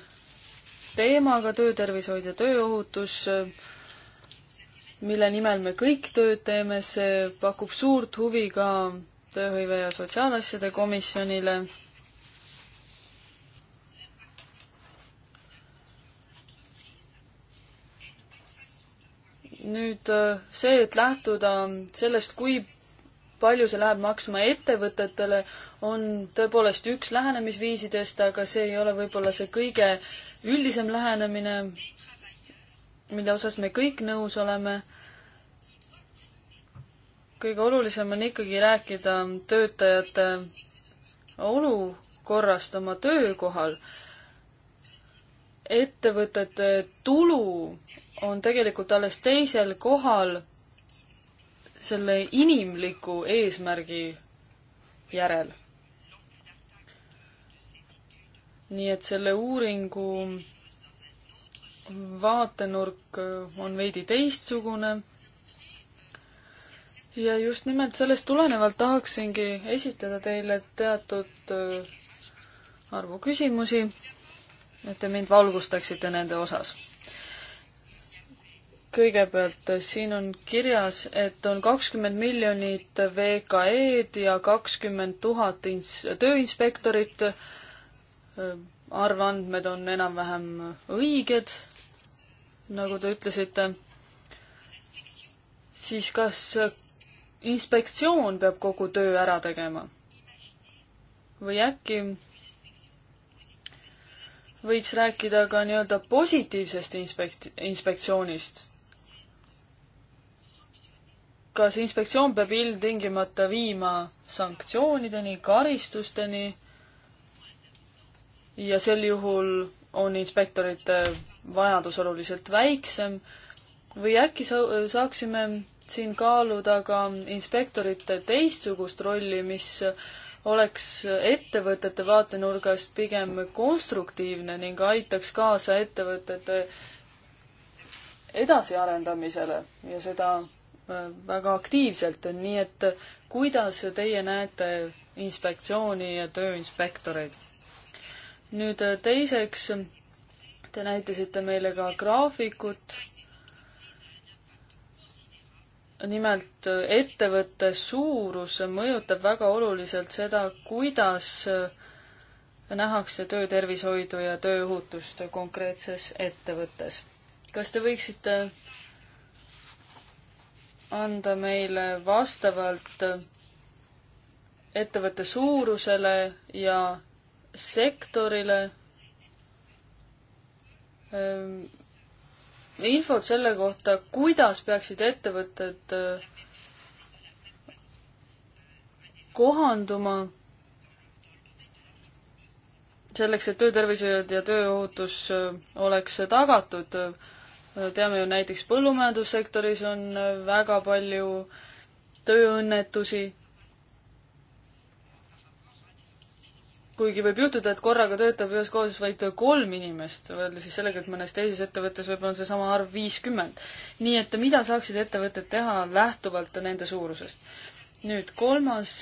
teemaga töötervishoid ja tööohutus mille nimel me kõik tööd teeme, see pakub suurt huvi ka tööhõive ja sotsiaalasjade komisjonile. nüüd äh, see, et lähtuda sellest, kui palju see läheb maksma ettevõtetele, on tõepoolest üks lähenemisviisidest, aga see ei ole võib-olla see kõige üldisem lähenemine mille osas me kõik nõus oleme. kõige olulisem on ikkagi rääkida töötajate olukorrast oma töökohal. ettevõtete tulu on tegelikult alles teisel kohal selle inimliku eesmärgi järel. nii et selle uuringu vaatenurk on veidi teistsugune. ja just nimelt sellest tulenevalt tahaksingi esitada teile teatud äh, arvu küsimusi, et te mind valgustaksite nende osas. kõigepealt äh, siin on kirjas, et on kakskümmend miljonit VKE-d ja kakskümmend tuhat ins-, tööinspektorit äh, arvandmed on enam-vähem õiged, nagu te ütlesite, siis kas inspektsioon peab kogu töö ära tegema? või äkki võiks rääkida ka nii-öelda positiivsest inspekt-, inspektsioonist? kas inspektsioon peab ilmtingimata viima sanktsioonideni, karistusteni ja sel juhul on inspektorite vajadus oluliselt väiksem või äkki sa-, saaksime siin kaaluda ka inspektorite teistsugust rolli, mis oleks ettevõtete vaatenurgast pigem konstruktiivne ning aitaks kaasa ettevõtete edasiarendamisele ja seda äh, väga aktiivselt, nii et kuidas teie näete inspektsiooni ja tööinspektoreid? nüüd äh, teiseks Te näitasite meile ka graafikut. nimelt ettevõtte suurus mõjutab väga oluliselt seda, kuidas nähakse töötervishoidu ja tööohutust konkreetses ettevõttes. kas te võiksite anda meile vastavalt ettevõtte suurusele ja sektorile Ehm, infot selle kohta, kuidas peaksid ettevõtted äh, kohanduma selleks, et töötervishoid ja tööohutus äh, oleks tagatud. Äh, teame ju näiteks põllumajandussektoris on väga palju tööõnnetusi kuigi võib juhtuda, et korraga töötab ühes kohas vaid kolm inimest, võrreldes siis sellega, et mõnes teises ettevõttes võib-olla on seesama arv viiskümmend. nii et mida saaksid ettevõtted teha lähtuvalt nende suurusest? nüüd kolmas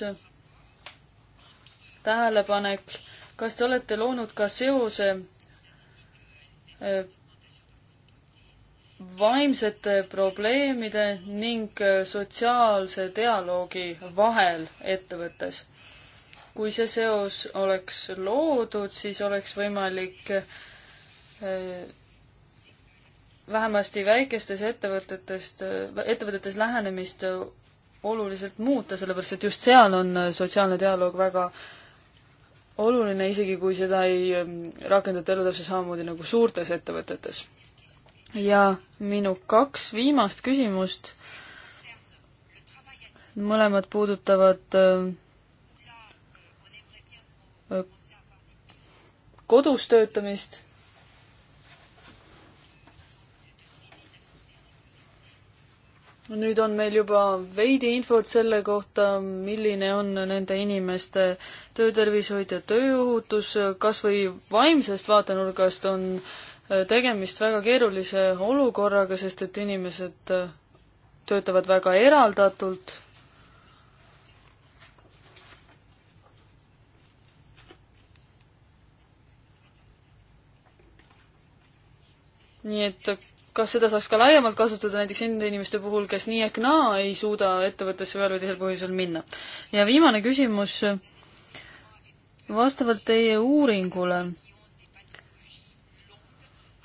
tähelepanek, kas te olete loonud ka seose äh, vaimsete probleemide ning äh, sotsiaalse dialoogi vahel ettevõttes kui see seos oleks loodud, siis oleks võimalik äh, vähemasti väikestes ettevõtetest, ettevõtetes lähenemist oluliselt muuta, sellepärast et just seal on sotsiaalne dialoog väga oluline, isegi kui seda ei ähm, rakendata elu täpselt samamoodi nagu suurtes ettevõtetes. ja minu kaks viimast küsimust, mõlemad puudutavad äh, kodus töötamist. nüüd on meil juba veidi infot selle kohta, milline on nende inimeste töötervishoid ja tööohutus, kas või vaimsest vaatenurgast on äh, tegemist väga keerulise olukorraga, sest et inimesed äh, töötavad väga eraldatult nii et kas seda saaks ka laiemalt kasutada näiteks nende inimeste puhul, kes nii ehk naa ei suuda ettevõttesse ühel või teisel põhjusel minna? ja viimane küsimus, vastavalt teie uuringule,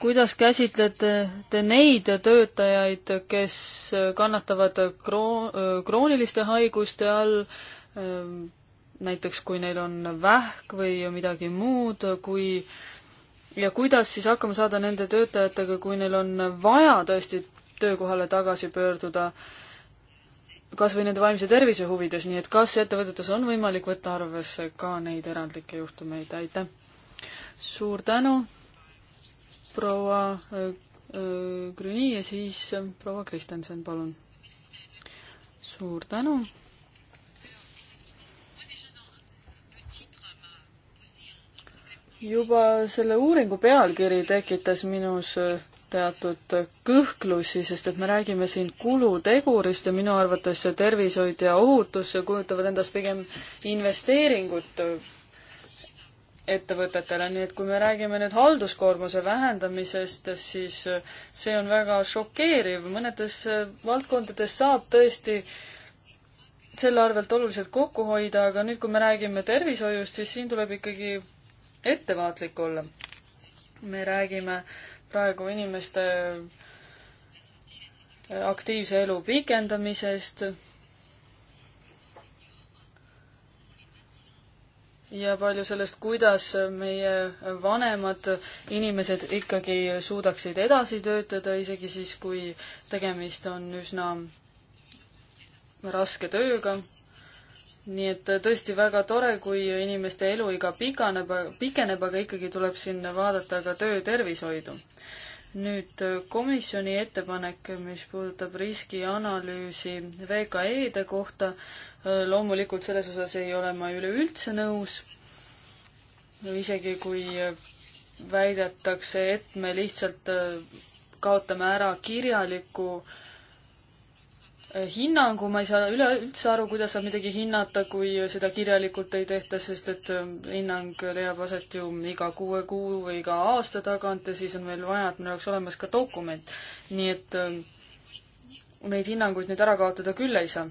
kuidas käsitlete te neid töötajaid, kes kannatavad kroon, krooniliste haiguste all, näiteks kui neil on vähk või midagi muud, kui äh, ja kuidas siis hakkama saada nende töötajatega, kui neil on vaja tõesti töökohale tagasi pöörduda, kas või nende vaimse tervise huvides, nii et kas ettevõtetes on võimalik võtta arvesse ka neid erandlikke juhtumeid, aitäh! suur tänu, proua äh, äh, Grüni ja siis äh, proua Kristensen, palun! suur tänu! juba selle uuringu pealkiri tekitas minus äh, teatud äh, kõhklusi, sest et me räägime siin kulutegurist ja minu arvates see tervishoid ja ohutus kujutavad endast pigem investeeringut äh, ettevõtetele, nii et kui me räägime nüüd halduskoormuse vähendamisest, siis see on väga šokeeriv, mõnedes valdkondades saab tõesti selle arvelt oluliselt kokku hoida, aga nüüd, kui me räägime tervishoiust, siis siin tuleb ikkagi ettevaatlik olla. me räägime praegu inimeste äh, aktiivse elu pikendamisest. ja palju sellest, kuidas meie vanemad inimesed ikkagi suudaksid edasi töötada, isegi siis, kui tegemist on üsna raske tööga nii et äh, tõesti väga tore, kui inimeste eluiga pikaneb, pikeneb, aga ikkagi tuleb siin vaadata ka töötervishoidu. nüüd äh, komisjoni ettepanek, mis puudutab riskianalüüsi VKE-de kohta, äh, loomulikult selles osas ei ole ma üleüldse nõus, isegi kui väidetakse, et me lihtsalt kaotame ära kirjaliku äh, Äh, hinnangu, ma ei saa üleüldse aru, kuidas saab midagi hinnata, kui seda kirjalikult ei tehta, sest et ähm, hinnang leiab aset ju iga kuue kuu või iga aasta tagant ja siis on meil vaja, et meil oleks olemas ka dokument. nii et ähm, neid hinnanguid nüüd ära kaotada küll ei saa.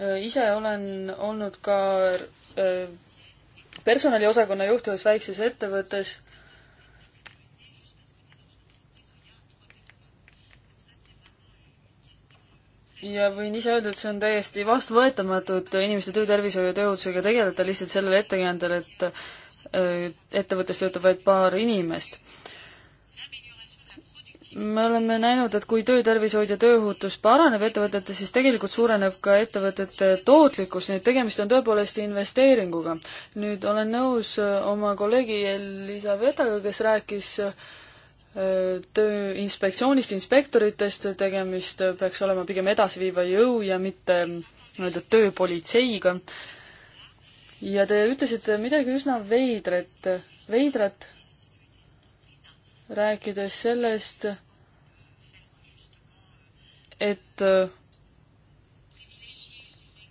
Äh, ise olen olnud ka äh, personaliosakonna juht ühes väikses ettevõttes ja võin ise öelda, et see on täiesti vastuvõetamatu, et inimeste töötervishoiu ja tööohutusega tegeleda lihtsalt sellel ettekäändel, et äh, ettevõttes töötab vaid paar inimest. me oleme näinud, et kui töötervishoid ja tööohutus paraneb ettevõtetes, siis tegelikult suureneb ka ettevõtete tootlikkus, nii et tegemist on tõepoolest investeeringuga. nüüd olen nõus äh, oma kolleegi Elisabethaga, kes rääkis äh, tööinspektsioonist, inspektoritest, tegemist peaks olema pigem edasiviiva jõu ja mitte nii-öelda tööpolitseiga. ja te ütlesite midagi üsna veidrat, veidrat, rääkides sellest, et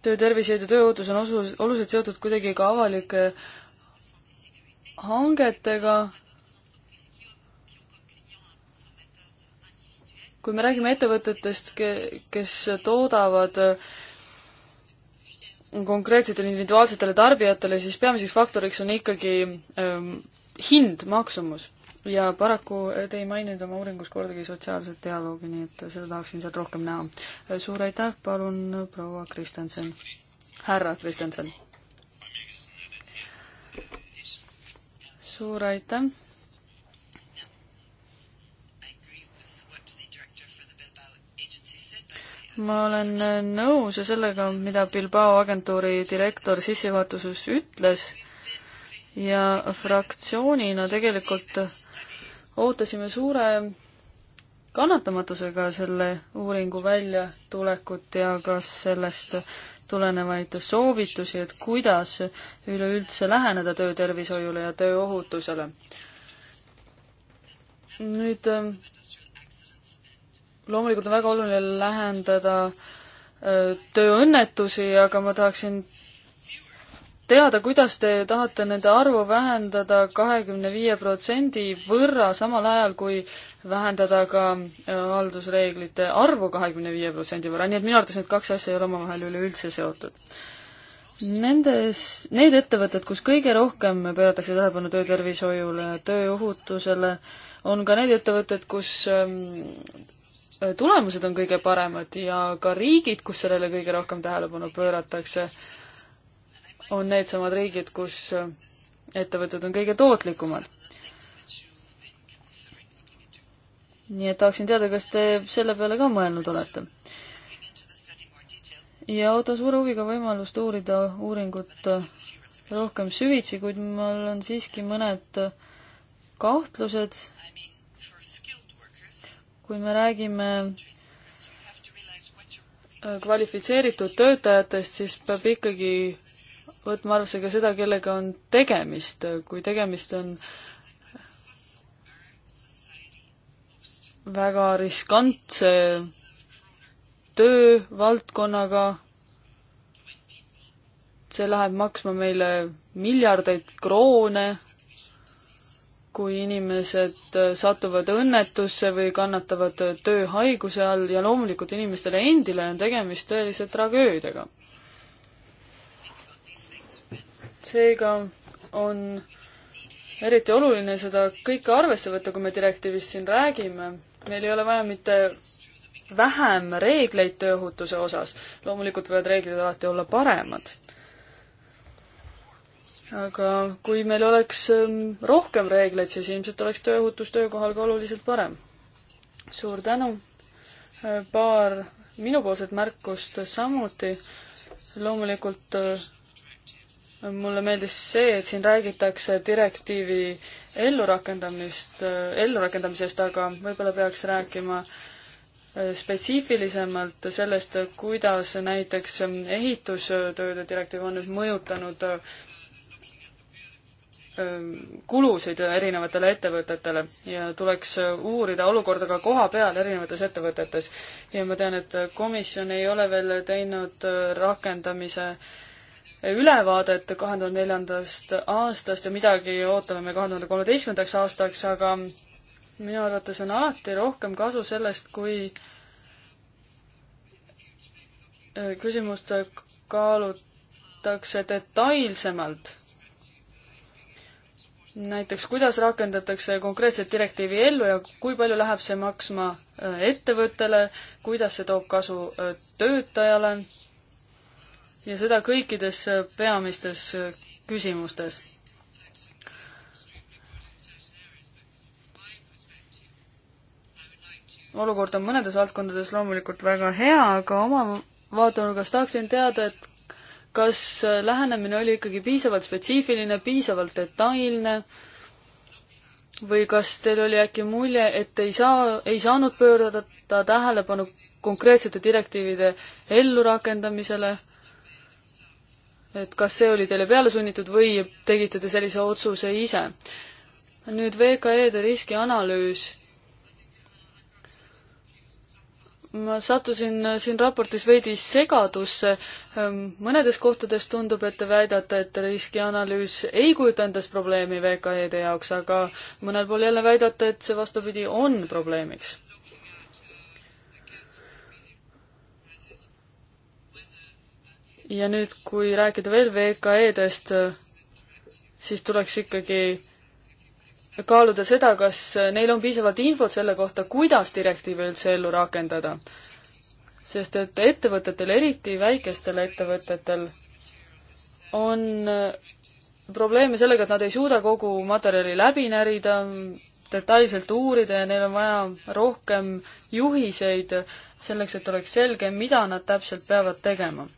töötervishoid ja tööohutus on osu-, oluliselt seotud kuidagi ka avalike hangetega kui me räägime ettevõtetest, kes toodavad äh, konkreetsetele individuaalsetele tarbijatele, siis peamiseks faktoriks on ikkagi ähm, hind, maksumus. ja paraku äh, te ei maininud oma uuringus kordagi sotsiaalset dialoogi, nii et seda tahaksin sealt rohkem näha. Äh, suur aitäh, palun proua Kristjanson, härra Kristjanson. suur aitäh ma olen äh, nõus sellega, mida Bilbao agentuuri direktor sissejuhatuses ütles ja fraktsioonina tegelikult ootasime suure kannatamatusega selle uuringu väljatulekut ja kas sellest tulenevaid soovitusi, et kuidas üleüldse läheneda töötervishoiule ja tööohutusele. nüüd äh, loomulikult on väga oluline lähendada tööõnnetusi, aga ma tahaksin teada, kuidas te tahate nende arvu vähendada kahekümne viie protsendi võrra, samal ajal kui vähendada ka haldusreeglite arvu kahekümne viie protsendi võrra, nii et minu arvates need kaks asja ei ole omavahel üleüldse seotud. Nendes, need ettevõtted, kus kõige rohkem pööratakse tähelepanu töötervishoiule, tööohutusele, on ka need ettevõtted, kus Äh, tulemused on kõige paremad ja ka riigid, kus sellele kõige rohkem tähelepanu pööratakse, on needsamad riigid, kus äh, ettevõtted on kõige tootlikumad. nii et tahaksin teada, kas te selle peale ka mõelnud olete? ja ootan suure huviga võimalust uurida uuringut äh, rohkem süvitsi, kuid mul on siiski mõned kahtlused kui me räägime äh, kvalifitseeritud töötajatest, siis peab ikkagi võtma arvesse ka seda, kellega on tegemist, kui tegemist on väga riskantse töövaldkonnaga, see läheb maksma meile miljardeid kroone kui inimesed satuvad õnnetusse või kannatavad tööhaiguse all ja loomulikult inimestele endile on tegemist tõelise tragöödiaga. seega on eriti oluline seda kõike arvesse võtta, kui me direktiivist siin räägime. meil ei ole vaja mitte vähem reegleid tööohutuse osas, loomulikult võivad reeglid alati olla paremad aga kui meil oleks ähm, rohkem reegleid, siis ilmselt oleks tööohutus töökohal ka oluliselt parem. suur tänu, äh, paar minupoolset märkust samuti. loomulikult äh, mulle meeldis see, et siin räägitakse direktiivi ellurakendamist, äh, ellurakendamisest, aga võib-olla peaks rääkima spetsiifilisemalt sellest, kuidas näiteks ehitustööde direktiiv on nüüd mõjutanud Ähm, kulusid erinevatele ettevõtetele ja tuleks äh, uurida olukorda ka koha peal erinevates ettevõtetes. ja ma tean, et äh, komisjon ei ole veel teinud äh, rakendamise ülevaadet kahe tuhande neljandast aastast ja midagi ootame me kahe tuhande kolmeteistkümnendaks aastaks, aga minu arvates on alati rohkem kasu sellest, kui küsimust kaalutakse detailsemalt näiteks kuidas rakendatakse konkreetset direktiivi ellu ja kui palju läheb see maksma äh, ettevõttele, kuidas see toob kasu äh, töötajale ja seda kõikides äh, peamistes küsimustes. olukord on mõnedes valdkondades loomulikult väga hea, aga oma vaatenurgast tahaksin teada, et kas lähenemine oli ikkagi piisavalt spetsiifiline, piisavalt detailne või kas teil oli äkki mulje, et ei saa, ei saanud pöörata tähelepanu konkreetsete direktiivide ellurakendamisele? et kas see oli teile peale sunnitud või tegite te sellise otsuse ise? nüüd VKE-de riskianalüüs ma sattusin äh, siin raportis veidi segadusse. Ähm, mõnedes kohtades tundub, et te väidate, et riskianalüüs ei kujuta endast probleemi VKE-de jaoks, aga mõnel pool jälle väidate, et see vastupidi on probleemiks. ja nüüd, kui rääkida veel VKE-dest, äh, siis tuleks ikkagi kaaluda seda, kas neil on piisavalt infot selle kohta, kuidas direktiive üldse ellu rakendada. sest et ettevõtetel, eriti väikestel ettevõtetel, on äh, probleeme sellega, et nad ei suuda kogu materjali läbi närida, detailselt uurida ja neil on vaja rohkem juhiseid selleks, et oleks selge, mida nad täpselt peavad tegema.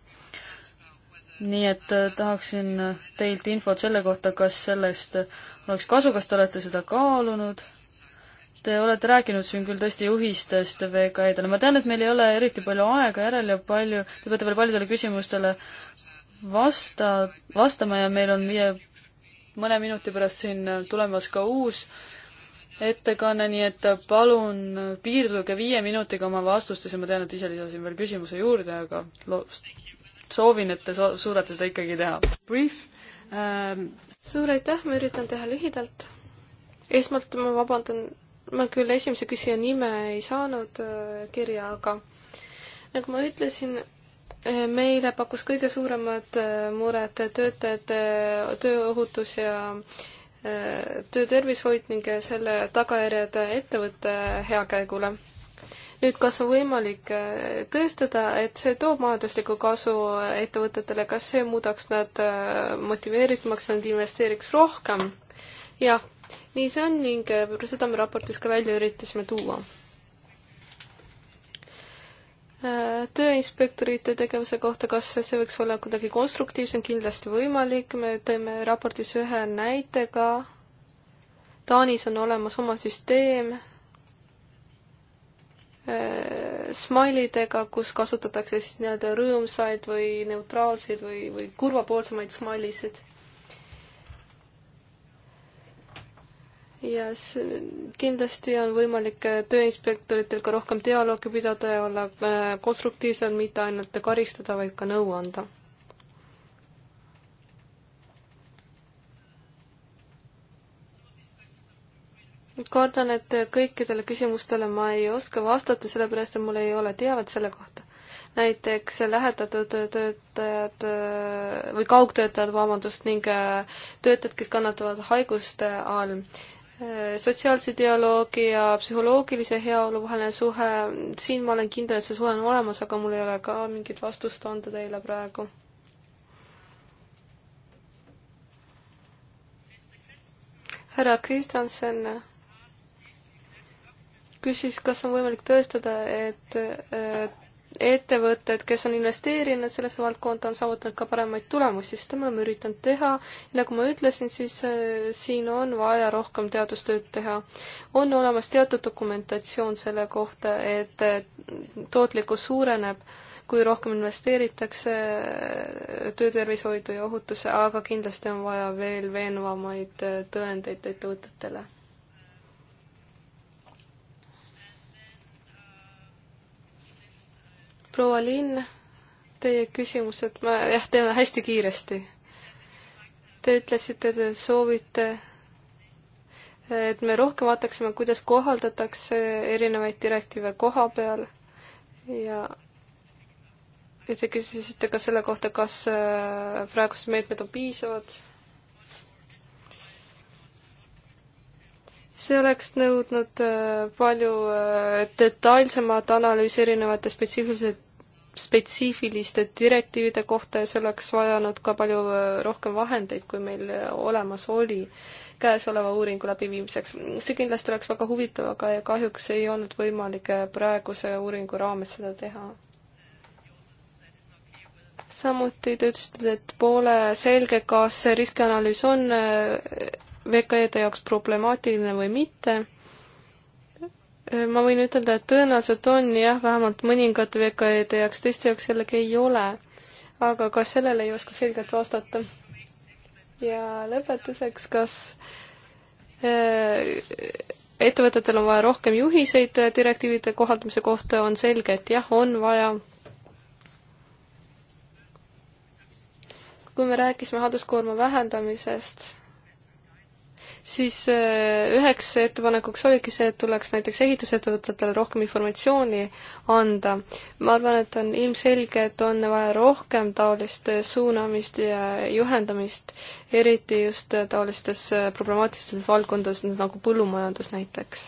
nii et äh, tahaksin äh, teilt infot selle kohta, kas sellest oleks kasu, kas te olete seda kaalunud? Te olete rääkinud siin küll tõesti juhistest VKE-dele, ma tean, et meil ei ole eriti palju aega järel ja palju, te peate veel paljudele küsimustele vasta, vastama ja meil on viie, mõne minuti pärast siin tulemas ka uus ettekanne, nii et palun piirduge viie minutiga oma vastustes ja ma tean, et ise lisasin veel küsimuse juurde, aga lo-, soovin, et te so-, suudate seda ikkagi teha.
Brief um suur aitäh, ma üritan teha lühidalt. esmalt ma vabandan, ma küll esimese küsija nime ei saanud äh, kirja, aga nagu ma ütlesin, äh, meile pakkus kõige suuremad äh, mured töötajate tööohutus ja töötervishoid ning selle tagajärjed ettevõtte heakäigule nüüd, kas on võimalik äh, tõestada, et see toob majanduslikku kasu äh, ettevõtetele, kas see muudaks nad äh, motiveeritumaks, nad investeeriks rohkem? jah, nii see on ning seda me raportis ka välja üritasime tuua tööinspektorite tegevuse kohta, kas see võiks olla kuidagi konstruktiivsem, kindlasti võimalik, me tõime raportis ühe näite ka. Taanis on olemas oma süsteem, Äh, smailidega, kus kasutatakse siis nii-öelda rõõmsaid või neutraalseid või, või kurvapoolsemaid smailisid. ja see, kindlasti on võimalik äh, tööinspektoritel ka rohkem dialoogi pidada ja olla äh, konstruktiivsed, mitte ainult karistada, vaid ka nõu anda kordan, et kõikidele küsimustele ma ei oska vastata, sellepärast et mul ei ole teavet selle kohta. näiteks lähetatud töötajad äh, või kaugtöötajad, vabandust, ning äh, töötajad, kes kannatavad haiguste all. Äh, sotsiaalse dialoogi ja psühholoogilise heaolu vaheline suhe, siin ma olen kindel, et see suhe on olemas, aga mul ei ole ka mingit vastust anda teile praegu härra Kristjansen küsis, kas on võimalik tõestada, et ettevõtted, kes on investeerinud sellesse valdkonda, on saavutanud ka paremaid tulemusi, seda me oleme üritanud teha. nagu ma ütlesin, siis äh, siin on vaja rohkem teadustööd teha. on olemas teatud dokumentatsioon selle kohta, et äh, tootlikkus suureneb, kui rohkem investeeritakse äh, töötervishoidu ja ohutuse, aga kindlasti on vaja veel veenvamaid tõendeid ettevõtetele proua Linn, teie küsimused, ma jah, teeme hästi kiiresti. Te ütlesite, te soovite, et me rohkem vaataksime, kuidas kohaldatakse erinevaid direktiive koha peal ja ja te küsisite ka selle kohta, kas äh, praegused meetmed on piisavad see oleks nõudnud äh, palju äh, detailsemat analüüsi erinevate spetsiifiliste spetsiifiliste direktiivide kohta ja see oleks vajanud ka palju äh, rohkem vahendeid, kui meil äh, olemas oli käesoleva uuringu läbiviimiseks. see kindlasti oleks väga huvitav, aga kahjuks ei olnud võimalik äh, praeguse uuringu raames seda teha. samuti te ütlesite, et pole selge, kas riskianalüüs on VKE-de jaoks problemaatiline või mitte Äh, ma võin ütelda, et tõenäoliselt on jah, vähemalt mõningate VKE-de jaoks, teiste jaoks jällegi ei ole. aga kas sellele ei oska selgelt vastata? ja lõpetuseks, kas äh, ettevõtetel on vaja rohkem juhiseid direktiivide kohaldamise kohta, on selge, et jah, on vaja. kui me rääkisime halduskoorma vähendamisest siis eh, üheks ettepanekuks oligi see, et tuleks näiteks ehitusettevõtetele rohkem informatsiooni anda. ma arvan, et on ilmselge, et on vaja rohkem taolist eh, suunamist ja juhendamist, eriti just eh, taolistes problemaatilistes valdkondades nagu põllumajandus näiteks.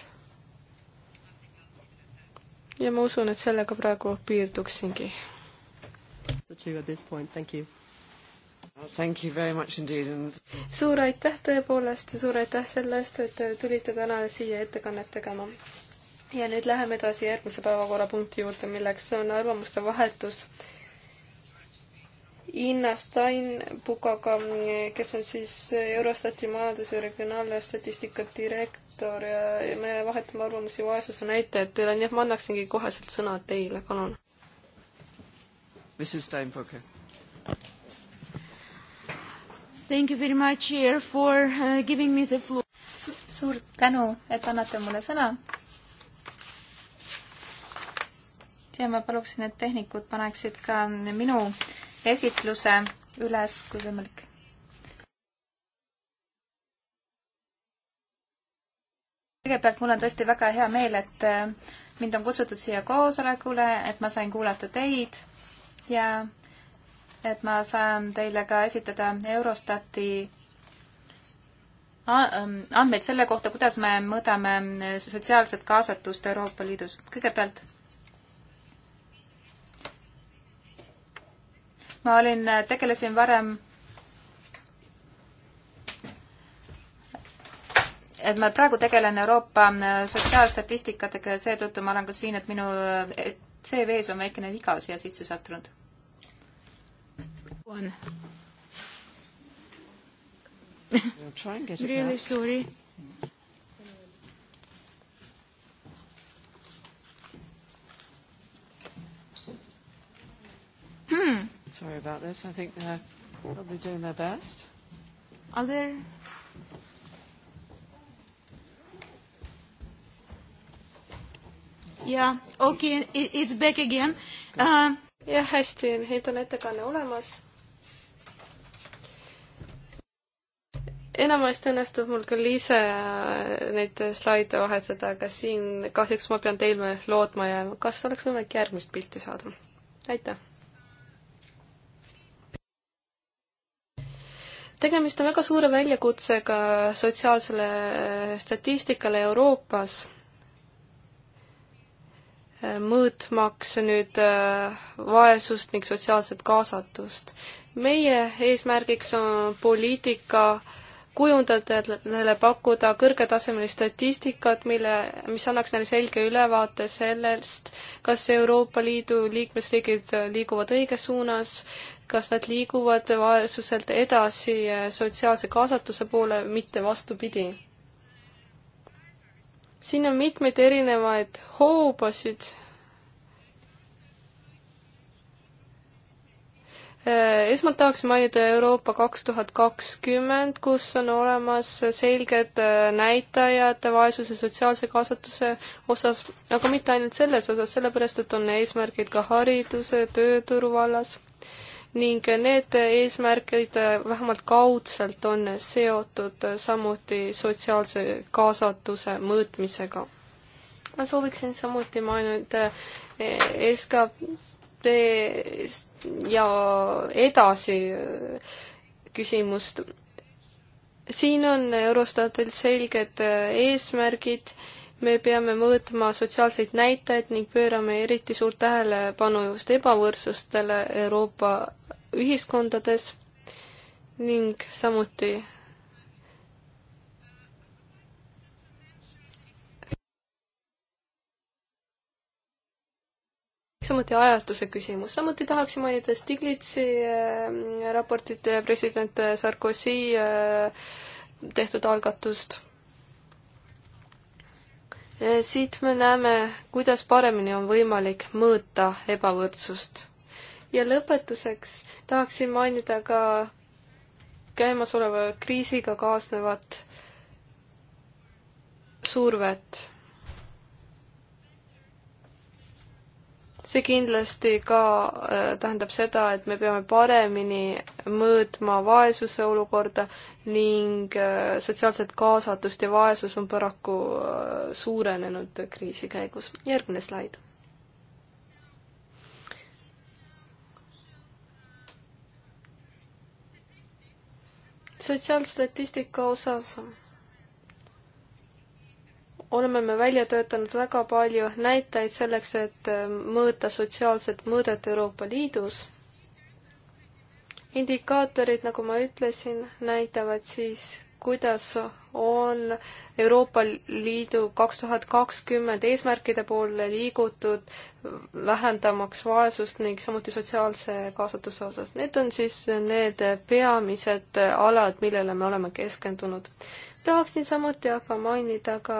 ja ma usun, et sellega praegu piirduksingi.
At this point, thank you
suur aitäh tõepoolest ja suur aitäh selle eest, et tulite täna siia ettekannet tegema. ja nüüd läheme edasi järgmise päevakorrapunkti juurde, milleks on arvamuste vahetus Inna Steinbukaga, kes on siis Eurostati majandus- ja regionaalstatistika direktor ja me vahetame arvamusi vaesuse näitajatele, nii et ma annaksingi koheselt sõna teile, palun. Mrs Steinbuka. Thank you very much, Chair, for uh, giving
me the floor. Suur tänu, et annate mulle sõna. ja ma paluksin, et tehnikud paneksid ka minu esitluse üles, kui võimalik kõigepealt mul on tõesti väga hea meel, et äh, mind on kutsutud siia koosolekule, et ma sain kuulata teid ja et ma saan teile ka esitada Eurostati ähm, andmeid selle kohta, kuidas me mõõdame sotsiaalset kaasatust Euroopa Liidus. kõigepealt ma olin, äh, tegelesin varem et ma praegu tegelen Euroopa äh, sotsiaalstatistikatega ja seetõttu ma olen ka siin, et minu äh, CV-s on väikene viga siia sisse sattunud.
One. I'll try and get it Really back. sorry. Hmm. Sorry about this. I think they're probably doing their best. Are there
ja okei okay,, it's back again uh.... jah, hästi, nüüd on ettekanne olemas. enamasti õnnestub mul küll ise neid slaide vahetada, aga siin kahjuks ma pean teile lootma jääma. kas oleks võimalik järgmist pilti saada? aitäh! tegemist on väga suure väljakutsega sotsiaalsele statistikale Euroopas, mõõtmaks nüüd äh, vaesust ning sotsiaalset kaasatust. meie eesmärgiks on poliitika äh, kujundajatele pakkuda kõrgetasemelist statistikat, mille, mis annaks neile selge ülevaate sellest, kas Euroopa Liidu liikmesriigid liiguvad õiges suunas, kas nad liiguvad vaesuselt edasi sotsiaalse kaasatuse poole, mitte vastupidi. siin on mitmeid erinevaid hoobasid Äh, esmalt tahaks mainida Euroopa kaks tuhat kakskümmend, kus on olemas selged äh, näitajad vaesuse sotsiaalse kaasatuse osas, aga mitte ainult selles osas, sellepärast et on eesmärgid ka hariduse, tööturu vallas ning need eesmärgid äh, vähemalt kaudselt on seotud samuti sotsiaalse kaasatuse mõõtmisega. ma sooviksin samuti mainida SKP ja edasi küsimust. siin on Eurostatil selged eesmärgid, me peame mõõtma sotsiaalseid näitajaid ning pöörame eriti suurt tähelepanu just ebavõrdsustele Euroopa ühiskondades ning samuti samuti ajastuse küsimus, samuti tahaksin mainida Stiglitsi ähm, raportit äh, president äh, Sarkozy äh, tehtud algatust. siit me näeme, kuidas paremini on võimalik mõõta ebavõrdsust. ja lõpetuseks tahaksin mainida ka käimasoleva kriisiga kaasnevat survet see kindlasti ka äh, tähendab seda, et me peame paremini mõõtma vaesuse olukorda ning äh, sotsiaalset kaasatust ja vaesus on paraku äh, suurenenud kriisi käigus. järgmine slaid. sotsiaalstatistika osas oleme me välja töötanud väga palju näitajaid selleks, et äh, mõõta sotsiaalset mõõdet Euroopa Liidus. indikaatorid, nagu ma ütlesin, näitavad siis, kuidas on Euroopa Liidu kaks tuhat kakskümmend eesmärkide poole liigutud, vähendamaks vaesust ning samuti sotsiaalse kaasatuse osas. Need on siis need peamised alad, millele me oleme keskendunud tahaksin samuti aga mainida ka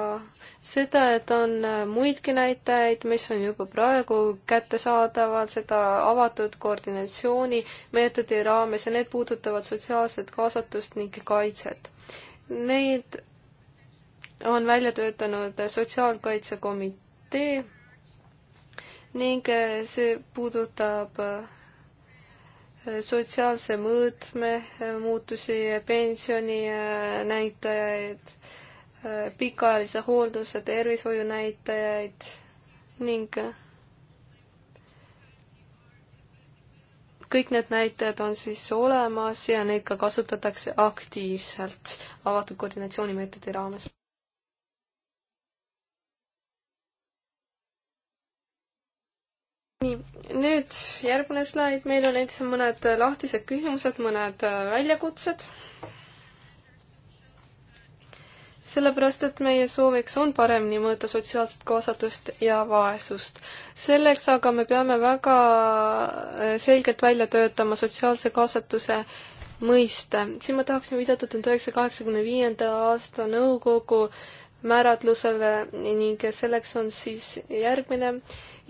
seda, et on äh, muidki näitajaid, mis on juba praegu kättesaadavad seda avatud koordinatsioonimeetodi raames ja need puudutavad sotsiaalset kaasatust ning kaitset. Neid on välja töötanud Sotsiaalkaitsekomitee ning äh, see puudutab äh, sotsiaalse mõõtme muutusi, pensioninäitajaid, äh, äh, pikaajalise hoolduse, tervishoiu näitajaid ning äh, kõik need näitajad on siis olemas ja neid ka kasutatakse aktiivselt avatud koordinatsioonimeetodi raames. nii, nüüd järgmine slaid, meil on endiselt mõned lahtised küsimused, mõned äh, väljakutsed. sellepärast, et meie sooviks on paremini mõõta sotsiaalset kaasatust ja vaesust. selleks aga me peame väga äh, selgelt välja töötama sotsiaalse kaasatuse mõiste. siin ma tahaksin viidata tuhande üheksasaja kaheksakümne viienda aasta nõukogu määratlusele ning selleks on siis järgmine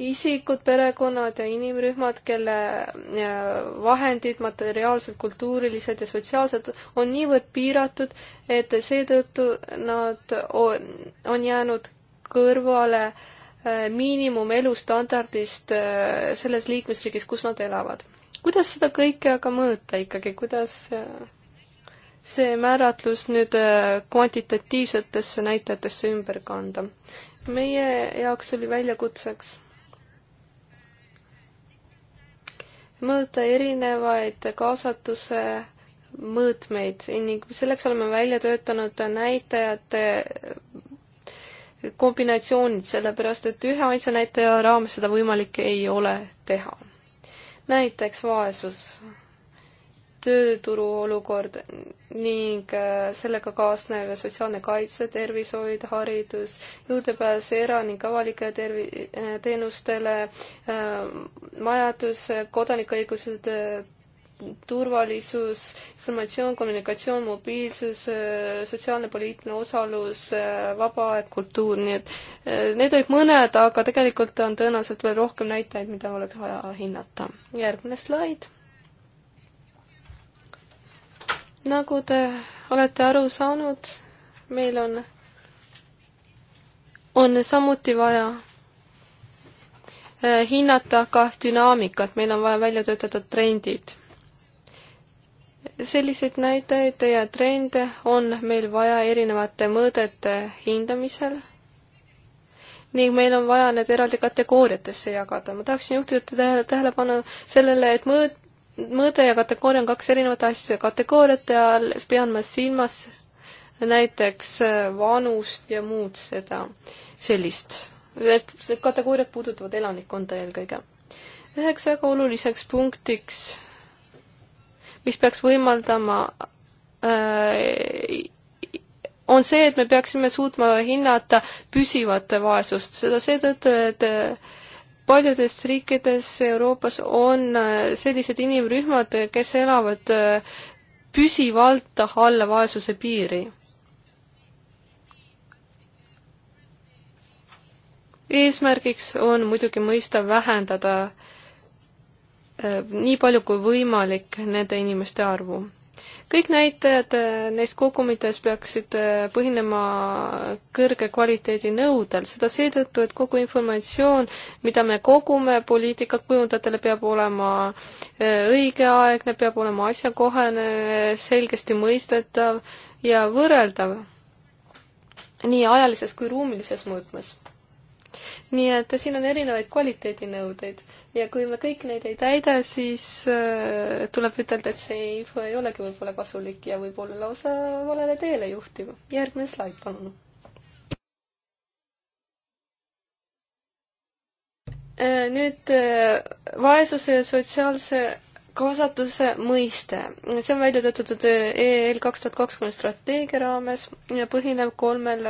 isikud, perekonnad ja inimrühmad, kelle äh, vahendid, materiaalsed, kultuurilised ja sotsiaalsed on niivõrd piiratud, et seetõttu nad on jäänud kõrvale äh, miinimumelustandardist äh, selles liikmesriigis, kus nad elavad. kuidas seda kõike aga mõõta ikkagi, kuidas see määratlus nüüd kvantitatiivsetesse näitajatesse ümber kanda? meie jaoks oli väljakutseks mõõta erinevaid kaasatuse mõõtmeid ning selleks oleme välja töötanud näitajate kombinatsioonid, sellepärast et ühe ainsa näitaja raames seda võimalik ei ole teha. näiteks vaesus tööturu olukord ning äh, sellega kaasnev sotsiaalne kaitse, tervishoid, haridus, juurdepääs era- ning avalike tervi-, äh, teenustele, äh, majandus, kodanikuõigused, turvalisus, informatsioon, kommunikatsioon, mobiilsus, sotsiaalne poliitiline osalus, vaba aeg, kultuur, nii et need olid mõned, aga tegelikult on tõenäoliselt veel rohkem näitajaid, mida oleks vaja hinnata. järgmine slaid nagu te olete aru saanud, meil on, on samuti vaja eh, hinnata ka dünaamikat, meil on vaja välja töötada trendid. selliseid näitajaid ja trende on meil vaja erinevate mõõdete hindamisel ning meil on vaja need eraldi kategooriatesse jagada. ma tahaksin juhtida tähelepanu sellele, et mõõt-, mõõde ja kategooria on kaks erinevat asja. kategooriate all pean ma silmas näiteks äh, vanust ja muud seda, sellist. Need, need kategooriad puudutavad elanikkonda eelkõige. üheks väga oluliseks punktiks, mis peaks võimaldama äh, on see, et me peaksime suutma hinnata püsivat vaesust, seda seetõttu, et äh, paljudes riikides Euroopas on äh, sellised inimrühmad, kes elavad äh, püsivalt alla vaesuse piiri. eesmärgiks on muidugi mõista vähendada äh, nii palju kui võimalik nende inimeste arvu kõik näitajad äh, neis kogumites peaksid äh, põhinema kõrge kvaliteedi nõudel, seda seetõttu, et kogu informatsioon, mida me kogume poliitikakujundajatele, peab olema äh, õigeaegne, peab olema asjakohane, selgesti mõistetav ja võrreldav nii ajalises kui ruumilises mõõtmes. nii et siin on erinevaid kvaliteedinõudeid ja kui me kõik neid ei täida, siis äh, tuleb ütelda, et see info ei olegi võib-olla kasulik ja võib-olla lausa valele teele juhtiv. järgmine slaid, palun. Äh, nüüd äh, vaesuse ja sotsiaalse kaasatuse mõiste, see on välja töötatud EL kaks tuhat kakskümmend strateegia raames ja põhineb kolmel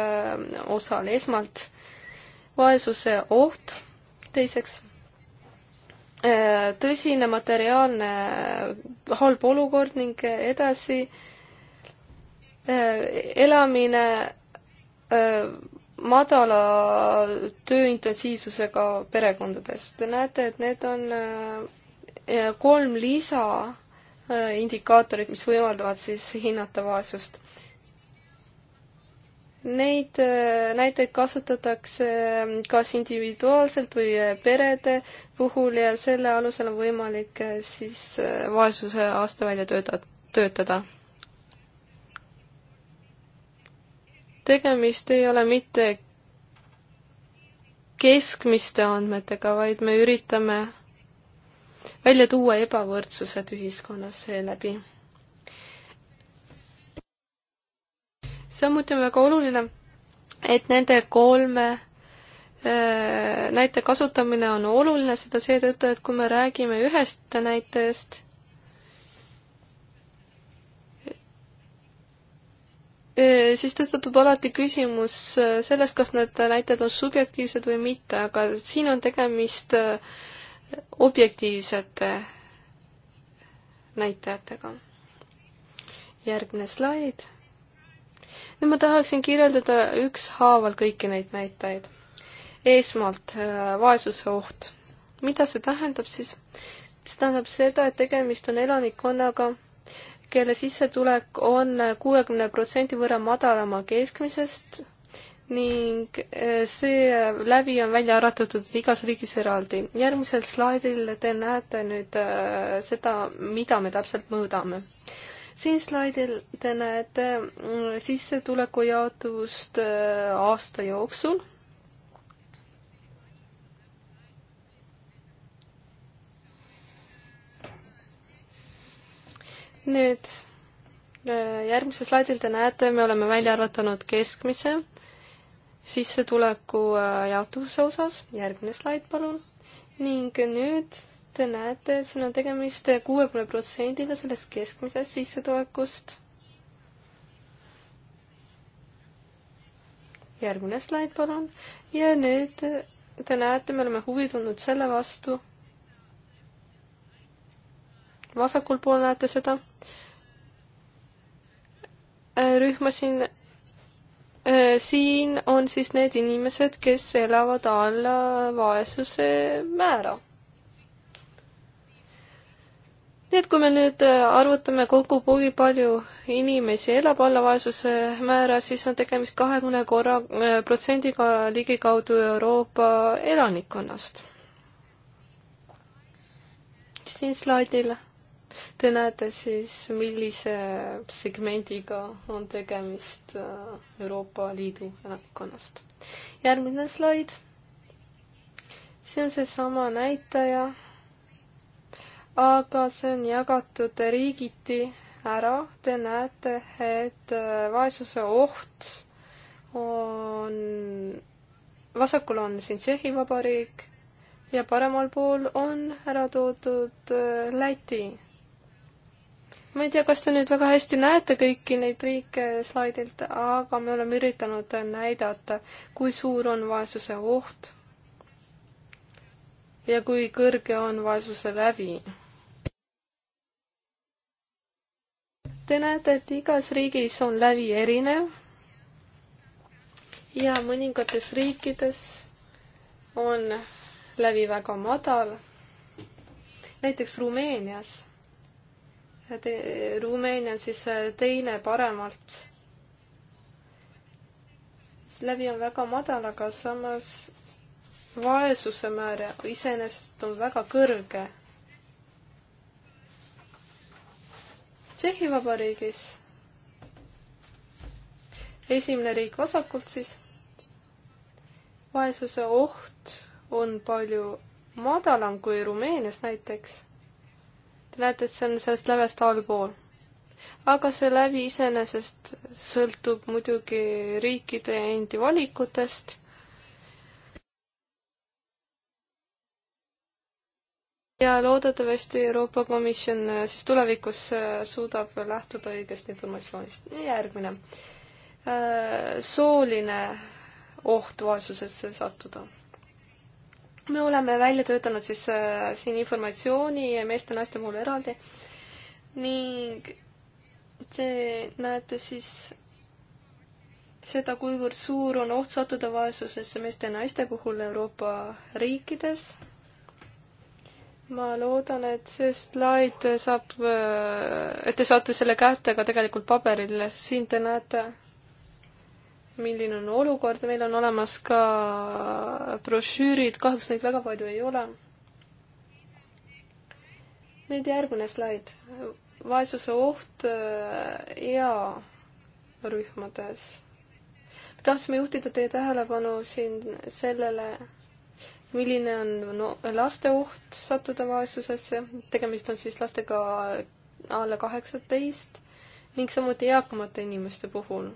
osal. esmalt vaesuse oht, teiseks Äh, tõsine materiaalne äh, halb olukord ning edasi äh, elamine madala tööintensiivsusega perekondades. Te näete, et need on kolm lisa indikaatorit, mis võimaldavad siis hinnata vaesust. Neid äh, näiteid kasutatakse äh, kas individuaalselt või äh, perede puhul ja selle alusel on võimalik siis vaesuse aasta välja tööta-, töötada. tegemist ei ole mitte keskmiste andmetega, vaid me üritame välja tuua ebavõrdsused ühiskonnas seeläbi samuti on väga oluline, et nende kolme äh, näite kasutamine on oluline, seda seetõttu, et kui me räägime ühest näitest, äh, siis tõstatub alati küsimus äh, sellest, kas need näited on subjektiivsed või mitte, aga siin on tegemist objektiivsete näitajatega. järgmine slaid nüüd ma tahaksin kirjeldada ükshaaval kõiki neid näitajaid. esmalt äh, vaesusoht. mida see tähendab siis? see tähendab seda, et tegemist on elanikkonnaga, kelle sissetulek on äh, kuuekümne protsendi võrra madalama keskmisest ning äh, see läbi on välja arvutatud igas riigis eraldi. järgmisel slaidil te näete nüüd seda, mida me täpselt mõõdame siin slaidil te näete mm, sissetuleku jaotust äh, aasta jooksul. nüüd äh, järgmisel slaidil te näete, me oleme välja arvatanud keskmise sissetuleku äh, jaotuse osas, järgmine slaid palun, ning nüüd te näete, et siin on tegemist kuuekümne protsendiga sellest keskmisest sissetulekust. järgmine slaid, palun. ja nüüd te näete, me oleme huvi tundnud selle vastu. vasakul pool näete seda rühma siin äh, siin on siis need inimesed, kes elavad alla vaesuse määra nii et kui me nüüd äh, arvutame kokku, kui palju inimesi elab alla vaesuse määra, siis on tegemist kahekümne korra äh, protsendiga ligikaudu Euroopa elanikkonnast. siin slaidil te näete siis, millise segmendiga on tegemist äh, Euroopa Liidu elanikkonnast. järgmine slaid. see on seesama näitaja aga see on jagatud riigiti ära, te näete, et äh, vaesuse oht on, vasakul on siin Tšehhi Vabariik ja paremal pool on ära toodud äh, Läti. ma ei tea, kas te nüüd väga hästi näete kõiki neid riike slaidilt, aga me oleme üritanud näidata, kui suur on vaesuse oht ja kui kõrge on vaesuse lävi Te näete, et igas riigis on lävi erinev ja mõningates riikides on lävi väga madal. näiteks Rumeenias. Rumeenia on siis äh, teine paremalt läbi on väga madal, aga samas vaesuse määr iseenesest on väga kõrge. Tšehhi Vabariigis. esimene riik vasakult siis. vaesuse oht on palju madalam kui Rumeenias näiteks. Te näete, et see on sellest lävest allpool. aga see lävi iseenesest sõltub muidugi riikide endi valikutest ja loodetavasti Euroopa Komisjon äh, siis tulevikus äh, suudab lähtuda õigest informatsioonist. järgmine, äh, sooline oht vaesusesse sattuda me oleme välja töötanud siis äh, siin informatsiooni meeste ja naiste puhul eraldi ning te näete siis seda, kuivõrd suur on oht sattuda vaesusesse meeste ja naiste puhul Euroopa riikides ma loodan, et see slaid saab, äh, et te saate selle kätte ka tegelikult paberile, siin te näete, milline on olukord, meil on olemas ka brošüürid, kahjuks neid väga palju ei ole. nüüd järgmine slaid, vaesuse oht äh, earühmades. tahtsime juhtida teie tähelepanu siin sellele, milline on no, laste oht sattuda vaesusesse, tegemist on siis lastega alla kaheksateist ning samuti eakamate inimeste puhul.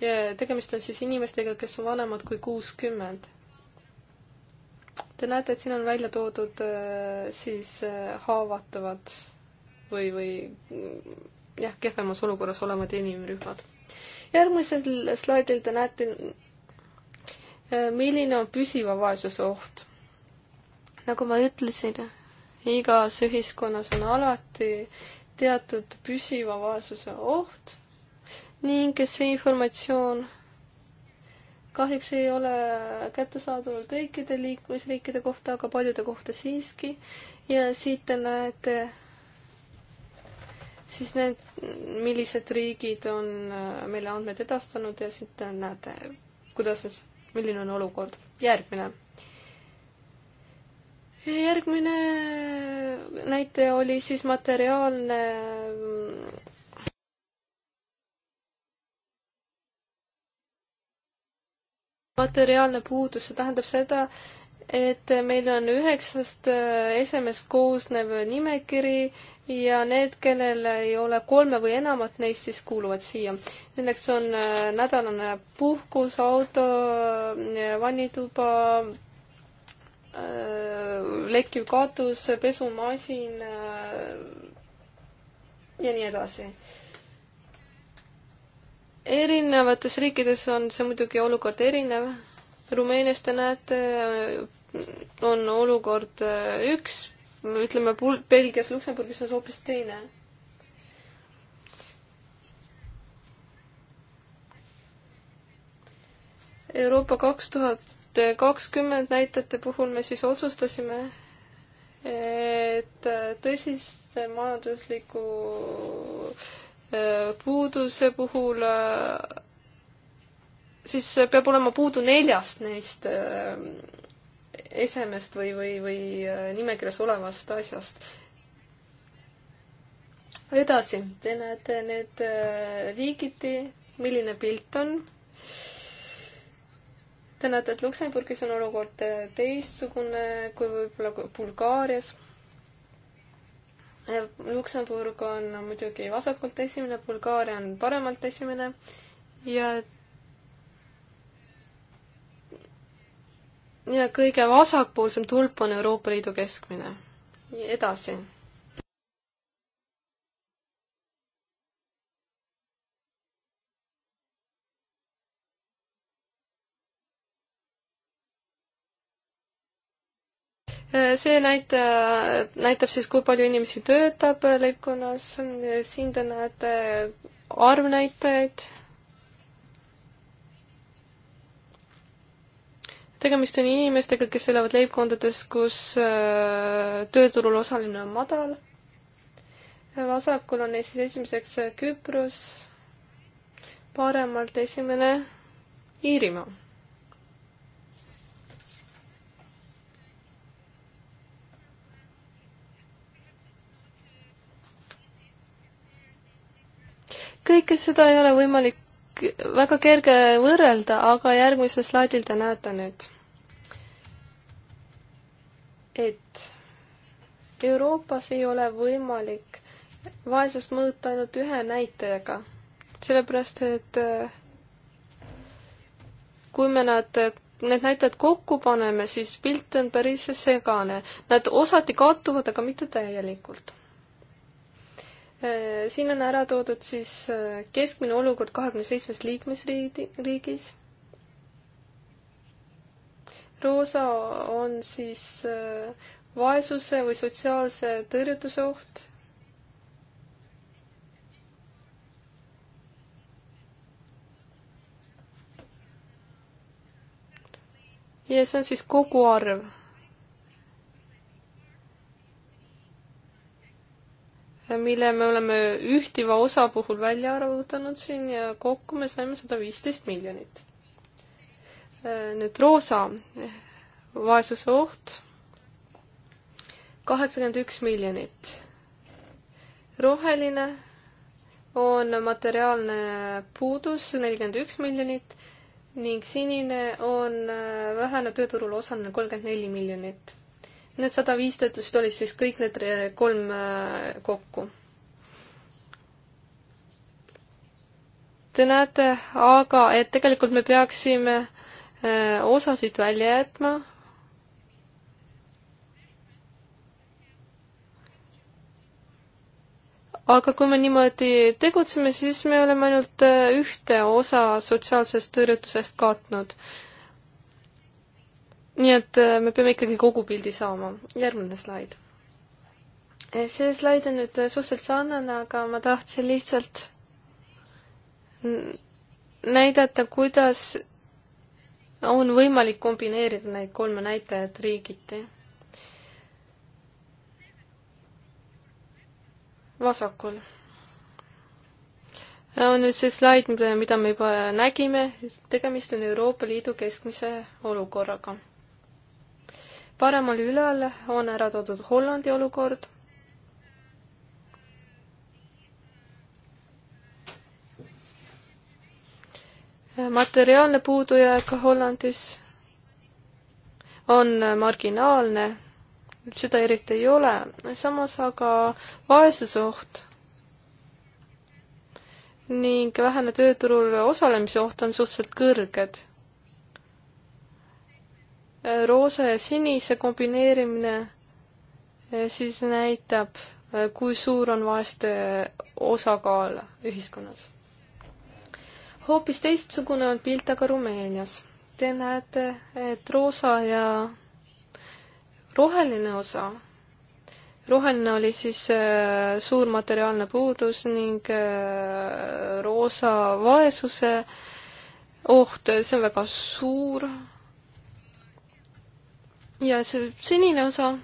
ja tegemist on siis inimestega, kes on vanemad kui kuuskümmend. Te näete, et siin on välja toodud äh, siis äh, haavatavad või, või jah, kehvemas olukorras olevad inimrühmad. järgmisel slaidil te näete, äh, milline on püsiva vaesuse oht. nagu ma ütlesin, igas ühiskonnas on alati teatud püsiva vaesuse oht ning see informatsioon kahjuks ei ole kättesaadaval kõikide liikmesriikide kohta, aga paljude kohta siiski. ja siit te näete siis need, millised riigid on äh, meile andmed edastanud ja siit näete, kuidas, milline on olukord. järgmine. järgmine näitaja oli siis materiaalne materiaalne puudus, see tähendab seda, et meil on üheksast äh, esemest koosnev nimekiri ja need, kellel ei ole kolme või enamat neist, siis kuuluvad siia. selleks on äh, nädalane puhkus, auto, äh, vannituba, lekkiv katus, pesumasin ja nii edasi. erinevates riikides on see muidugi olukord erinev Rumeenias te näete on olukord äh, üks, ütleme Belgias, Luksemburgis on see hoopis teine. Euroopa kaks tuhat kakskümmend näitajate puhul me siis otsustasime, et äh, tõsist majandusliku äh, puuduse puhul siis peab olema puudu neljast neist esemest või, või, või äh, nimekirjas olevast asjast. edasi, te näete need äh, riigiti, milline pilt on. Te näete, et Luksemburgis on olukord äh, teistsugune kui võib-olla Bulgaarias. Luksemburg on muidugi vasakult esimene, Bulgaaria on paremalt esimene ja ja kõige vasakpoolsem tulp on Euroopa Liidu keskmine. edasi. see näitaja näitab siis, kui palju inimesi töötab leibkonnas, siin te näete arvnäitajaid tegemist on inimestega, kes elavad leibkondades, kus äh, tööturul osalemine on madal. vasakul on neil siis esimeseks äh, Küpros, paremalt esimene Iirimaa. kõike seda ei ole võimalik väga kerge võrrelda, aga järgmisel slaidil te näete nüüd, et Euroopas ei ole võimalik vaesust mõõta ainult ühe näitajaga, sellepärast et äh, kui me nad, need näitajad kokku paneme, siis pilt on päris segane. Nad osati kattuvad, aga mitte täielikult Äh, siin on ära toodud siis äh, keskmine olukord kahekümne seitsmes liikmesriigis. roosa on siis äh, vaesuse või sotsiaalse tõrjutuse oht. ja see on siis koguarv mille me oleme ühtiva osa puhul välja arvutanud siin ja kokku me saime sada viisteist miljonit. nüüd roosa vaesuse oht, kaheksakümmend üks miljonit. roheline on materiaalne puudus, nelikümmend üks miljonit ning sinine on äh, vähene tööturul osaline, kolmkümmend neli miljonit Need sada viisteist olid siis kõik need kolm äh, kokku. Te näete aga, et tegelikult me peaksime äh, osasid välja jätma, aga kui me niimoodi tegutseme, siis me oleme ainult äh, ühte osa sotsiaalsest tõrjutusest katnud nii et äh, me peame ikkagi kogu pildi saama. järgmine slaid. Äh, see slaid on nüüd äh, suhteliselt sarnane, aga ma tahtsin lihtsalt näidata, kuidas on võimalik kombineerida neid kolme näitajat riigiti. vasakul on nüüd see slaid, mida me juba nägime, tegemist on Euroopa Liidu keskmise olukorraga paremal ülal on ära toodud Hollandi olukord. materiaalne puudujääk Hollandis on marginaalne, seda eriti ei ole, samas aga vaesusoht ning vähene tööturul osalemise oht on suhteliselt kõrged roosa ja sinise kombineerimine eh, siis näitab, eh, kui suur on vaeste eh, osakaal ühiskonnas. hoopis teistsugune on pilt aga Rumeenias. Te näete, et roosa ja roheline osa, roheline oli siis suur materiaalne puudus ning roosa vaesuse oht, see on väga suur ja see senine osa,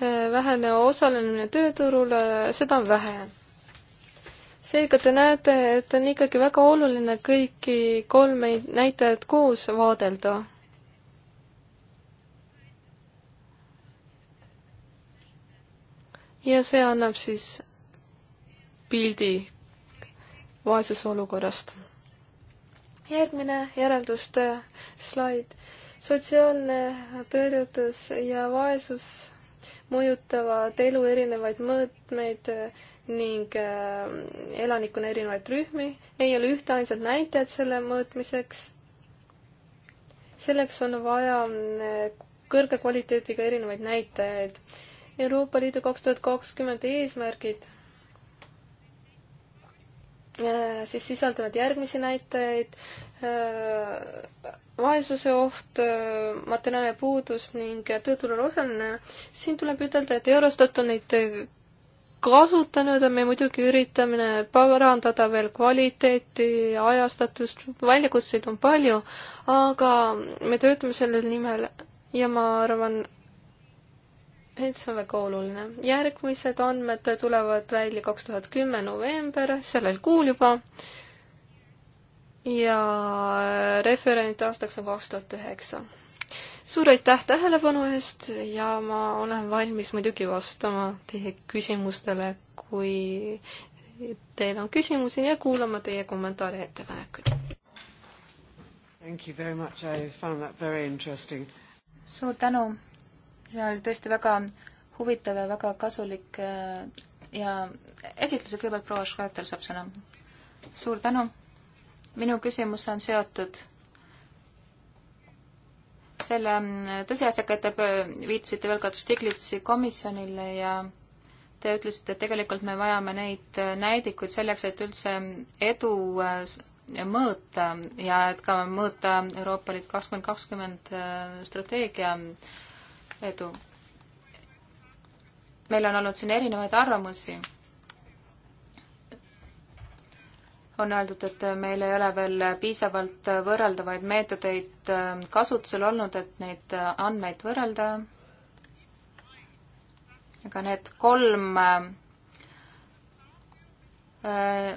äh, vähene osalemine tööturul, äh, seda on vähe. seega te näete, et on ikkagi väga oluline kõiki kolme näitajat koos vaadelda. ja see annab siis pildi vaesuse olukorrast. järgmine järelduste slaid sotsiaalne tõrjutus ja vaesus mõjutavad elu erinevaid mõõtmeid ning äh, elanikuna erinevaid rühmi. ei ole ühte ainsat näitajat selle mõõtmiseks. selleks on vaja äh, kõrge kvaliteediga erinevaid näitajaid. Euroopa Liidu kaks tuhat kakskümmend eesmärgid äh, siis sisaldavad järgmisi näitajaid vaesuse oht, materiaalne puudus ning tööturul osaline, siin tuleb ütelda, et Eurostat on neid kasutanud, me muidugi üritame parandada veel kvaliteeti, ajastatust, väljakutseid on palju, aga me töötame selle nimel ja ma arvan, et see on väga oluline. järgmised andmed tulevad välja kaks tuhat kümme november, sellel kuul juba ja äh, referent aastaks on kaks tuhat üheksa. suur aitäh tähelepanu eest ja ma olen valmis muidugi vastama teie küsimustele, kui teil on küsimusi ja kuulama teie kommentaare ja ettepanekuid.
suur tänu, see oli tõesti väga huvitav ja väga kasulik äh, ja esitlused kõigepealt proua Schroeder saab sõna. suur tänu minu küsimus on seotud selle mm, tõsiasjaga, et te viitasite veel ka Stiglitsi komisjonile ja te ütlesite, et tegelikult me vajame neid äh, näidikuid selleks, et üldse mm, edu äh, mõõta ja et ka mõõta Euroopa Liit kakskümmend kakskümmend äh, strateegia mm, edu. meil on olnud siin erinevaid arvamusi on öeldud, et meil ei ole veel piisavalt võrreldavaid meetodeid ähm, kasutusel olnud, et neid äh, andmeid võrrelda. aga need kolm äh, äh,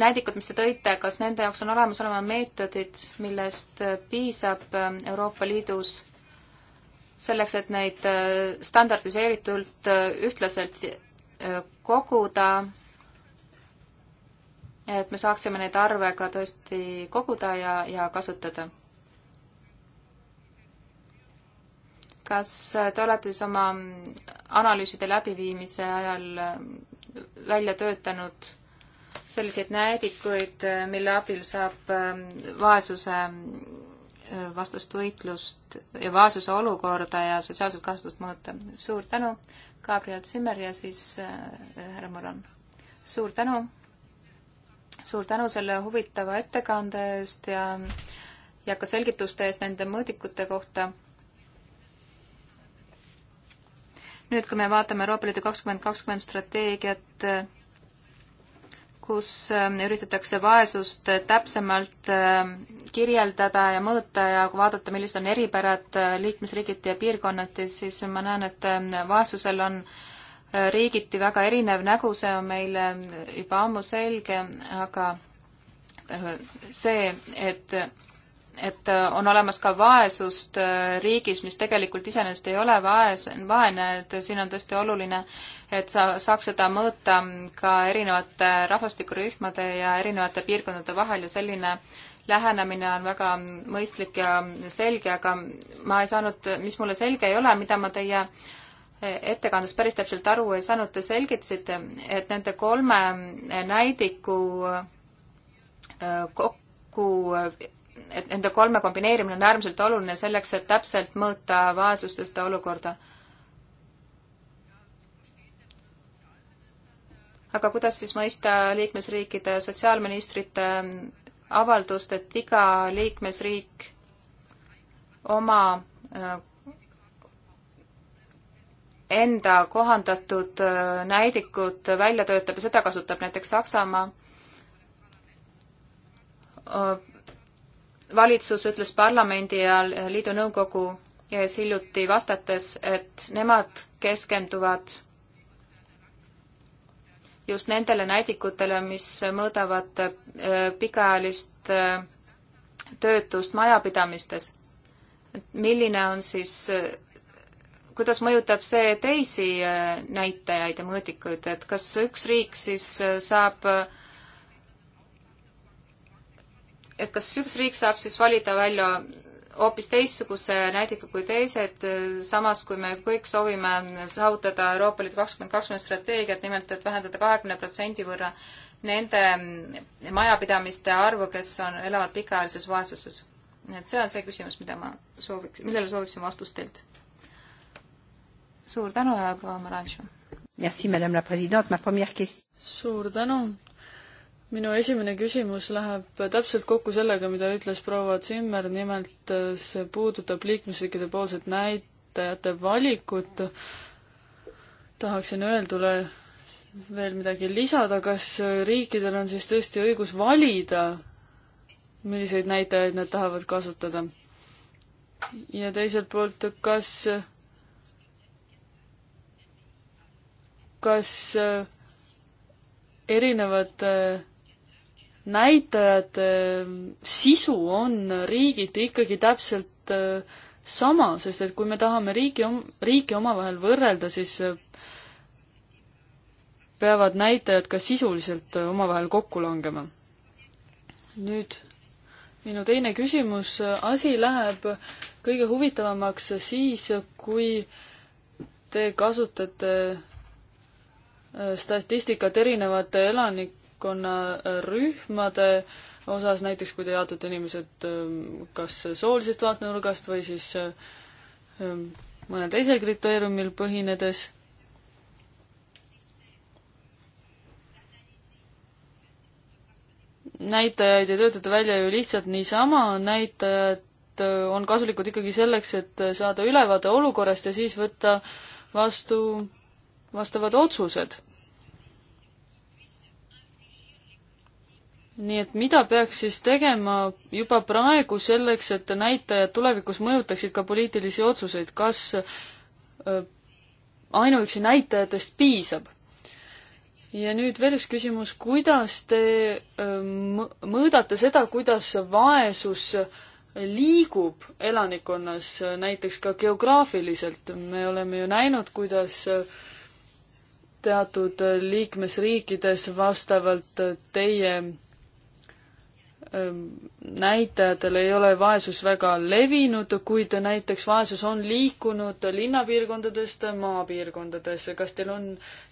näidikut, mis te tõite, kas nende jaoks on olemas olema meetodid, millest piisab ähm, Euroopa Liidus selleks, et neid standardiseeritult ühtlaselt koguda et me saaksime neid arve ka tõesti koguda ja, ja kasutada. kas te olete siis oma analüüside läbiviimise ajal välja töötanud selliseid näidikuid, mille abil saab ähm, vaesuse äh, vastust võitlust ja vaesuse olukorda ja sotsiaalset kasutust mõõta. suur tänu, Gabriel Zimmer ja siis äh, härra Moran. suur tänu suur tänu selle huvitava ettekande eest ja, ja ka selgituste eest nende mõõdikute kohta. nüüd, kui me vaatame Euroopa Liidu kakskümmend kakskümmend strateegiat, kus ähm, üritatakse vaesust äh, täpsemalt ähm, kirjeldada ja mõõta ja kui vaadata, millised on eripärad äh, liikmesriigiti ja piirkonnati, siis ma näen, et ähm, vaesusel on äh, riigiti väga erinev nägu, see on meile juba ammu selge, aga äh, see, et et on olemas ka vaesust äh, riigis, mis tegelikult iseenesest ei ole vaes, vaene, et siin on tõesti oluline, et sa saaks seda mõõta ka erinevate rahvastikurühmade ja erinevate piirkondade vahel ja selline lähenemine on väga mõistlik ja selge, aga ma ei saanud, mis mulle selge ei ole, mida ma teie äh, ettekandest päris täpselt aru ei saanud, te selgitasite, et nende kolme näidiku äh, kokku, et nende kolme kombineerimine on äärmiselt oluline selleks, et täpselt mõõta vaesustest olukorda. aga kuidas siis mõista liikmesriikide sotsiaalministrite avaldust, et iga liikmesriik oma äh, enda kohandatud äh, näidikud välja töötab ja seda kasutab näiteks Saksamaa äh, valitsus ütles parlamendi ja äh, liidu nõukogu ees hiljuti vastates, et nemad keskenduvad just nendele näidikutele, mis mõõdavad pikaajalist töötust majapidamistes. milline on siis kuidas mõjutab see teisi äh, näitajaid ja mõõdikuid, et kas üks riik siis äh, saab, et kas üks riik saab siis valida välja hoopis teistsuguse näidiku kui teised, äh, samas kui me kõik soovime saavutada Euroopa Liidu kakskümmend kakskümmend strateegiat, nimelt et vähendada kahekümne protsendi võrra nende mm, majapidamiste arvu, kes on, elavad pikaajalises vaesuses. nii et see on see küsimus, mida ma sooviks, millele sooviksin vastust teilt suur tänu ja proua Maranšu. Merci, madame la president, ma première question.
suur tänu. minu esimene küsimus läheb täpselt kokku sellega, mida ütles proua Zimmer, nimelt see puudutab liikmesriikide poolset näitajate valikut. tahaksin öeldule veel midagi lisada, kas riikidel on siis tõesti õigus valida, milliseid näitajaid nad tahavad kasutada? ja teiselt poolt, kas kas äh, erinevate äh, näitajate äh, sisu on riigiti ikkagi täpselt sama, sest et kui me tahame riigi, riike omavahel võrrelda, siis peavad näitajad ka sisuliselt omavahel kokku langema. nüüd minu teine küsimus, asi läheb kõige huvitavamaks siis, kui te kasutate statistikat erinevate elanikkonnarühmade osas, näiteks kui te jaotate inimesed ähm, kas soolisest vaatenurgast või siis ähm, mõnel teisel kriteeriumil põhinedes. näitajaid ei töötata välja ju lihtsalt niisama, näitajad äh, on kasulikud ikkagi selleks, et saada ülevaade olukorrast ja siis võtta vastu vastavad otsused. nii et mida peaks siis tegema juba praegu selleks, et näitajad tulevikus mõjutaksid ka poliitilisi otsuseid, kas ainuüksi näitajatest piisab? ja nüüd veel üks küsimus, kuidas te mõõdate seda, kuidas vaesus liigub elanikkonnas näiteks ka geograafiliselt, me oleme ju näinud, kuidas äh, teatud liikmesriikides vastavalt teie ähm, näitajatel ei ole vaesus väga levinud, kuid näiteks vaesus on liikunud linnapiirkondadest maapiirkondadesse. kas teil on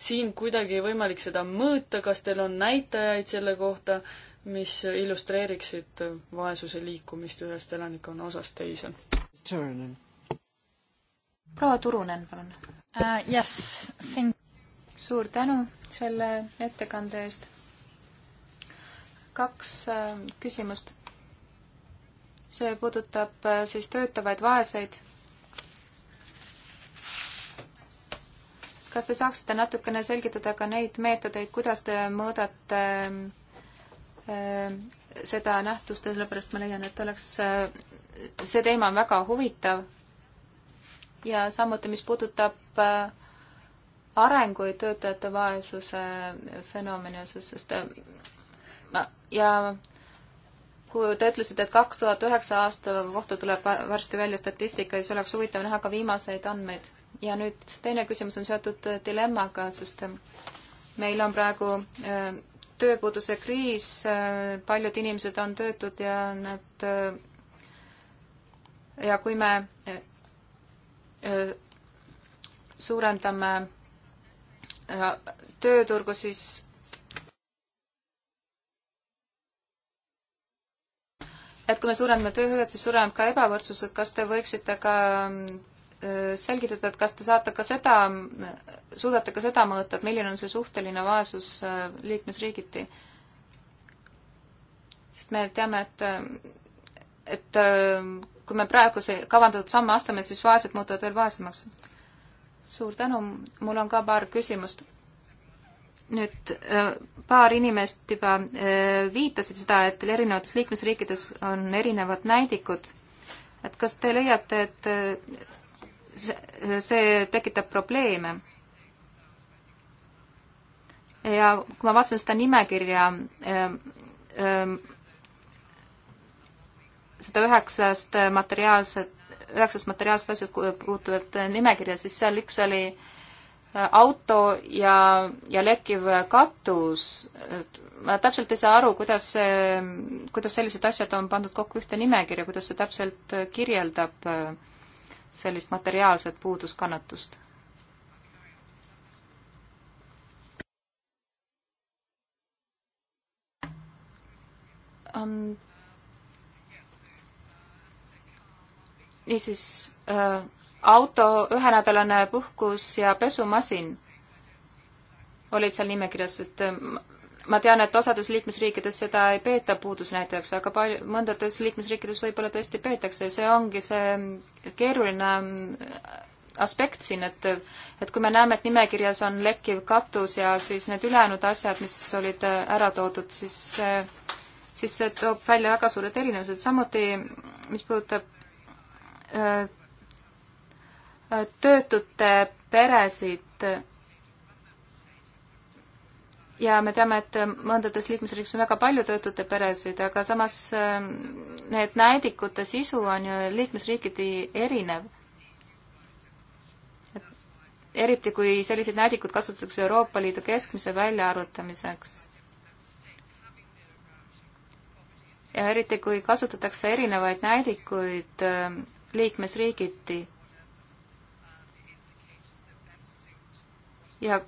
siin kuidagi võimalik seda mõõta, kas teil on näitajaid selle kohta, mis illustreeriksid vaesuse liikumist ühest elanikkonna osast teise?
proua Turunen, palun uh,. Yes, think suur tänu selle ettekande eest. kaks äh, küsimust. see puudutab äh, siis töötavaid vaeseid. kas te saaksite natukene selgitada ka neid meetodeid, kuidas te mõõdate äh, seda nähtust ja sellepärast ma leian, et oleks, see teema on väga huvitav. ja samuti, mis puudutab äh, arenguid töötajate vaesuse fenomeni osas, sest äh, ja kui te ütlesite, et kaks tuhat üheksa aasta kohta tuleb varsti välja statistika, siis oleks huvitav näha ka viimaseid andmeid. ja nüüd teine küsimus on seotud äh, dilemmaga, sest äh, meil on praegu tööpuuduse kriis, paljud inimesed on töötud ja nad ja kui me suurendame Äh, tööturgu, siis et kui me suurendame tööhõivet, siis suureneb ka ebavõrdsus, et kas te võiksite ka äh, selgitada, et kas te saate ka seda, suudate ka seda mõõta, et milline on see suhteline vaesus äh, liikmesriigiti? sest me teame, et, et kui me praegu see kavandatud samme astume, siis vaesed muutuvad veel vaesemaks suur tänu, mul on ka paar küsimust. nüüd äh, paar inimest juba äh, viitasid seda, et erinevates liikmesriikides on erinevad näidikud. et kas te leiate, et äh, see tekitab probleeme? ja kui ma vaatasin seda nimekirja, seda üheksast materiaalset üheksast materiaalsest asjast puutuvat nimekirja, siis seal üks oli äh, auto ja, ja lekkiv katus. ma täpselt ei saa aru, kuidas, kuidas sellised asjad on pandud kokku ühte nimekirja, kuidas see täpselt kirjeldab äh, sellist materiaalset puuduskannatust? on niisiis äh, auto, ühenädalane puhkus ja pesumasin olid seal nimekirjas, et äh, ma tean, et osades liikmesriikides seda ei peeta puudusnäitajaks, aga palju, mõndades liikmesriikides võib-olla tõesti peetakse ja see ongi see äh, keeruline äh, aspekt siin, et, et kui me näeme, et nimekirjas on lekkiv katus ja siis need ülejäänud asjad, mis olid ära toodud, siis, siis see toob välja väga suured erinevused. samuti, mis puudutab Äh, töötute peresid ja me teame, et mõndades liikmesriigis on väga palju töötute peresid, aga samas äh, need näidikute sisu on ju liikmesriigiti erinev. eriti, kui selliseid näidikuid kasutatakse Euroopa Liidu keskmise väljaarvutamiseks. ja eriti, kui kasutatakse erinevaid näidikuid äh, liikmesriigiti. ja,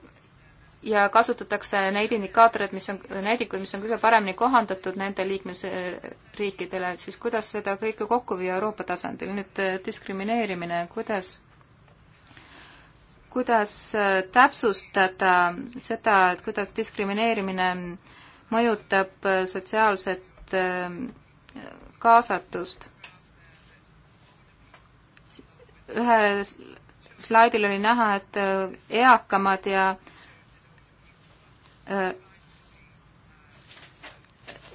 ja kasutatakse neid indikaatoreid, mis on, näidikuid, mis on kõige paremini kohandatud nende liikmesriikidele, et siis kuidas seda kõike kokku viia Euroopa tasandil. nüüd äh, diskrimineerimine, kuidas kuidas äh, täpsustada seda, et kuidas diskrimineerimine mõjutab äh, sotsiaalset kaasatust ühel slaidil oli näha, et äh, eakamad ja äh,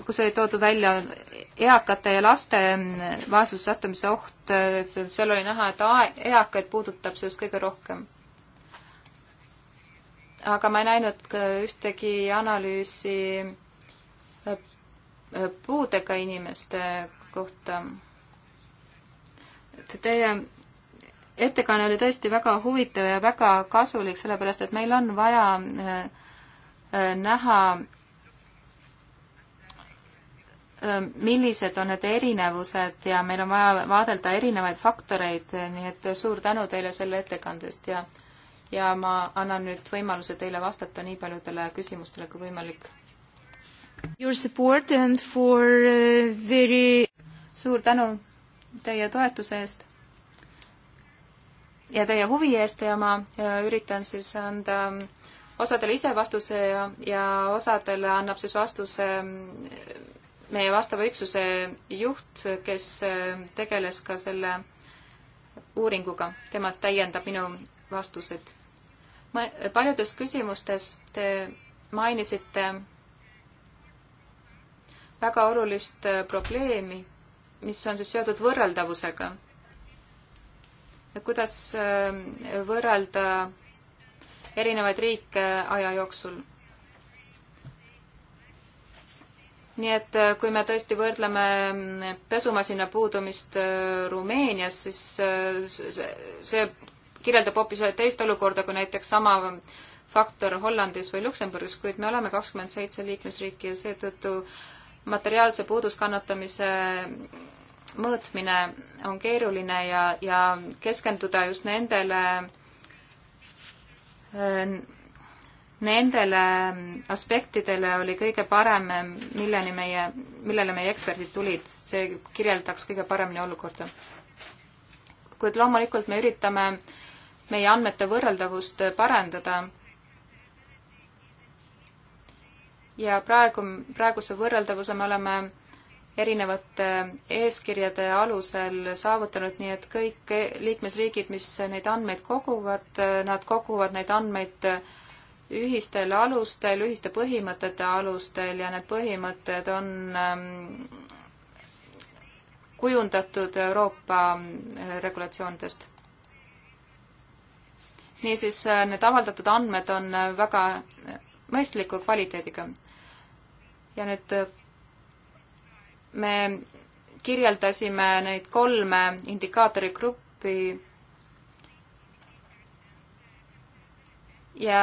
kus oli toodud välja eakate ja laste äh, vaesusse sattumise oht, seal oli näha, et eakaid puudutab sellest kõige rohkem. aga ma ei näinud ka ühtegi analüüsi puudega inimeste kohta. Teie ettekanne oli tõesti väga huvitav ja väga kasulik, sellepärast et meil on vaja äh, äh, näha, äh, millised on need erinevused ja meil on vaja vaadelda erinevaid faktoreid, nii et suur tänu teile selle ettekande eest ja ja ma annan nüüd võimaluse teile vastata nii paljudele küsimustele kui võimalik. Your support and for uh, very suur tänu teie toetuse eest ja teie huvi eest ja ma äh, üritan siis anda ähm, osadele ise vastuse ja, ja osadele annab siis vastuse ähm, meie vastava üksuse juht, kes äh, tegeles ka selle uuringuga, temast täiendab minu vastused. ma, paljudes küsimustes te mainisite väga olulist äh, probleemi, mis on siis seotud võrreldavusega kuidas äh, võrrelda erinevaid riike äh, aja jooksul. nii et äh, kui me tõesti võrdleme mm, pesumasina puudumist Rumeenias, siis see kirjeldab hoopis teist olukorda kui näiteks sama faktor Hollandis või Luksemburgis, kuid me oleme kakskümmend seitse liikmesriiki ja seetõttu materiaalse puuduskannatamise mõõtmine on keeruline ja, ja keskenduda just nendele, nendele aspektidele oli kõige parem, milleni meie, millele meie eksperdid tulid. see kirjeldaks kõige paremini olukorda. kuid loomulikult me üritame meie andmete võrreldavust parandada ja praegu, praeguse võrreldavuse me oleme erinevate äh, eeskirjade alusel saavutanud, nii et kõik äh, liikmesriigid, mis neid andmeid koguvad, äh, nad koguvad neid andmeid ühistel alustel, ühiste põhimõtete alustel ja need põhimõtted on ähm, kujundatud Euroopa regulatsioonidest. niisiis, need avaldatud andmed on väga mõistliku kvaliteediga. ja nüüd me kirjeldasime neid kolme indikaatorigruppi ja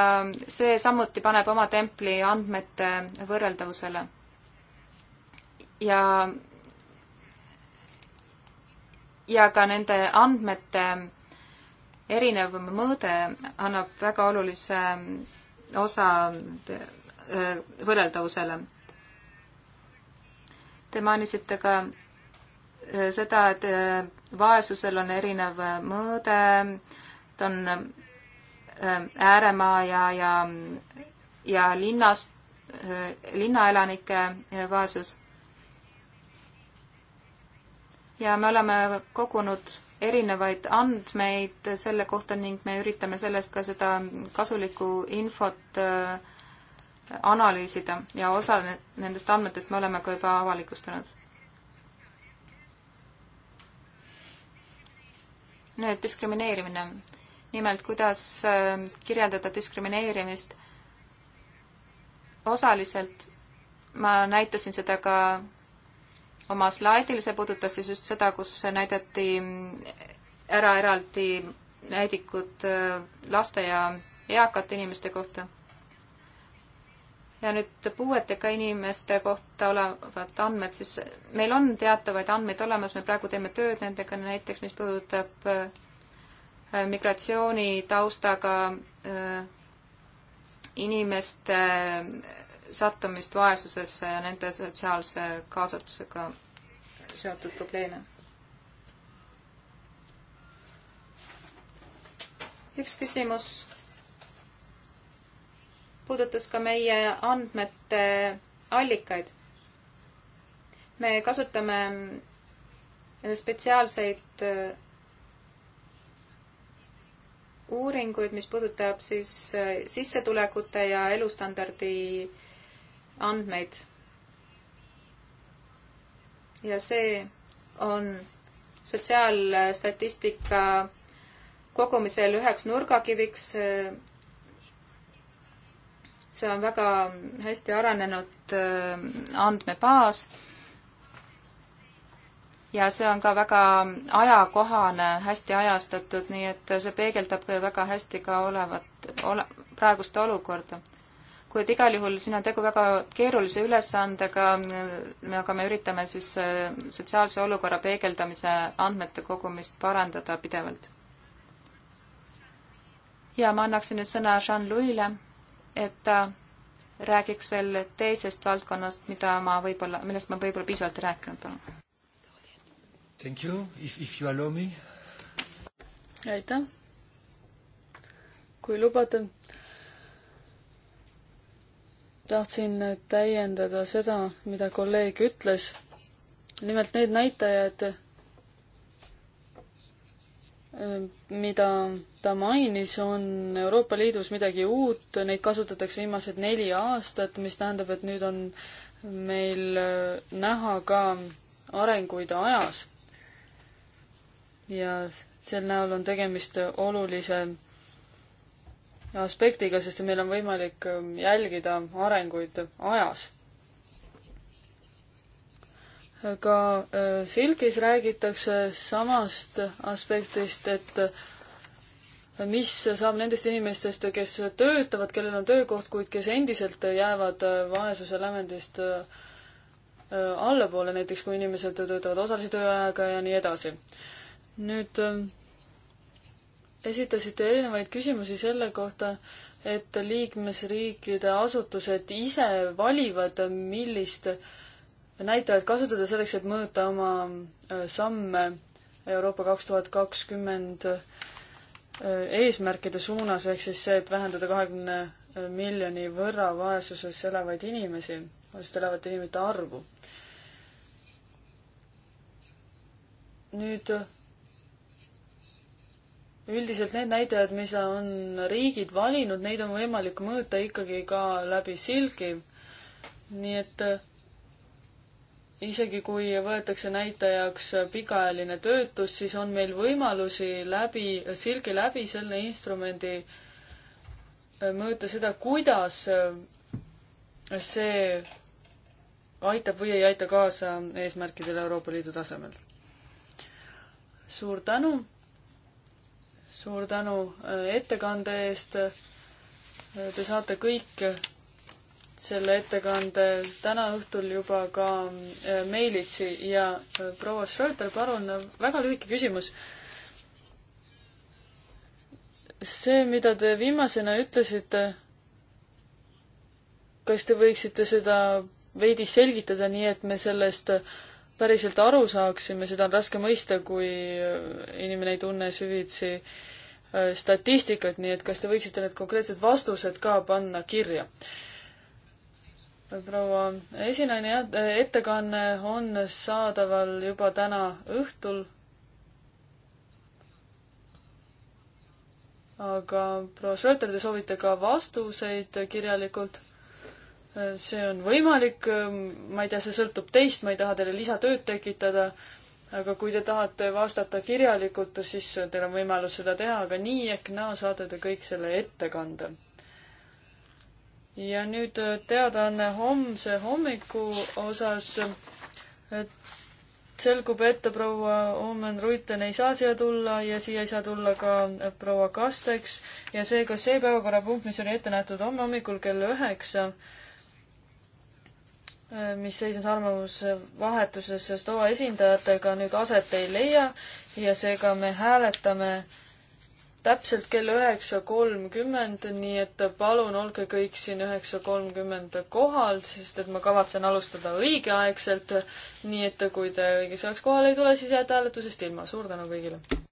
see samuti paneb oma templi andmete võrreldavusele. ja ja ka nende andmete erinev mõõde annab väga olulise osa äh, võrreldavusele. Te mainisite ka äh, seda, et äh, vaesusel on erinev äh, mõõde, ta on ääremaa ja, ja, ja linnast, linnaelanike vaesus. ja me oleme kogunud erinevaid andmeid selle kohta ning me üritame sellest ka seda kasulikku infot äh, analüüsida ja osa nendest andmetest me oleme ka juba avalikustanud. nüüd diskrimineerimine. nimelt, kuidas äh, kirjeldada diskrimineerimist. osaliselt ma näitasin seda ka oma slaidil, see puudutas siis just seda, kus näidati äh, ära eraldi näidikud äh, laste ja eakate inimeste kohta ja nüüd puuetega inimeste kohta olevad andmed, siis meil on teatavaid andmeid olemas, me praegu teeme tööd nendega näiteks, mis puudutab äh, migratsioonitaustaga äh, inimeste äh, sattumist vaesusesse ja nende sotsiaalse kaasatusega seotud probleeme. üks küsimus puudutas ka meie andmete allikaid. me kasutame spetsiaalseid äh, uuringuid, mis puudutab siis äh, sissetulekute ja elustandardi andmeid. ja see on sotsiaalstatistika kogumisel üheks nurgakiviks äh, see on väga hästi arenenud äh, andmebaas ja see on ka väga ajakohane, hästi ajastatud, nii et see peegeldab väga hästi ka olevat ole,, praegust olukorda kuid igal juhul siin on tegu väga keerulise ülesandega, aga me üritame siis äh, sotsiaalse olukorra peegeldamise andmete kogumist parandada pidevalt. ja ma annaksin nüüd sõna Jean-Louis'le, et ta räägiks veel teisest valdkonnast, mida ma võib-olla, millest ma võib-olla piisavalt ei rääkinud, palun.
Thank you, if, if you allow me.
aitäh. kui lubate, tahtsin täiendada seda, mida kolleeg ütles. nimelt need näitajad, mida ta mainis, on Euroopa Liidus midagi uut, neid kasutatakse viimased neli aastat, mis tähendab, et nüüd on meil äh, näha ka arenguid ajas. ja sel näol on tegemist olulise aspektiga, sest meil on võimalik äh, jälgida arenguid ajas ka äh, Silgis räägitakse samast aspektist, et äh, mis saab nendest inimestest, kes töötavad, kellel on töökoht, kuid kes endiselt jäävad äh, vaesuse lävendist allapoole, näiteks kui inimesed töötavad osalise tööajaga ja nii edasi. nüüd esitasite erinevaid küsimusi selle kohta, et liikmesriikide asutused ise valivad, millist äh, näitajat kasutada selleks, et mõõta oma äh, samme Euroopa kaks tuhat kakskümmend äh, eesmärkide suunas, ehk siis see, et vähendada kahekümne äh, miljoni võrra vaesuses elavaid inimesi, vaesuses elavate inimeste arvu. nüüd üldiselt need näitajad, mis on riigid valinud, neid on võimalik mõõta ikkagi ka läbi silgi. nii et äh, isegi kui võetakse näitajaks pikaajaline töötus, siis on meil võimalusi läbi, silgi läbi selle instrumendi äh, mõõta seda, kuidas äh, see aitab või ei aita kaasa eesmärkidele Euroopa Liidu tasemel. suur tänu, suur tänu äh, ettekande eest. Te saate kõik selle ettekande täna õhtul juba ka äh, meilitsi ja äh, proua Schröter, palun, väga lühike küsimus. see, mida te viimasena ütlesite, kas te võiksite seda veidi selgitada, nii et me sellest päriselt aru saaksime, seda on raske mõista, kui äh, inimene ei tunne süvitsi statistikat, nii et kas te võiksite need konkreetsed vastused ka panna kirja? proua esinaine, jah, ettekanne on saadaval juba täna õhtul. aga proua Schröter, te soovite ka vastuseid kirjalikult? see on võimalik, ma ei tea, see sõltub teist, ma ei taha teile lisatööd tekitada, aga kui te tahate vastata kirjalikult, siis teil on võimalus seda teha, aga nii ehk naa saate te kõik selle ettekande ja nüüd äh, teadaanne homse hommiku osas. Äh, selgub, et proua Omen Ruiten ei saa siia tulla ja siia ei saa tulla ka äh, proua Kasteks ja seega see, see päevakorrapunkt, mis oli ette nähtud homme hommikul kell üheksa, mis seisnes arvamusvahetuses Estoa esindajatega, nüüd aset ei leia ja seega me hääletame äh, täpselt kell üheksa kolmkümmend, nii et palun olge kõik siin üheksa kolmkümmend kohal, sest et ma kavatsen alustada õigeaegselt. nii et kui te õigeks ajaks kohale ei tule, siis jääte hääletusest ilma. suur tänu kõigile!